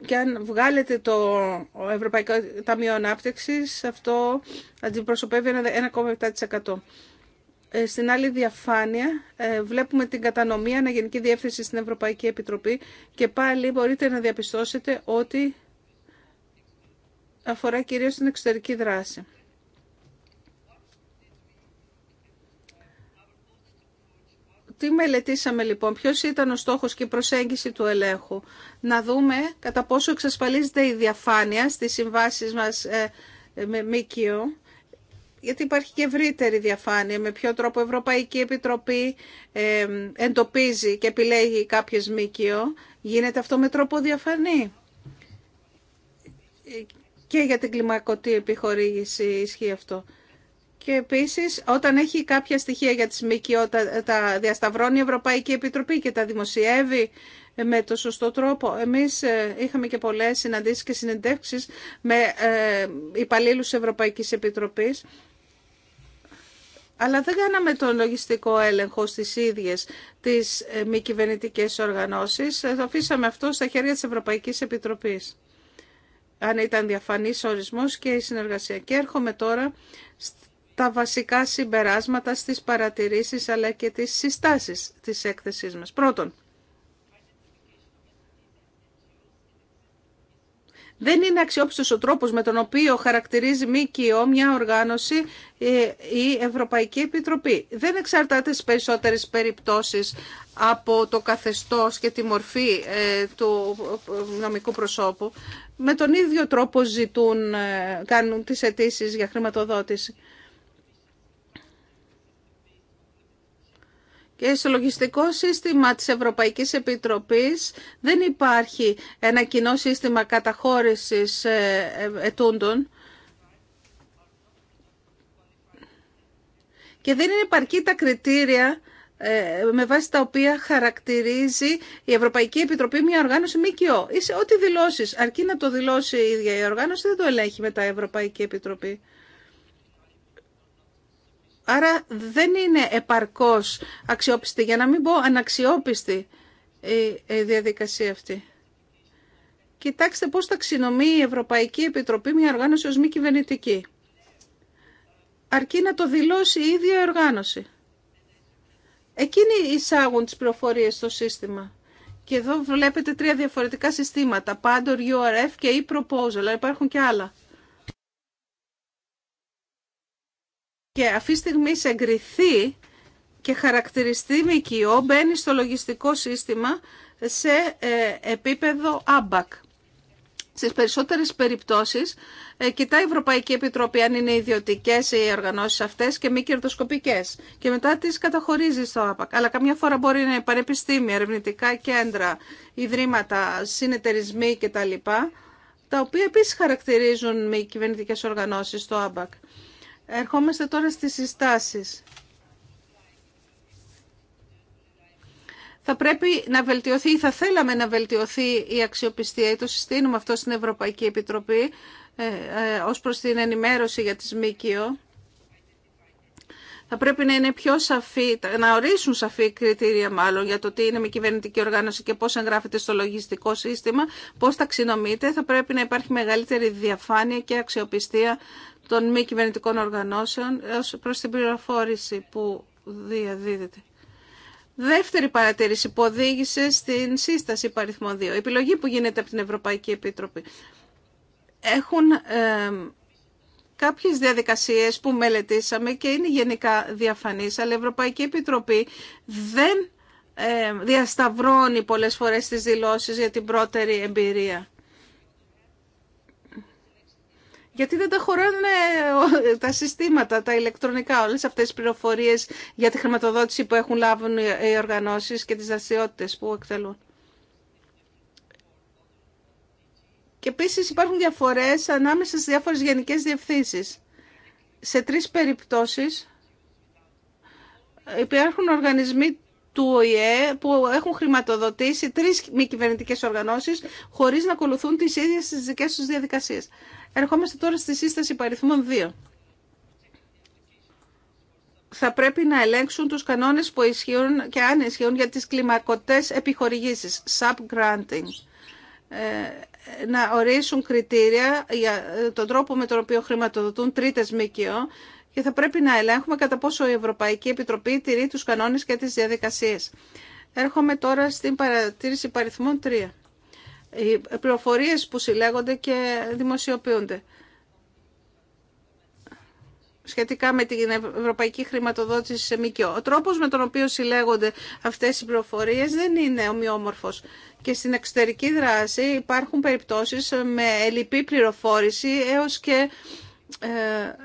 και αν βγάλετε το Ευρωπαϊκό Ταμείο ανάπτυξη, αυτό αντιπροσωπεύει ένα 1,7%. Ε, στην άλλη διαφάνεια ε, βλέπουμε την κατανομή αναγενική διεύθυνση στην Ευρωπαϊκή Επιτροπή και πάλι μπορείτε να διαπιστώσετε ότι αφορά κυρίως την εξωτερική δράση. Τι μελετήσαμε λοιπόν, ποιος ήταν ο στόχος και η προσέγγιση του ελέγχου. Να δούμε κατά πόσο εξασφαλίζεται η διαφάνεια στις συμβάσεις μας ε, με ΜΚΙΟ, γιατί υπάρχει και ευρύτερη διαφάνεια με ποιο τρόπο η Ευρωπαϊκή Επιτροπή ε, εντοπίζει και επιλέγει κάποιες ΜΚΙΟ. Γίνεται αυτό με τρόπο διαφανή. Ε, και για την κλιμακωτή επιχορήγηση ισχύει αυτό. Και επίση, όταν έχει κάποια στοιχεία για τις ΜΚΟ τα, τα διασταυρώνει η Ευρωπαϊκή Επιτροπή και τα δημοσιεύει με το σωστό τρόπο. Εμείς ε, είχαμε και πολλές συναντήσεις και συνεντεύξεις με ε, υπαλλήλου Ευρωπαϊκή Επιτροπής αλλά δεν κάναμε τον λογιστικό έλεγχο στις ίδιες τις ε, μη κυβερνητικέ οργανώσεις. Το αφήσαμε αυτό στα χέρια της Ευρωπαϊκής Επιτροπής. Αν ήταν διαφανής ορισμός και η συνεργασία. Και έρχομαι τώρα τα βασικά συμπεράσματα στις παρατηρήσεις αλλά και τις συστάσεις της έκθεσής μας. Πρώτον, Δεν είναι αξιόπιστος ο τρόπος με τον οποίο χαρακτηρίζει κοιό μια οργάνωση ε, η Ευρωπαϊκή Επιτροπή. Δεν εξαρτάται στις περισσότερες περιπτώσεις από το καθεστώς και τη μορφή ε, του νομικού προσώπου. Με τον ίδιο τρόπο ζητούν, ε, κάνουν τις αιτήσει για χρηματοδότηση. και στο λογιστικό σύστημα της Ευρωπαϊκής Επιτροπής δεν υπάρχει ένα κοινό σύστημα καταχώρησης ε, ε, ετούντων και δεν είναι επαρκή τα κριτήρια ε, με βάση τα οποία χαρακτηρίζει η Ευρωπαϊκή Επιτροπή μια οργάνωση ΜΚΟ. Είσαι ό,τι δηλώσεις, αρκεί να το δηλώσει η ίδια η οργάνωση, δεν το ελέγχει μετά η Ευρωπαϊκή Επιτροπή. Άρα δεν είναι επαρκώς αξιόπιστη, για να μην πω αναξιόπιστη η διαδικασία αυτή. Κοιτάξτε πώς ταξινομεί η Ευρωπαϊκή Επιτροπή μια οργάνωση ως μη κυβερνητική. Αρκεί να το δηλώσει η ίδια οργάνωση. Εκείνοι εισάγουν τις πληροφορίες στο σύστημα. Και εδώ βλέπετε τρία διαφορετικά συστήματα, Πάντορ, URF και e-Proposal, υπάρχουν και άλλα. και αυτή τη στιγμή εγκριθεί και χαρακτηριστεί ΜΚΟ μπαίνει στο λογιστικό σύστημα σε ε, επίπεδο ABAC. Στις περισσότερες περιπτώσεις ε, κοιτάει η Ευρωπαϊκή Επιτροπή αν είναι ιδιωτικές οι οργανώσεις αυτές και μη κερδοσκοπικές και μετά τις καταχωρίζει στο ΑΠΑΚ. Αλλά καμιά φορά μπορεί να είναι πανεπιστήμια, ερευνητικά κέντρα, ιδρύματα, συνεταιρισμοί κτλ. Τα οποία επίσης χαρακτηρίζουν μη κυβερνητικέ οργανώσεις στο ΑΠΑΚ. Ερχόμαστε τώρα στις συστάσεις. Θα πρέπει να βελτιωθεί ή θα θέλαμε να βελτιωθεί η αξιοπιστία ή το συστήνουμε αυτό στην Ευρωπαϊκή Επιτροπή ε, ε, ως προς την ενημέρωση για τις ΜΚΟ θα πρέπει να είναι πιο σαφή, να ορίσουν σαφή κριτήρια μάλλον για το τι είναι μη κυβερνητική οργάνωση και πώς εγγράφεται στο λογιστικό σύστημα, πώς ταξινομείται. Θα πρέπει να υπάρχει μεγαλύτερη διαφάνεια και αξιοπιστία των μη κυβερνητικών οργανώσεων ως προς την πληροφόρηση που διαδίδεται. Δεύτερη παρατήρηση που οδήγησε στην σύσταση παριθμών 2. επιλογή που γίνεται από την Ευρωπαϊκή Επίτροπη. Έχουν ε, κάποιες διαδικασίες που μελετήσαμε και είναι γενικά διαφανής, αλλά η Ευρωπαϊκή Επιτροπή δεν ε, διασταυρώνει πολλές φορές τις δηλώσεις για την πρώτερη εμπειρία. Γιατί δεν τα χωράνε ε, τα συστήματα, τα ηλεκτρονικά, όλες αυτές τις πληροφορίες για τη χρηματοδότηση που έχουν λάβουν οι οργανώσεις και τις δραστηριότητε που εκτελούν. Και επίση υπάρχουν διαφορέ ανάμεσα στι διάφορε γενικέ διευθύνσει. Σε τρει περιπτώσει, υπάρχουν οργανισμοί του ΟΗΕ που έχουν χρηματοδοτήσει τρει μη κυβερνητικέ οργανώσει χωρί να ακολουθούν τι ίδιε τι δικέ του διαδικασίε. Ερχόμαστε τώρα στη σύσταση παριθμών 2. Θα πρέπει να ελέγξουν τους κανόνες που ισχύουν και αν ισχύουν για τις κλιμακωτές επιχορηγήσεις, granting. Ε, να ορίσουν κριτήρια για ε, τον τρόπο με τον οποίο χρηματοδοτούν τρίτες ΜΚΟ και θα πρέπει να ελέγχουμε κατά πόσο η Ευρωπαϊκή Επιτροπή τηρεί τους κανόνες και τις διαδικασίες. Έρχομαι τώρα στην παρατήρηση παριθμών 3. Οι πληροφορίες που συλλέγονται και δημοσιοποιούνται σχετικά με την ευρωπαϊκή χρηματοδότηση σε ΜΚΟ. Ο τρόπος με τον οποίο συλλέγονται αυτές οι πληροφορίες δεν είναι ομοιόμορφος. Και στην εξωτερική δράση υπάρχουν περιπτώσεις με ελλειπή πληροφόρηση έως και ε,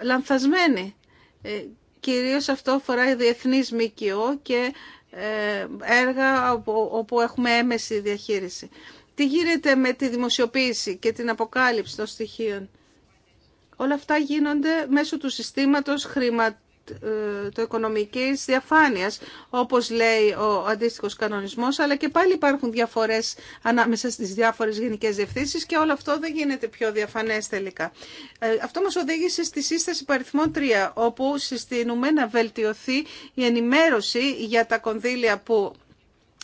λανθασμένη. Ε, κυρίως αυτό αφορά η διεθνής ΜΚΟ και ε, έργα όπου, όπου έχουμε έμεση διαχείριση. Τι γίνεται με τη δημοσιοποίηση και την αποκάλυψη των στοιχείων Όλα αυτά γίνονται μέσω του συστήματος ε, οικονομικής διαφάνειας, όπως λέει ο αντίστοιχος κανονισμός, αλλά και πάλι υπάρχουν διαφορές ανάμεσα στις διάφορες γενικές διευθύνσεις και όλο αυτό δεν γίνεται πιο διαφανές τελικά. Ε, αυτό μας οδήγησε στη σύσταση παριθμών 3, όπου συστήνουμε να βελτιωθεί η ενημέρωση για τα κονδύλια που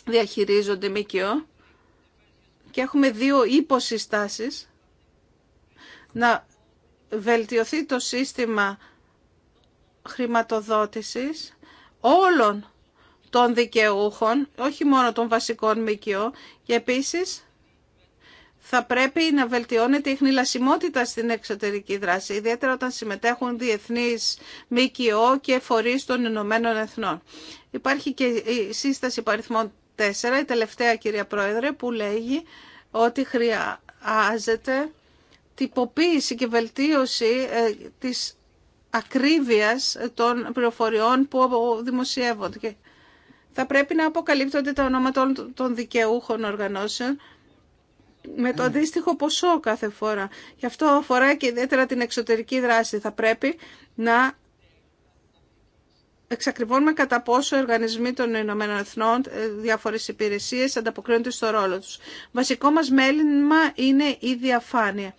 διαχειρίζονται ΜΚΟ και έχουμε δύο υποσυστάσεις να βελτιωθεί το σύστημα χρηματοδότησης όλων των δικαιούχων, όχι μόνο των βασικών ΜΚΟ, και επίσης θα πρέπει να βελτιώνεται η χνηλασιμότητα στην εξωτερική δράση, ιδιαίτερα όταν συμμετέχουν διεθνείς ΜΚΟ και φορείς των Ηνωμένων Εθνών. Υπάρχει και η σύσταση παριθμών 4, η τελευταία κυρία Πρόεδρε, που λέγει ότι χρειάζεται τυποποίηση και βελτίωση ε, της ακρίβειας των πληροφοριών που δημοσιεύονται. Θα πρέπει να αποκαλύπτονται τα ονόματα των δικαιούχων οργανώσεων με το ναι. αντίστοιχο ποσό κάθε φορά. Γι' αυτό αφορά και ιδιαίτερα την εξωτερική δράση. Θα πρέπει να εξακριβώνουμε κατά πόσο οι οργανισμοί των Ηνωμένων Εθνών, ε, διάφορες υπηρεσίες ανταποκρίνονται στο ρόλο τους. Βασικό μας μέλημα είναι η διαφάνεια.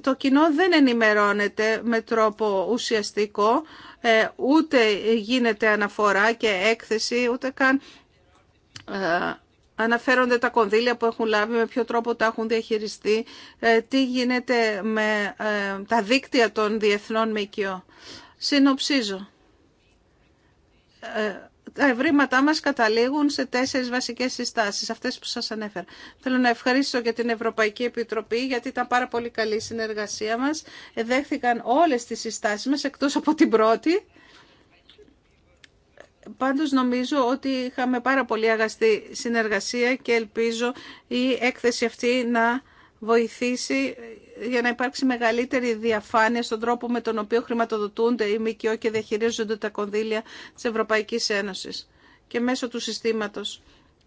Το κοινό δεν ενημερώνεται με τρόπο ουσιαστικό, ε, ούτε γίνεται αναφορά και έκθεση, ούτε καν ε, αναφέρονται τα κονδύλια που έχουν λάβει, με ποιο τρόπο τα έχουν διαχειριστεί, ε, τι γίνεται με τα δίκτυα των διεθνών ΜΚΟ. Συνοψίζω τα ευρήματά μας καταλήγουν σε τέσσερις βασικές συστάσεις, αυτές που σας ανέφερα. Θέλω να ευχαριστήσω και την Ευρωπαϊκή Επιτροπή, γιατί ήταν πάρα πολύ καλή η συνεργασία μας. εδέχθηκαν όλες τις συστάσεις μας, εκτός από την πρώτη. Πάντως νομίζω ότι είχαμε πάρα πολύ αγαστή συνεργασία και ελπίζω η έκθεση αυτή να βοηθήσει ε, για να υπάρξει μεγαλύτερη διαφάνεια στον τρόπο με τον οποίο χρηματοδοτούνται οι ΜΚΟ και διαχειρίζονται τα κονδύλια της Ευρωπαϊκής Ένωσης. Και μέσω του συστήματος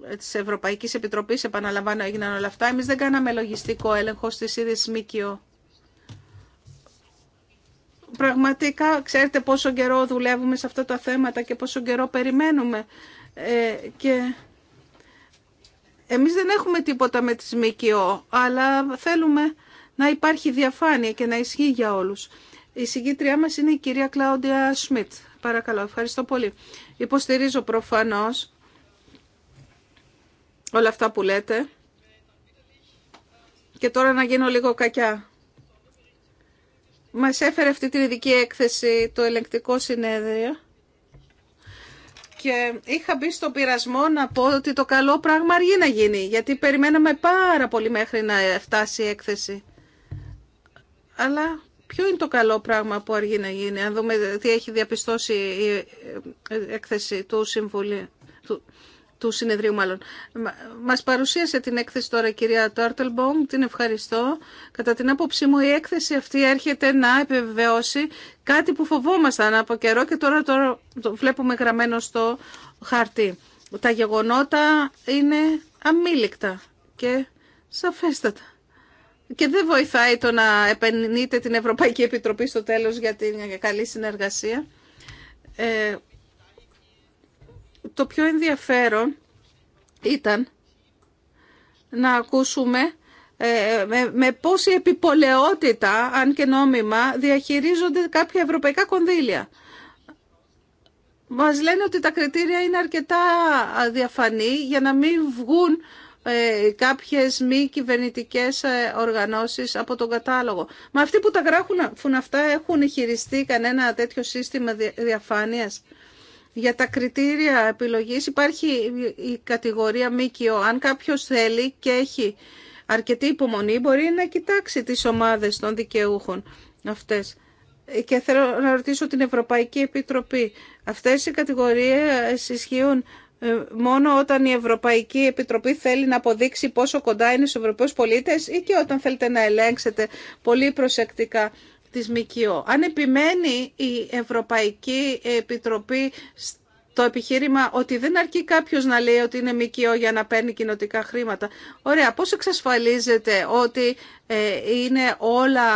ε, της Ευρωπαϊκής Επιτροπής, επαναλαμβάνω, έγιναν όλα αυτά. Εμεί δεν κάναμε λογιστικό έλεγχο στις ίδιε ΜΚΟ. Πραγματικά, ξέρετε πόσο καιρό δουλεύουμε σε αυτά τα θέματα και πόσο καιρό περιμένουμε. Ε, και εμείς δεν έχουμε τίποτα με τις ΜΚΟ, αλλά θέλουμε να υπάρχει διαφάνεια και να ισχύει για όλους. Η συγκήτριά μας είναι η κυρία Κλάοντια Σμιτ. Παρακαλώ, ευχαριστώ πολύ. Υποστηρίζω προφανώς όλα αυτά που λέτε. Και τώρα να γίνω λίγο κακιά. Μας έφερε αυτή την ειδική έκθεση το ελεγκτικό συνέδριο και είχα μπει στον πειρασμό να πω ότι το καλό πράγμα αργεί να γίνει, γιατί περιμέναμε πάρα πολύ μέχρι να φτάσει η έκθεση. Αλλά ποιο είναι το καλό πράγμα που αργεί να γίνει, αν δούμε τι έχει διαπιστώσει η ε, ε, ε, έκθεση του Συμβουλίου, του συνεδρίου μάλλον. Μας παρουσίασε την έκθεση τώρα η κυρία Τόρτελμπομ, την ευχαριστώ. Κατά την άποψή μου η έκθεση αυτή έρχεται να επιβεβαιώσει κάτι που φοβόμασταν από καιρό και τώρα, το βλέπουμε γραμμένο στο χαρτί. Τα γεγονότα είναι αμήλικτα και σαφέστατα. Και δεν βοηθάει το να επενείτε την Ευρωπαϊκή Επιτροπή στο τέλος για την καλή συνεργασία. Ε, το πιο ενδιαφέρον ήταν να ακούσουμε ε, με πόση επιπολαιότητα, αν και νόμιμα, διαχειρίζονται κάποια ευρωπαϊκά κονδύλια. Μας λένε ότι τα κριτήρια είναι αρκετά αδιαφανή για να μην βγουν ε, κάποιες μη κυβερνητικές ε, οργανώσεις από τον κατάλογο. Μα αυτοί που τα γράφουν αυτά έχουν χειριστεί κανένα τέτοιο σύστημα διαφάνειας. Για τα κριτήρια επιλογής υπάρχει η κατηγορία ΜΚΟ. Αν κάποιος θέλει και έχει αρκετή υπομονή, μπορεί να κοιτάξει τις ομάδες των δικαιούχων αυτές. Και θέλω να ρωτήσω την Ευρωπαϊκή Επιτροπή. Αυτές οι κατηγορίες ισχύουν ε, μόνο όταν η Ευρωπαϊκή Επιτροπή θέλει να αποδείξει πόσο κοντά είναι στους Ευρωπαίους πολίτες ή και όταν θέλετε να ελέγξετε πολύ προσεκτικά της ΜΚΟ. Αν επιμένει η Ευρωπαϊκή Επιτροπή το επιχείρημα ότι δεν αρκεί κάποιος να λέει ότι είναι ΜΚΟ για να παίρνει κοινοτικά χρήματα. Ωραία, πώς εξασφαλίζεται ότι ε, είναι όλα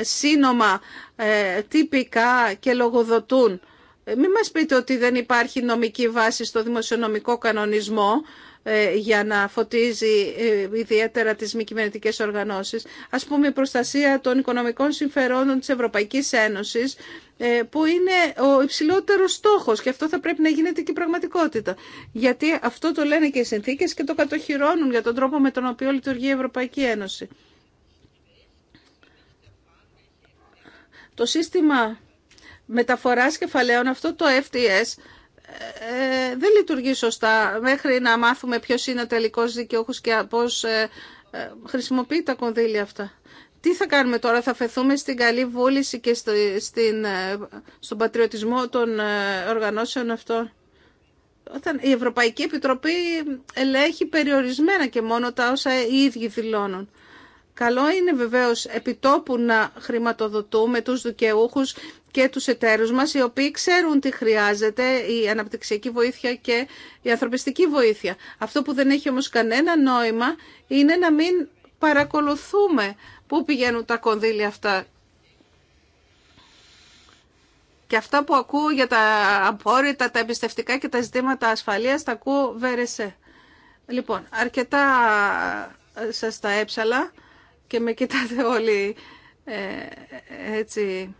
σύνομα, ε, τύπικά και λογοδοτούν. Ε, μην μας πείτε ότι δεν υπάρχει νομική βάση στο δημοσιονομικό κανονισμό ε, για να φωτίζει ε, ιδιαίτερα τις μη κυβερνητικέ οργανώσεις. Ας πούμε η προστασία των οικονομικών συμφερόντων της Ευρωπαϊκής Ένωσης ε, που είναι ο υψηλότερος στόχος και αυτό θα πρέπει να γίνεται και η πραγματικότητα. Γιατί αυτό το λένε και οι συνθήκες και το κατοχυρώνουν για τον τρόπο με τον οποίο λειτουργεί η Ευρωπαϊκή Ένωση. Το σύστημα μεταφοράς κεφαλαίων, αυτό το FTS, ε, δεν λειτουργεί σωστά μέχρι να μάθουμε ποιος είναι ο τελικός δικαιούχος και πώς ε, ε, χρησιμοποιεί τα κονδύλια αυτά. Τι θα κάνουμε τώρα, θα φεθούμε στην καλή βούληση και ε, στον πατριωτισμό των ε, οργανώσεων αυτών. Όταν η Ευρωπαϊκή Επιτροπή ελέγχει περιορισμένα και μόνο τα όσα οι ίδιοι δηλώνουν. Καλό είναι βεβαίως επιτόπου να χρηματοδοτούμε τους δικαιούχους και τους εταίρους μας, οι οποίοι ξέρουν τι χρειάζεται η αναπτυξιακή βοήθεια και η ανθρωπιστική βοήθεια. Αυτό που δεν έχει όμως κανένα νόημα είναι να μην παρακολουθούμε πού πηγαίνουν τα κονδύλια αυτά. Και αυτά που ακούω για τα απόρριτα, τα εμπιστευτικά και τα ζητήματα ασφαλείας, τα ακούω βέρεσε. Λοιπόν, αρκετά ε, σας τα έψαλα και με κοιτάτε όλοι ε, έτσι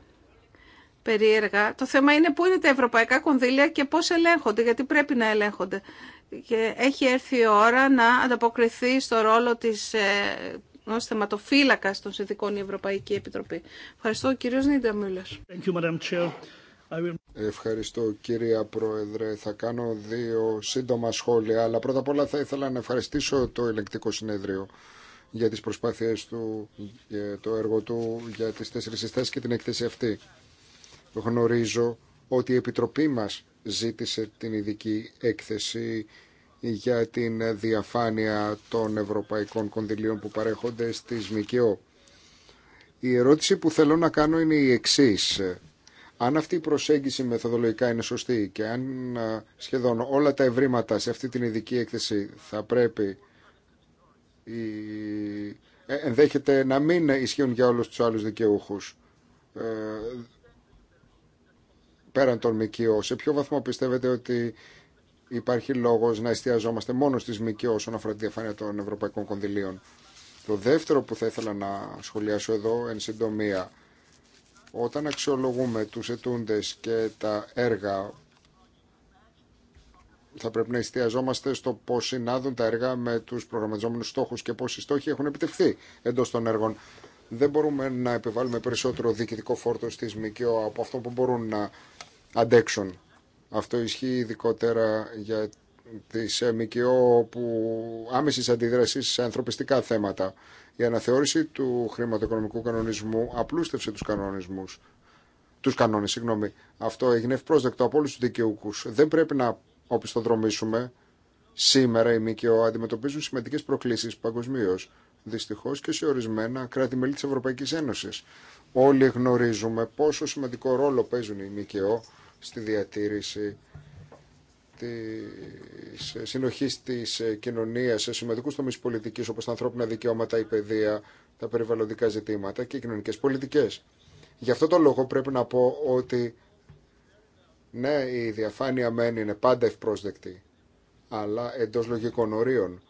περίεργα. Το θέμα είναι πού είναι τα ευρωπαϊκά κονδύλια και πώς ελέγχονται, γιατί πρέπει να ελέγχονται. Και έχει έρθει η ώρα να ανταποκριθεί στο ρόλο της ε, ως θεματοφύλακας των συνδικών η Ευρωπαϊκή Επιτροπή. Ευχαριστώ κύριος Νίντα Ευχαριστώ κυρία Πρόεδρε. Θα κάνω δύο σύντομα σχόλια, αλλά πρώτα απ' όλα θα ήθελα να ευχαριστήσω το ελεκτικό συνέδριο για τις προσπάθειες του, το έργο του, για τις τέσσερις συστάσεις και την εκθέση αυτή. Γνωρίζω ότι η Επιτροπή μας ζήτησε την ειδική έκθεση για την διαφάνεια των ευρωπαϊκών κονδυλίων που παρέχονται στη ΜΚΟ. Η ερώτηση που θέλω να κάνω είναι η εξής. Αν αυτή η προσέγγιση μεθοδολογικά είναι σωστή και αν σχεδόν όλα τα ευρήματα σε αυτή την ειδική έκθεση θα πρέπει ε, ενδέχεται να μην ισχύουν για όλους τους άλλους δικαιούχους ε, πέραν των ΜΚΟ. Σε ποιο βαθμό πιστεύετε ότι υπάρχει λόγος να εστιαζόμαστε μόνο στις ΜΚΟ όσον αφορά τη διαφάνεια των ευρωπαϊκών κονδυλίων. Το δεύτερο που θα ήθελα να σχολιάσω εδώ εν συντομία, όταν αξιολογούμε τους ετούντες και τα έργα θα πρέπει να εστιαζόμαστε στο πώ συνάδουν τα έργα με του προγραμματιζόμενου στόχου και πώ οι στόχοι έχουν επιτευχθεί εντό των έργων. Δεν μπορούμε να επιβάλλουμε περισσότερο διοικητικό φόρτο στι ΜΚΟ από αυτό που μπορούν να αντέξουν. Αυτό ισχύει ειδικότερα για τι ε, ΜΚΟ που άμεση αντίδραση σε ανθρωπιστικά θέματα. Η αναθεώρηση του χρηματοοικονομικού κανονισμού απλούστευσε του κανονισμού, του κανόνες, συγγνώμη. Αυτό έγινε ευπρόσδεκτο από όλου του δικαιούχου. Δεν πρέπει να οπισθοδρομήσουμε. Σήμερα οι ΜΚΟ αντιμετωπίζουν σημαντικές προκλήσεις παγκοσμίω. Δυστυχώ και σε ορισμένα κράτη-μέλη τη Ευρωπαϊκή Ένωση. Όλοι γνωρίζουμε πόσο σημαντικό ρόλο παίζουν οι ΜΚΟ στη διατήρηση της συνοχής της κοινωνίας σε σημαντικούς τομείς πολιτικής όπως τα ανθρώπινα δικαιώματα, η παιδεία, τα περιβαλλοντικά ζητήματα και οι κοινωνικές πολιτικές. Γι' αυτό το λόγο πρέπει να πω ότι ναι, η διαφάνεια μεν είναι πάντα ευπρόσδεκτη, αλλά εντός λογικών ορίων.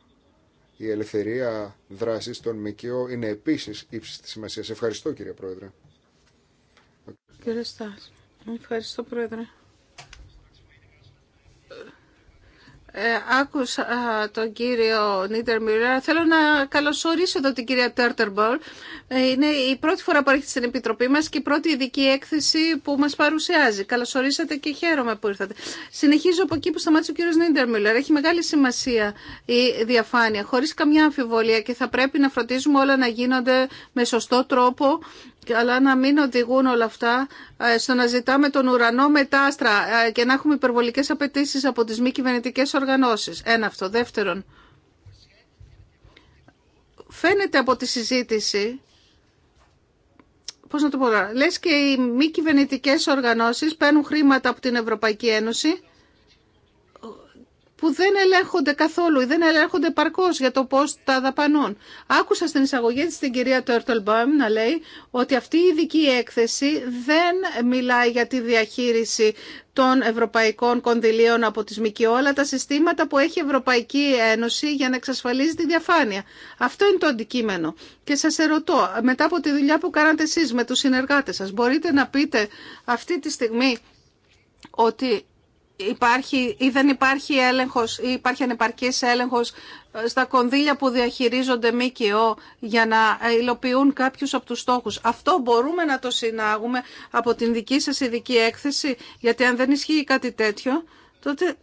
Η ελευθερία δράσης των ΜΚΟ είναι επίσης ύψης της σημασίας. Ευχαριστώ κύριε Πρόεδρε. Κύριε Στάς, ευχαριστώ Πρόεδρε. Ε, άκουσα τον κύριο Νίτερ Μιουλέρ. Θέλω να καλωσορίσω εδώ την κυρία Τέρτερμπορ. Ε, είναι η πρώτη φορά που έρχεται στην Επιτροπή μας και η πρώτη ειδική έκθεση που μας παρουσιάζει. Καλωσορίσατε και χαίρομαι που ήρθατε. Συνεχίζω από εκεί που σταμάτησε ο κύριος Νίτερ Μιουλέρ. Έχει μεγάλη σημασία η διαφάνεια, χωρίς καμιά αμφιβολία και θα πρέπει να φροντίζουμε όλα να γίνονται με σωστό τρόπο αλλά να μην οδηγούν όλα αυτά ε, στο να ζητάμε τον ουρανό μετάστρα ε, και να έχουμε υπερβολικές απαιτήσει από τις μη κυβερνητικέ οργανώσεις. Ένα αυτό. Δεύτερον, φαίνεται από τη συζήτηση, πώς να το πω, λες και οι μη κυβερνητικέ οργανώσεις παίρνουν χρήματα από την Ευρωπαϊκή Ένωση που δεν ελέγχονται καθόλου ή δεν ελέγχονται παρκώ για το πώ τα δαπανών. Άκουσα στην εισαγωγή τη την κυρία Τέρτολμπαμ να λέει ότι αυτή η ειδική έκθεση δεν μιλάει για τη διαχείριση των ευρωπαϊκών κονδυλίων από τις ΜΚΟ, τα συστήματα που έχει η Ευρωπαϊκή Ένωση για να εξασφαλίζει τη διαφάνεια. Αυτό είναι το αντικείμενο. Και σας ερωτώ, μετά από τη δουλειά που κάνατε εσείς με τους συνεργάτες σας, μπορείτε να πείτε αυτή τη στιγμή ότι υπάρχει ή δεν υπάρχει έλεγχος ή υπάρχει ανεπαρκής έλεγχος ε, στα κονδύλια που διαχειρίζονται ΜΚΟ για να ε, υλοποιούν κάποιους από τους στόχους. Αυτό μπορούμε να το συνάγουμε από την δική σας ειδική έκθεση, γιατί αν δεν ισχύει κάτι τέτοιο, τότε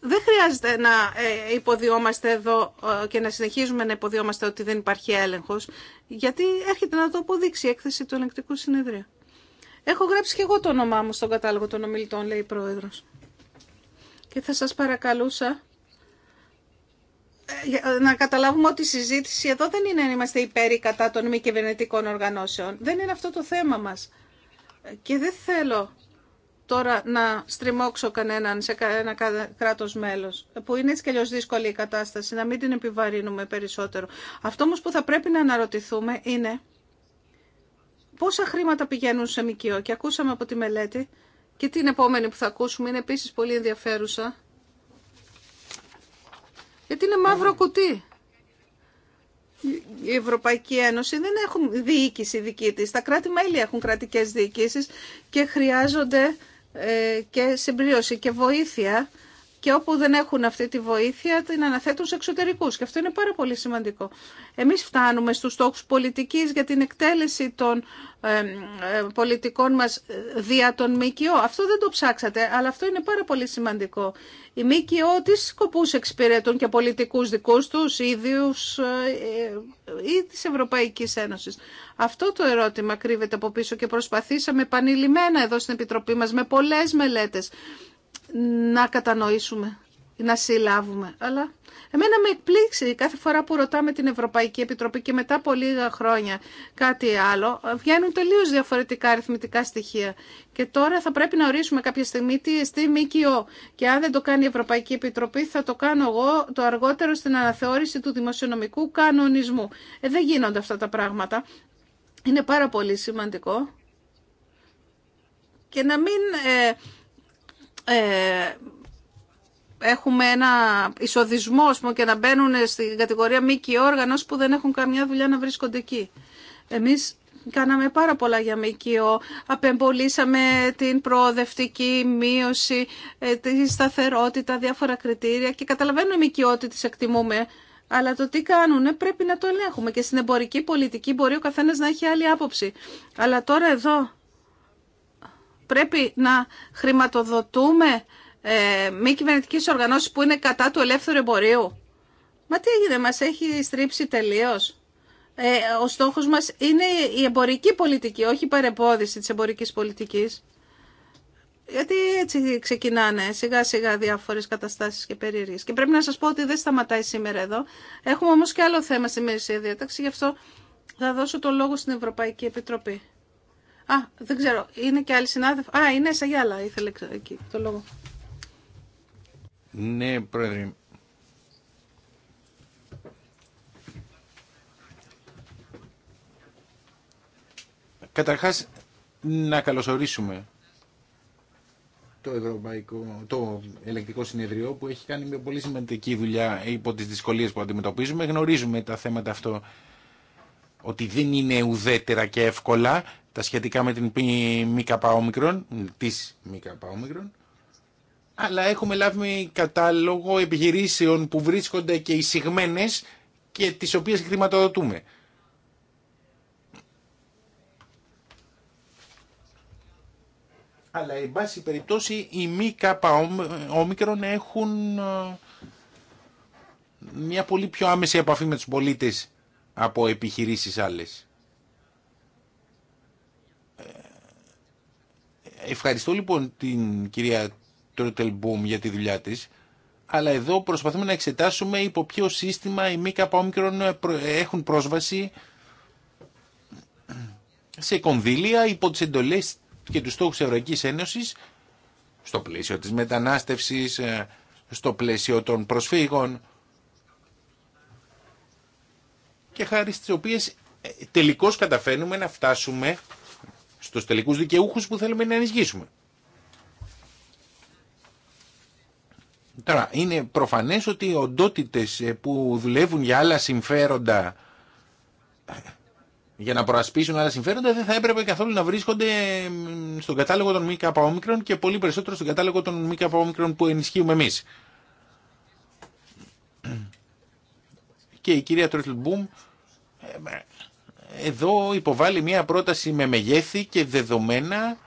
δεν χρειάζεται να ε, υποδιόμαστε εδώ και να συνεχίζουμε να υποδιόμαστε ότι δεν υπάρχει έλεγχος, γιατί έρχεται να το αποδείξει η έκθεση του ελεγκτικού συνεδρίου. Έχω γράψει και εγώ το όνομά μου στον κατάλογο των ομιλητών, λέει η Πρόεδρος. Και θα σας παρακαλούσα ε, να καταλάβουμε ότι η συζήτηση εδώ δεν είναι αν είμαστε υπέρ ή κατά των μη κυβερνητικών οργανώσεων. Δεν είναι αυτό το θέμα μας. Και δεν θέλω τώρα να στριμώξω κανέναν σε ένα κράτος μέλος, που είναι έτσι κι αλλιώς δύσκολη η κατάσταση, να μην την επιβαρύνουμε περισσότερο. Αυτό όμως που θα πρέπει να αναρωτηθούμε είναι πόσα χρήματα πηγαίνουν σε ΜΚΟ και ακούσαμε από τη μελέτη και την επόμενη που θα ακούσουμε είναι επίσης πολύ ενδιαφέρουσα γιατί είναι μαύρο κουτί. Η Ευρωπαϊκή Ένωση δεν έχουν διοίκηση δική της. Τα κράτη-μέλη έχουν κρατικές διοικήσεις και χρειάζονται ε, και συμπλήρωση και βοήθεια και όπου δεν έχουν αυτή τη βοήθεια την αναθέτουν σε εξωτερικούς και αυτό είναι πάρα πολύ σημαντικό. Εμείς φτάνουμε στους στόχους πολιτικής για την εκτέλεση των πολιτικών μας δια των ΜΚΟ. Αυτό δεν το ψάξατε, αλλά αυτό είναι πάρα πολύ σημαντικό. Οι ΜΚΟ τι σκοπούς εξυπηρετούν και πολιτικούς δικούς τους, ίδιους ε, ε, ή της Ευρωπαϊκής Ένωσης. Αυτό το ερώτημα κρύβεται από πίσω και προσπαθήσαμε επανειλημμένα εδώ στην Επιτροπή μας με πολλές μελέτες να κατανοήσουμε, να συλλάβουμε. Αλλά εμένα με εκπλήξει κάθε φορά που ρωτάμε την Ευρωπαϊκή Επιτροπή και μετά από λίγα χρόνια κάτι άλλο, βγαίνουν τελείως διαφορετικά αριθμητικά στοιχεία. Και τώρα θα πρέπει να ορίσουμε κάποια στιγμή τι εστί ΜΚΟ. Και αν δεν το κάνει η Ευρωπαϊκή Επιτροπή, θα το κάνω εγώ το αργότερο στην αναθεώρηση του δημοσιονομικού κανονισμού. Ε, δεν γίνονται αυτά τα πράγματα. Είναι πάρα πολύ σημαντικό. Και να μην... Ε, ε, έχουμε ένα εισοδισμό πούμε, και να μπαίνουν στην κατηγορία μήκη όργανος που δεν έχουν καμιά δουλειά να βρίσκονται εκεί. Εμείς κάναμε πάρα πολλά για ΜΚΟ, απεμπολίσαμε την προοδευτική μείωση, ε, τη σταθερότητα, διάφορα κριτήρια και καταλαβαίνουμε ΜΚΟ ότι τις εκτιμούμε. Αλλά το τι κάνουν πρέπει να το ελέγχουμε και στην εμπορική πολιτική μπορεί ο καθένας να έχει άλλη άποψη. Αλλά τώρα εδώ πρέπει να χρηματοδοτούμε ε, μη κυβερνητικέ οργανώσει που είναι κατά του ελεύθερου εμπορίου. Μα τι έγινε, μα έχει στρίψει τελείω. Ε, ο στόχο μα είναι η εμπορική πολιτική, όχι η παρεμπόδιση τη εμπορική Γιατί έτσι ξεκινάνε σιγά σιγά διάφορε καταστάσει και περιεργίες. Και πρέπει να σα πω ότι δεν σταματάει σήμερα εδώ. Έχουμε όμω και άλλο θέμα στη μέση διάταξη, γι' αυτό θα δώσω το λόγο στην Ευρωπαϊκή Επιτροπή. Α, δεν ξέρω. Είναι και άλλη συνάδελφοι. Α, είναι. Σαγιάλα ήθελε εκεί το λόγο. Ναι, πρόεδρε. Καταρχάς, να καλωσορίσουμε το Ευρωπαϊκό, το Ελεκτικό Συνεδριό που έχει κάνει μια πολύ σημαντική δουλειά υπό τις δυσκολίες που αντιμετωπίζουμε. Γνωρίζουμε τα θέματα αυτό ότι δεν είναι ουδέτερα και εύκολα τα σχετικά με την ΜΚΟ, της ΜΚΟ, αλλά έχουμε λάβει κατάλογο επιχειρήσεων που βρίσκονται και εισηγμένες και τις οποίες χρηματοδοτούμε. Αλλά, εν πάση περιπτώσει, οι ΜΚΟ έχουν ε, μια πολύ πιο άμεση επαφή με τους πολίτες από επιχειρήσεις άλλες. Ευχαριστώ λοιπόν την κυρία Τρότελμπούμ για τη δουλειά της, αλλά εδώ προσπαθούμε να εξετάσουμε υπό ποιο σύστημα οι μη έχουν πρόσβαση σε κονδύλια υπό τις εντολές και τους στόχους Ευρωπαϊκής Ένωσης στο πλαίσιο της μετανάστευσης, ε, στο πλαίσιο των προσφύγων και χάρη στις οποίες ε, τελικώς καταφέρνουμε να φτάσουμε Στου τελικού δικαιούχου που θέλουμε να ενισχύσουμε. Τώρα, είναι προφανές ότι οι οντότητε ε, που δουλεύουν για άλλα συμφέροντα, για να προασπίσουν άλλα συμφέροντα, δεν θα έπρεπε καθόλου να βρίσκονται στον κατάλογο των καπαόμικρων και πολύ περισσότερο στον κατάλογο των καπαόμικρων που ενισχύουμε εμείς. Και η κυρία Τρόιτλμπούμ... Ε, εδώ υποβάλλει μια πρόταση με μεγέθη και δεδομένα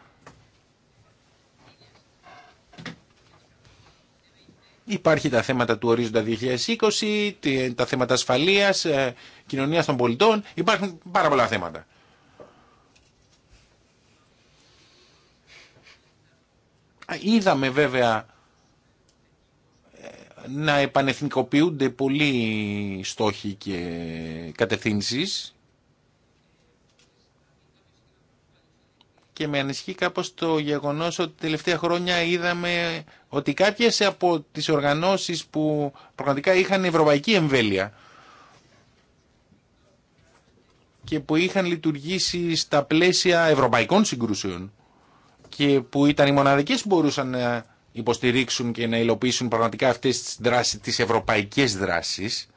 Υπάρχει τα θέματα του ορίζοντα 2020, τα θέματα ασφαλείας, ε, κοινωνίας των πολιτών, υπάρχουν πάρα πολλά θέματα. Είδαμε βέβαια ε, να επανεθνικοποιούνται πολλοί στόχοι και κατευθύνσεις και με ανησυχεί κάπως το γεγονός ότι τελευταία χρόνια είδαμε ότι κάποιες από τις οργανώσεις που πραγματικά είχαν ευρωπαϊκή εμβέλεια και που είχαν λειτουργήσει στα πλαίσια ευρωπαϊκών συγκρούσεων και που ήταν οι μοναδικές που μπορούσαν να υποστηρίξουν και να υλοποιήσουν πραγματικά αυτές τις, δράσεις, τις ευρωπαϊκές δράσεις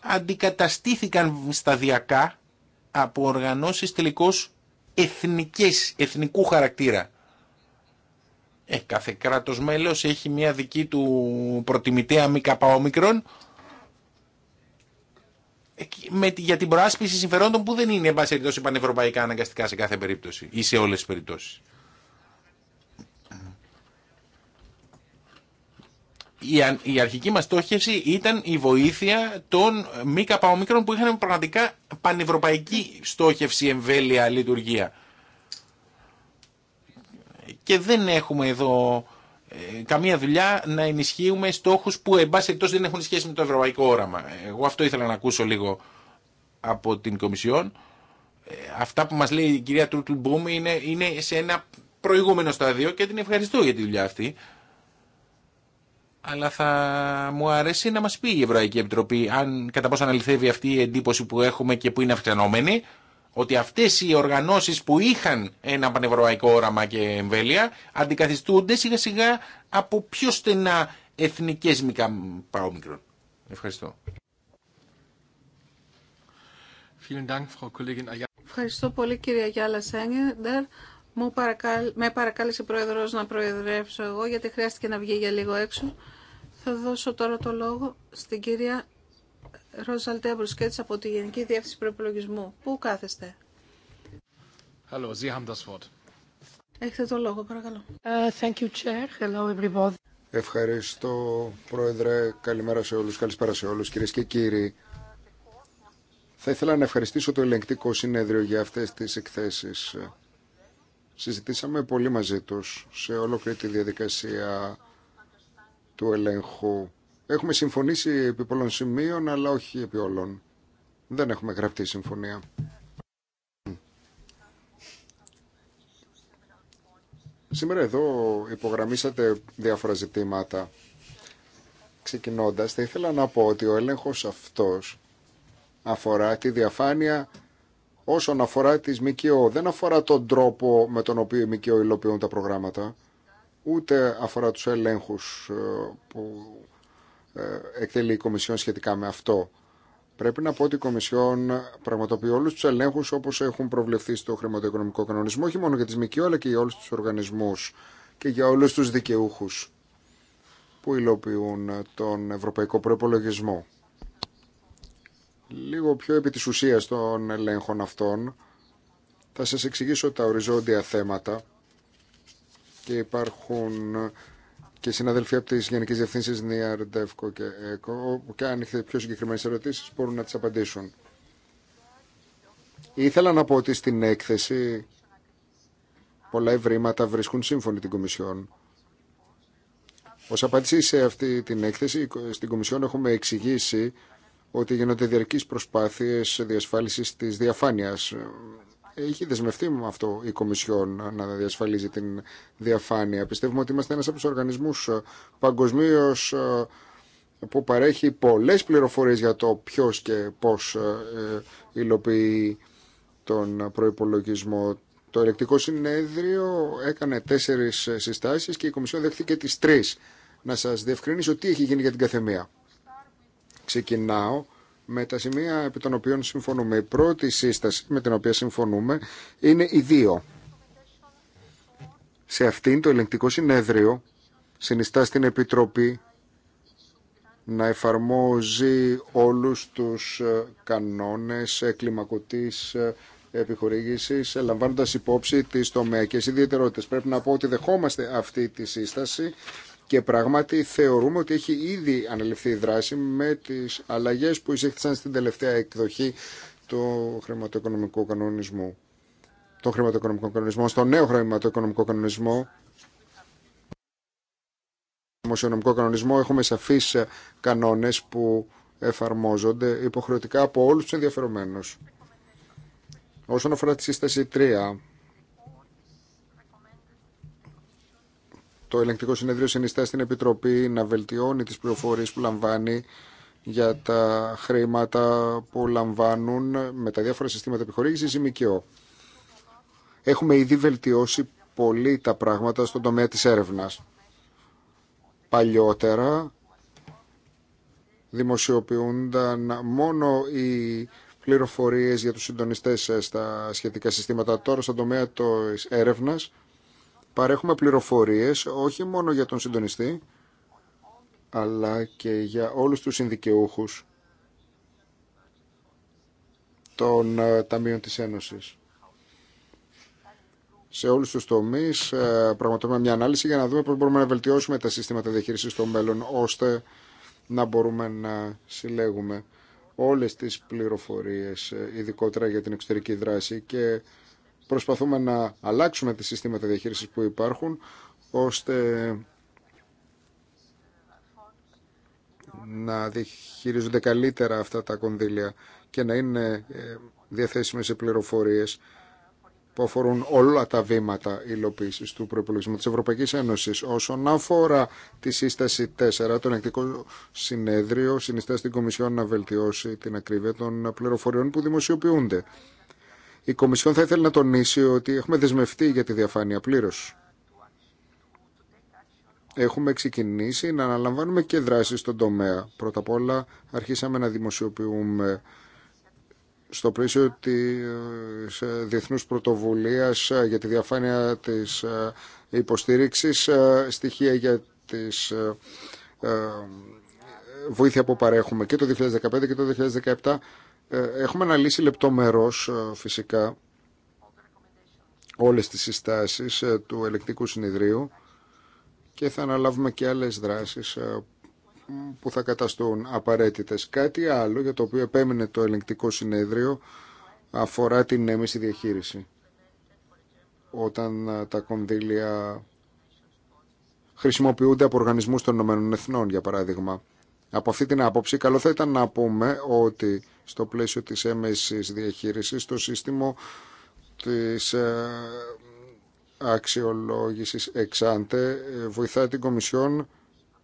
αντικαταστήθηκαν σταδιακά από οργανώσεις τελικώς εθνικής, εθνικού χαρακτήρα. Ε, κάθε κράτος μέλος έχει μια δική του προτιμητέα μη καπαόμικρον ε, με, για την προάσπιση συμφερόντων που δεν είναι εν πάση πανευρωπαϊκά αναγκαστικά σε κάθε περίπτωση ή σε όλες τις περιπτώσεις. η, αρχική μας στόχευση ήταν η βοήθεια των μη καπαομίκρων που είχαν πραγματικά πανευρωπαϊκή στόχευση, εμβέλεια, λειτουργία. Και δεν έχουμε εδώ ε, καμία δουλειά να ενισχύουμε στόχους που εν πάση εκτός δεν έχουν σχέση με το ευρωπαϊκό όραμα. Εγώ αυτό ήθελα να ακούσω λίγο από την Κομισιόν. Ε, αυτά που μας λέει η κυρία Τρούτλμπούμ είναι, είναι σε ένα προηγούμενο στάδιο και την ευχαριστώ για τη δουλειά αυτή αλλά θα μου αρέσει να μας πει η Ευρωπαϊκή Επιτροπή αν κατά πόσο αναλυθεύει αυτή η εντύπωση που έχουμε και που είναι αυξανόμενη ότι αυτές οι οργανώσεις που είχαν ένα πανευρωπαϊκό όραμα και εμβέλεια αντικαθιστούνται σιγά σιγά από πιο στενά εθνικές μικρα μικρών. Ευχαριστώ. Ευχαριστώ πολύ κύριε Γιάλα μου Με παρακάλεσε ο Πρόεδρος να προεδρεύσω εγώ γιατί χρειάστηκε να βγει για λίγο έξω. Θα δώσω τώρα το λόγο στην κυρία Ροζαλτέα Μπρουσκέτς από τη Γενική Διεύθυνση Προπολογισμού. Πού κάθεστε? Hello, Sie haben das Wort. Έχετε το λόγο, παρακαλώ. Uh, thank you, Chair. Hello, everybody. Ευχαριστώ, Πρόεδρε. Καλημέρα σε όλους, καλησπέρα σε όλους, κυρίες και κύριοι. Θα ήθελα να ευχαριστήσω το ελεγκτικό συνέδριο για αυτές τις εκθέσεις Συζητήσαμε πολύ μαζί τους σε ολόκληρη τη διαδικασία του ελέγχου. Έχουμε συμφωνήσει επί πολλών σημείων, αλλά όχι επί όλων. Δεν έχουμε γραφτεί συμφωνία. Σήμερα εδώ υπογραμμίσατε διάφορα ζητήματα. Ξεκινώντας, θα ήθελα να πω ότι ο έλεγχος αυτός αφορά τη διαφάνεια όσον αφορά τις ΜΚΟ. Δεν αφορά τον τρόπο με τον οποίο οι ΜΚΟ υλοποιούν τα προγράμματα, ούτε αφορά τους ελέγχους ε, που ε, εκτελεί η Κομισιόν σχετικά με αυτό. Πρέπει να πω ότι η Κομισιόν πραγματοποιεί όλου του ελέγχου όπω έχουν προβλεφθεί στο χρηματοοικονομικό κανονισμό, όχι μόνο για τις ΜΚΟ, αλλά και για όλου του οργανισμού και για όλους τους δικαιούχους που υλοποιούν τον ευρωπαϊκό Προϋπολογισμό λίγο πιο επί της ουσίας των ελέγχων αυτών. Θα σας εξηγήσω τα οριζόντια θέματα και υπάρχουν και συναδελφοί από τις Γενικές Διευθύνσεις ΝΙΑΡ, και ΕΚΟ και αν έχετε πιο συγκεκριμένες ερωτήσεις μπορούν να τις απαντήσουν. Ήθελα να πω ότι στην έκθεση πολλά ευρήματα βρίσκουν σύμφωνοι την Κομισιόν. Ως απάντηση σε αυτή την έκθεση, στην Κομισιόν έχουμε εξηγήσει ότι γίνονται διαρκείς προσπάθειες διασφάλισης της διαφάνειας. Έχει δεσμευτεί με αυτό η Κομισιόν να διασφαλίζει την διαφάνεια. Πιστεύουμε ότι είμαστε ένας από τους οργανισμούς παγκοσμίω ε, που παρέχει πολλές πληροφορίες για το ποιος και πώς ε, υλοποιεί τον προϋπολογισμό. Το ελεκτικό συνέδριο έκανε τέσσερις συστάσεις και η Κομισιόν δέχθηκε τις τρεις. Να σας διευκρινίσω τι έχει γίνει για την καθεμία. Ξεκινάω με τα σημεία επί των οποίων συμφωνούμε. Η πρώτη σύσταση με την οποία συμφωνούμε είναι οι δύο. Σε αυτήν το ελεγκτικό συνέδριο συνιστά στην Επιτροπή να εφαρμόζει όλους τους ε, κανόνες κλιμακωτής ε, επιχορήγησης λαμβάνοντας υπόψη τις τομεακές ιδιαιτερότητες. Πρέπει να πω ότι δεχόμαστε αυτή τη σύσταση και πράγματι θεωρούμε ότι έχει ήδη αναλυφθεί η δράση με τις αλλαγές που εισήχθησαν στην τελευταία εκδοχή του χρηματοοικονομικού κανονισμού. το χρηματοοικονομικό κανονισμό, στον νέο χρηματοοικονομικό κανονισμό, δημοσιονομικό κανονισμό, έχουμε σαφείς κανόνες που εφαρμόζονται υποχρεωτικά από όλους τους ενδιαφερομένους. Όσον αφορά τη σύσταση 3, Το ελεγκτικό συνέδριο συνιστά στην Επιτροπή να βελτιώνει τις πληροφορίες που λαμβάνει για τα χρήματα που λαμβάνουν με τα διάφορα συστήματα επιχορήγησης ή ΜΚΟ. Έχουμε ήδη βελτιώσει πολύ τα πράγματα στον τομέα της έρευνας. Παλιότερα δημοσιοποιούνταν μόνο οι πληροφορίες για τους συντονιστές στα σχετικά συστήματα. Τώρα στον τομέα της έρευνας παρέχουμε πληροφορίες όχι μόνο για τον συντονιστή, αλλά και για όλους τους συνδικαιούχους των ε, Ταμείων της Ένωσης. Σε όλους τους τομείς ε, πραγματοποιούμε μια ανάλυση για να δούμε πώς μπορούμε να βελτιώσουμε τα συστήματα διαχείρισης στο μέλλον, ώστε να μπορούμε να συλλέγουμε όλες τις πληροφορίες, ε, ειδικότερα για την εξωτερική δράση και Προσπαθούμε να αλλάξουμε τις συστήματα διαχείρισης που υπάρχουν, ώστε να διαχειρίζονται καλύτερα αυτά τα κονδύλια και να είναι ε, διαθέσιμες σε πληροφορίες που αφορούν όλα τα βήματα υλοποίηση του προπολογισμού της Ευρωπαϊκής Ένωσης. Όσον αφορά τη σύσταση 4, το Ενεκτικό Συνέδριο συνιστά στην Κομισιόν να βελτιώσει την ακρίβεια των πληροφοριών που δημοσιοποιούνται. Η Κομισιόν θα ήθελε να τονίσει ότι έχουμε δεσμευτεί για τη διαφάνεια πλήρως. Έχουμε ξεκινήσει να αναλαμβάνουμε και δράσεις στον τομέα. Πρώτα απ' όλα αρχίσαμε να δημοσιοποιούμε στο πλαίσιο της ε, διεθνούς πρωτοβουλίας ε, για τη διαφάνεια της ε, υποστήριξης στοιχεία για τις βοήθεια που παρέχουμε και το 2015 και το 2017 ε, έχουμε αναλύσει λεπτομερώς ε, φυσικά όλες τις συστάσεις ε, του ελεκτικού Συνειδρίου και θα αναλάβουμε και άλλες δράσεις που θα καταστούν απαραίτητες. Κάτι άλλο για το οποίο επέμεινε το Ελεκτικό συνέδριο αφορά την έμεση διαχείριση. Όταν τα κονδύλια χρησιμοποιούνται από οργανισμούς των ΗΕ για παράδειγμα. Από αυτή την άποψη, καλό θα ήταν να πούμε ότι στο πλαίσιο της έμεσης διαχείρισης το σύστημα της ε, αξιολόγησης εξάντε ε, βοηθά την Κομισιόν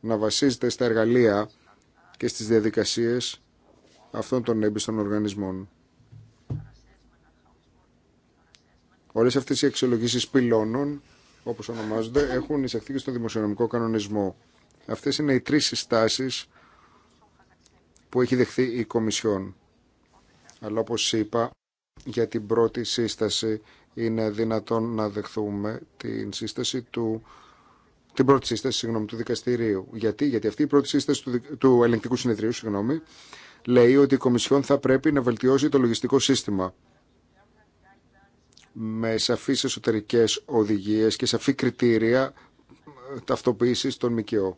να βασίζεται στα εργαλεία και στις διαδικασίες αυτών των έμπιστων οργανισμών. Όλες αυτές οι αξιολογήσεις πυλώνων, όπως ονομάζονται, έχουν εισαχθεί και στο δημοσιονομικό κανονισμό. Αυτέ είναι οι τρει συστάσει που έχει δεχθεί η Κομισιόν. Αλλά όπως είπα, για την πρώτη σύσταση είναι δυνατόν να δεχθούμε την σύσταση του την πρώτη σύσταση συγγνώμη, του δικαστηρίου. Γιατί, Γιατί αυτή η πρώτη σύσταση του, του ελεγκτικού συνεδρίου συγγνώμη, λέει ότι η Κομισιόν θα πρέπει να βελτιώσει το λογιστικό σύστημα με σαφείς εσωτερικές οδηγίες και σαφή κριτήρια ταυτοποίησης των ΜΚΟ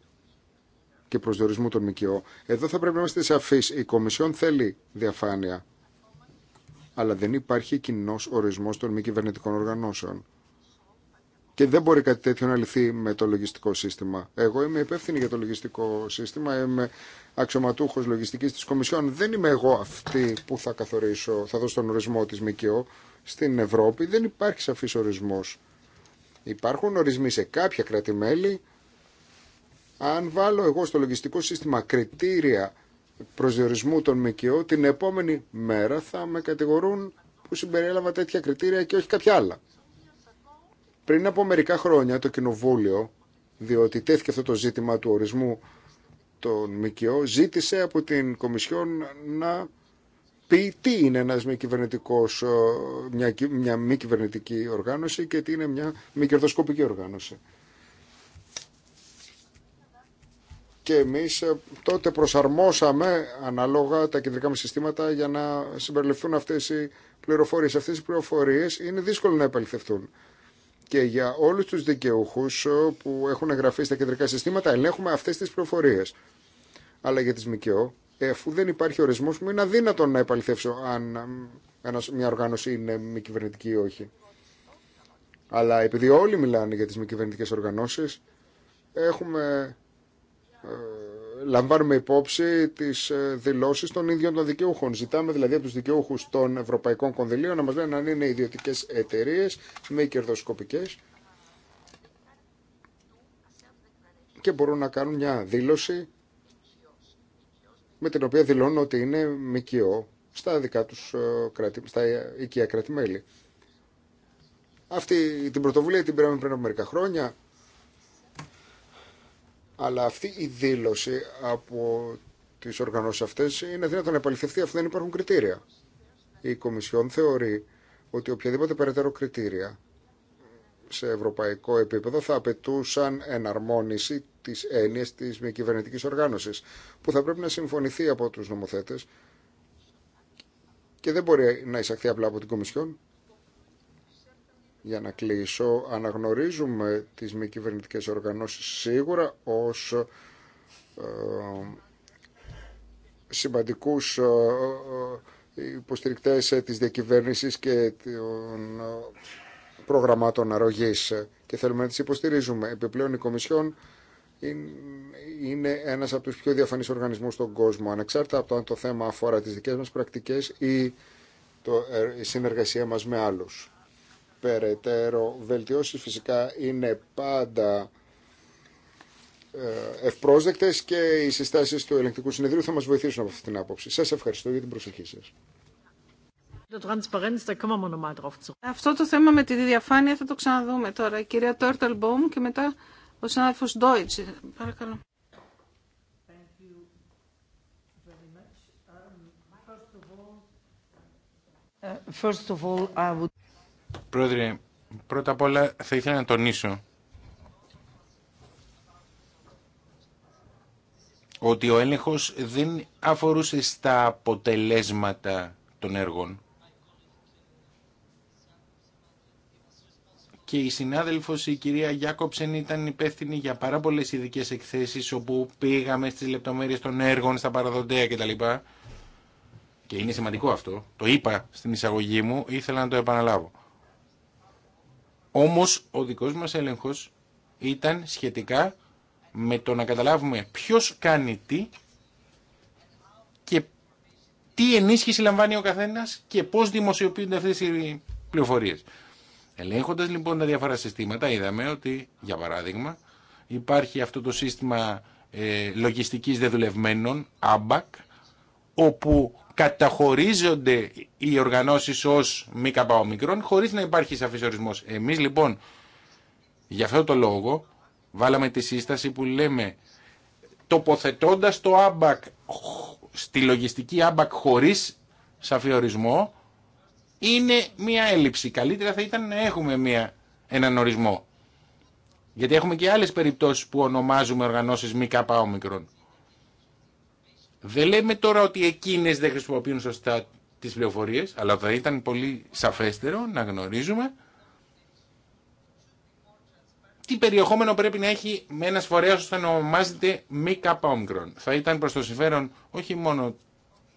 και προσδιορισμού των ΜΚΟ. Εδώ θα πρέπει να είμαστε σαφεί. Η Κομισιόν θέλει διαφάνεια, αλλά δεν υπάρχει κοινό ορισμό των μη κυβερνητικών οργανώσεων. Και δεν μπορεί κάτι τέτοιο να λυθεί με το λογιστικό σύστημα. Εγώ είμαι υπεύθυνη για το λογιστικό σύστημα, είμαι αξιωματούχο λογιστική τη Κομισιόν. Δεν είμαι εγώ αυτή που θα καθορίσω, θα δώσω τον ορισμό τη ΜΚΟ. Στην Ευρώπη δεν υπάρχει σαφής ορισμό. Υπάρχουν ορισμοί σε κάποια κράτη-μέλη, αν βάλω εγώ στο λογιστικό σύστημα κριτήρια προσδιορισμού των ΜΚΟ, την επόμενη μέρα θα με κατηγορούν που συμπεριέλαβα τέτοια κριτήρια και όχι κάποια άλλα. Πριν από μερικά χρόνια το Κοινοβούλιο, διότι τέθηκε αυτό το ζήτημα του ορισμού των ΜΚΟ, ζήτησε από την Κομισιόν να πει τι είναι ένας μη ε, μια, μια μη κυβερνητική οργάνωση και τι είναι μια μη κερδοσκοπική οργάνωση. και εμείς ε, τότε προσαρμόσαμε ανάλογα τα κεντρικά μας συστήματα για να συμπεριληφθούν αυτές οι πληροφορίες. Αυτές οι πληροφορίες είναι δύσκολο να επαληθευτούν. Και για όλους τους δικαιούχους ε, που έχουν εγγραφεί στα κεντρικά συστήματα ελέγχουμε αυτές τις πληροφορίες. Αλλά για τις ΜΚΟ, εφού δεν υπάρχει ορισμός μου, είναι αδύνατο να επαληθεύσω αν ε, μια οργάνωση είναι μη κυβερνητική ή όχι. Αλλά επειδή όλοι μιλάνε για τις μη κυβερνητικέ οργανώσεις, έχουμε ε, λαμβάνουμε υπόψη τις ε, δηλώσεις των ίδιων των δικαιούχων. Ζητάμε δηλαδή από τους δικαιούχους των ευρωπαϊκών κονδυλίων να μας λένε αν είναι ιδιωτικές εταιρείε με κερδοσκοπικές και μπορούν να κάνουν μια δήλωση με την οποία δηλώνουν ότι είναι μικρό στα δικά τους ε, κράτη, στα οικία κράτη-μέλη. Αυτή την πρωτοβουλία την πήραμε πριν από μερικά χρόνια. Αλλά αυτή η δήλωση από τι οργανώσει αυτέ είναι δυνατόν να επαληθευτεί αφού δεν υπάρχουν κριτήρια. Η Κομισιόν θεωρεί ότι οποιαδήποτε περαιτέρω κριτήρια σε ευρωπαϊκό επίπεδο θα απαιτούσαν εναρμόνιση τη έννοια τη μη κυβερνητική οργάνωση που θα πρέπει να συμφωνηθεί από του νομοθέτε και δεν μπορεί να εισαχθεί απλά από την Κομισιόν για να κλείσω, αναγνωρίζουμε τις μη κυβερνητικές οργανώσεις σίγουρα ως ε, σημαντικούς ε, ε, υποστηρικτές ε, της διακυβέρνησης και των προγραμμάτων αρρωγής και θέλουμε να τις υποστηρίζουμε. Επιπλέον η Κομισιόν είναι ένας από τους πιο διαφανείς οργανισμούς στον κόσμο, ανεξάρτητα από το αν το θέμα αφορά τις δικές μας πρακτικές ή το, η συνεργασία μας με άλλους περαιτέρω βελτιώσεις φυσικά είναι πάντα ε, ευπρόσδεκτες και οι συστάσεις του ελεγκτικού συνεδρίου θα μας βοηθήσουν από αυτή την άποψη. Σας ευχαριστώ για την προσοχή σας. Αυτό το θέμα με τη διαφάνεια θα το ξαναδούμε τώρα. Η κυρία Τόρτελμπομ και μετά ο συνάδελφος Ντόιτς. Παρακαλώ. Um, uh, first of all, I would... Πρόεδρε, πρώτα απ' όλα θα ήθελα να τονίσω ότι ο έλεγχος δεν αφορούσε στα αποτελέσματα των έργων. Και η συνάδελφος η κυρία Γιάκοψεν ήταν υπεύθυνη για πάρα πολλές ειδικέ εκθέσεις όπου πήγαμε στις λεπτομέρειες των έργων, στα παραδοντέα κτλ. Και είναι σημαντικό αυτό. Το είπα στην εισαγωγή μου, ήθελα να το επαναλάβω. Όμως ο δικός μας έλεγχος ήταν σχετικά με το να καταλάβουμε ποιος κάνει τι και τι ενίσχυση λαμβάνει ο καθένας και πώς δημοσιοποιούνται αυτές οι πληροφορίες. Ελέγχοντας λοιπόν τα διάφορα συστήματα είδαμε ότι για παράδειγμα υπάρχει αυτό το σύστημα ε, λογιστικής δεδουλευμένων ABAC όπου καταχωρίζονται οι οργανώσεις ως μη μικρών χωρίς να υπάρχει σαφής ορισμός. Εμείς λοιπόν για αυτό το λόγο βάλαμε τη σύσταση που λέμε τοποθετώντας το άμπακ στη λογιστική άμπακ χωρίς σαφή ορισμό είναι μια έλλειψη. Καλύτερα θα ήταν να έχουμε μια, έναν ορισμό. Γιατί έχουμε και άλλες περιπτώσεις που ονομάζουμε οργανώσεις μη δεν λέμε τώρα ότι εκείνες δεν χρησιμοποιούν σωστά τι πληροφορίε, αλλά θα ήταν πολύ σαφέστερο να γνωρίζουμε τι περιεχόμενο πρέπει να έχει με ένα φορέας ώστε να ονομάζεται μη Θα ήταν προ το συμφέρον όχι μόνο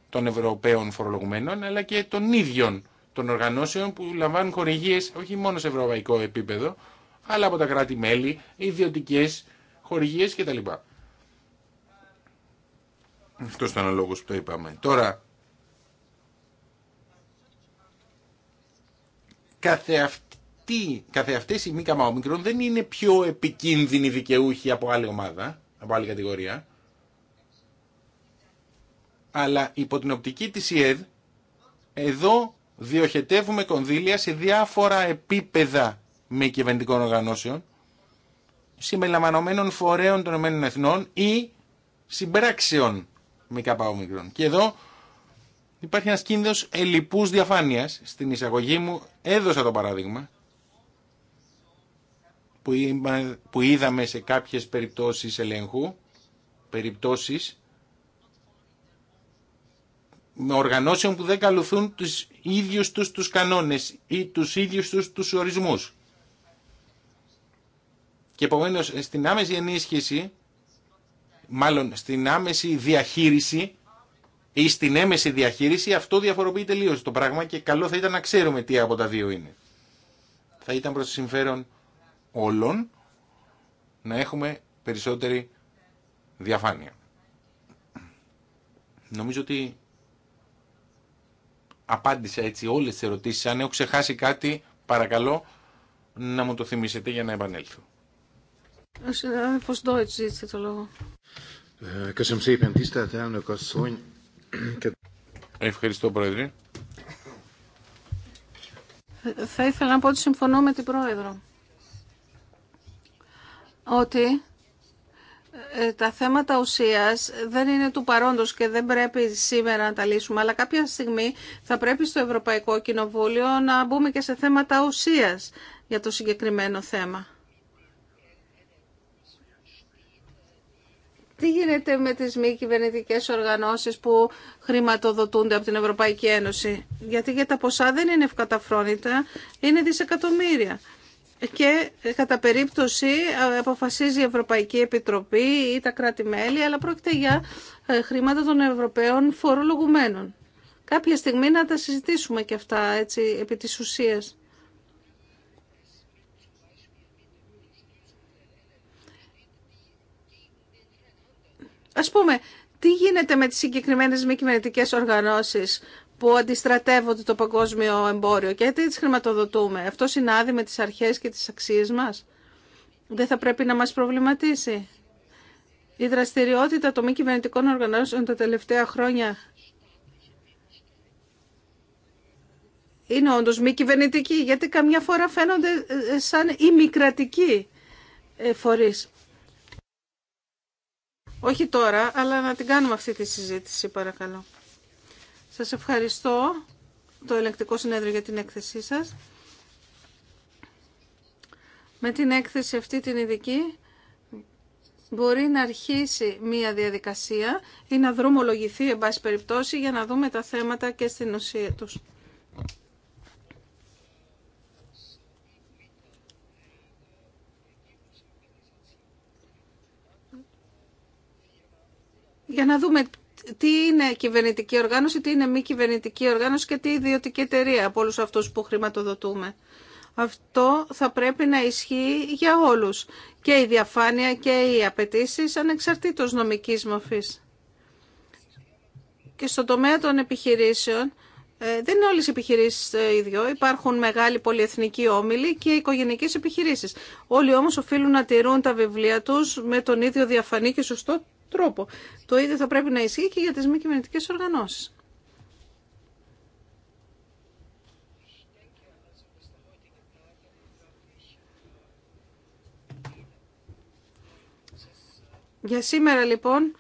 των Ευρωπαίων φορολογουμένων, αλλά και των ίδιων των οργανώσεων που λαμβάνουν χορηγίε, όχι μόνο σε ευρωπαϊκό επίπεδο, αλλά από τα κράτη-μέλη, ιδιωτικέ χορηγίε κτλ. Αυτό ήταν ο λόγος που το είπαμε. Τώρα, κάθε αυτή, καθε αυτη καθε αυτή οι μη δεν είναι πιο επικίνδυνοι δικαιούχοι από άλλη ομάδα, από άλλη κατηγορία. Αλλά υπό την οπτική της ΙΕΔ, εδώ διοχετεύουμε κονδύλια σε διάφορα επίπεδα μη κυβερνητικών οργανώσεων, συμπεριλαμβανομένων φορέων των ΗΕ ή συμπράξεων με ομικρόν. Και εδώ υπάρχει ένα κίνδυνος ελλειπού διαφάνειας. Στην εισαγωγή μου έδωσα το παράδειγμα που είδαμε σε κάποιες περιπτώσεις ελέγχου, περιπτώσεις με οργανώσεων που δεν καλουθούν τους ίδιους τους τους κανόνες ή τους ίδιους τους τους ορισμούς. Και επομένως στην άμεση ενίσχυση μάλλον στην άμεση διαχείριση ή στην έμεση διαχείριση, αυτό διαφοροποιεί τελείω το πράγμα και καλό θα ήταν να ξέρουμε τι από τα δύο είναι. Θα ήταν προ το συμφέρον όλων να έχουμε περισσότερη διαφάνεια. Νομίζω ότι απάντησα έτσι όλες τις ερωτήσεις. Αν έχω ξεχάσει κάτι, παρακαλώ να μου το θυμίσετε για να επανέλθω ζήτησε το λόγο. Ευχαριστώ, Πρόεδρε. Θα ήθελα να πω ότι συμφωνώ με την Πρόεδρο. Ότι ε, τα θέματα ουσίας δεν είναι του παρόντος και δεν πρέπει σήμερα να τα λύσουμε, αλλά κάποια στιγμή θα πρέπει στο Ευρωπαϊκό Κοινοβούλιο να μπούμε και σε θέματα ουσίας για το συγκεκριμένο θέμα. Τι γίνεται με τις μη κυβερνητικέ οργανώσεις που χρηματοδοτούνται από την Ευρωπαϊκή Ένωση. Γιατί για τα ποσά δεν είναι ευκαταφρόνητα, είναι δισεκατομμύρια. Και κατά περίπτωση ε, αποφασίζει η Ευρωπαϊκή Επιτροπή ή τα κράτη-μέλη, αλλά πρόκειται για ε, χρήματα των Ευρωπαίων φορολογουμένων. Κάποια στιγμή να τα συζητήσουμε και αυτά έτσι επί της ουσίας. Ας πούμε, τι γίνεται με τις συγκεκριμένες μη κυβερνητικέ οργανώσεις που αντιστρατεύονται το παγκόσμιο εμπόριο και τι τις χρηματοδοτούμε. Αυτό συνάδει με τις αρχές και τις αξίες μας. Δεν θα πρέπει να μας προβληματίσει. Η δραστηριότητα των μη κυβερνητικών οργανώσεων τα τελευταία χρόνια είναι όντως μη κυβερνητική, γιατί καμιά φορά φαίνονται ε, ε, σαν ημικρατικοί ε, φορείς. Όχι τώρα, αλλά να την κάνουμε αυτή τη συζήτηση, παρακαλώ. Σας ευχαριστώ το ελεκτικό συνέδριο για την έκθεσή σας. Με την έκθεση αυτή την ειδική μπορεί να αρχίσει μία διαδικασία ή να δρομολογηθεί, εν περιπτώσει, για να δούμε τα θέματα και στην ουσία τους. για να δούμε τι είναι κυβερνητική οργάνωση, τι είναι μη κυβερνητική οργάνωση και τι ιδιωτική εταιρεία από όλους αυτούς που χρηματοδοτούμε. Αυτό θα πρέπει να ισχύει για όλους. Και η διαφάνεια και οι απαιτήσει ανεξαρτήτως νομικής μορφής. Και στον τομέα των επιχειρήσεων, ε, δεν είναι όλες οι επιχειρήσεις ίδιο. Υπάρχουν μεγάλοι πολυεθνικοί όμιλοι και οικογενειακές επιχειρήσεις. Όλοι όμως οφείλουν να τηρούν τα βιβλία τους με τον ίδιο διαφανή και σωστό τρόπο. Το ίδιο θα πρέπει να ισχύει και για τις μη κυβερνητικέ οργανώσεις. Για σήμερα λοιπόν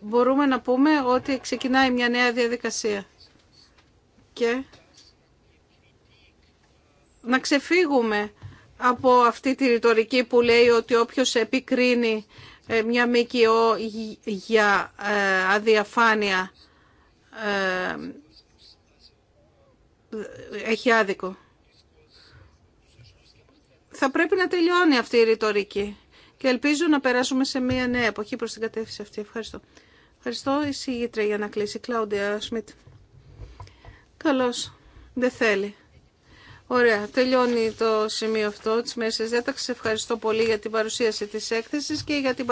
μπορούμε να πούμε ότι ξεκινάει μια νέα διαδικασία και να ξεφύγουμε από αυτή τη ρητορική που λέει ότι όποιος επικρίνει ε, μια ΜΚΟ για ε, αδιαφάνεια ε, έχει άδικο. Θα πρέπει να τελειώνει αυτή η ρητορική και ελπίζω να περάσουμε σε μια νέα εποχή προς την κατεύθυνση αυτή. Ευχαριστώ. Ευχαριστώ η συγγήτρια για να κλείσει. Κλάουντια Σμιτ. Καλώς. Δεν θέλει. Ωραία. Τελειώνει το σημείο αυτό της μέσης διάταξης. Ευχαριστώ πολύ για την παρουσίαση της έκθεσης και για την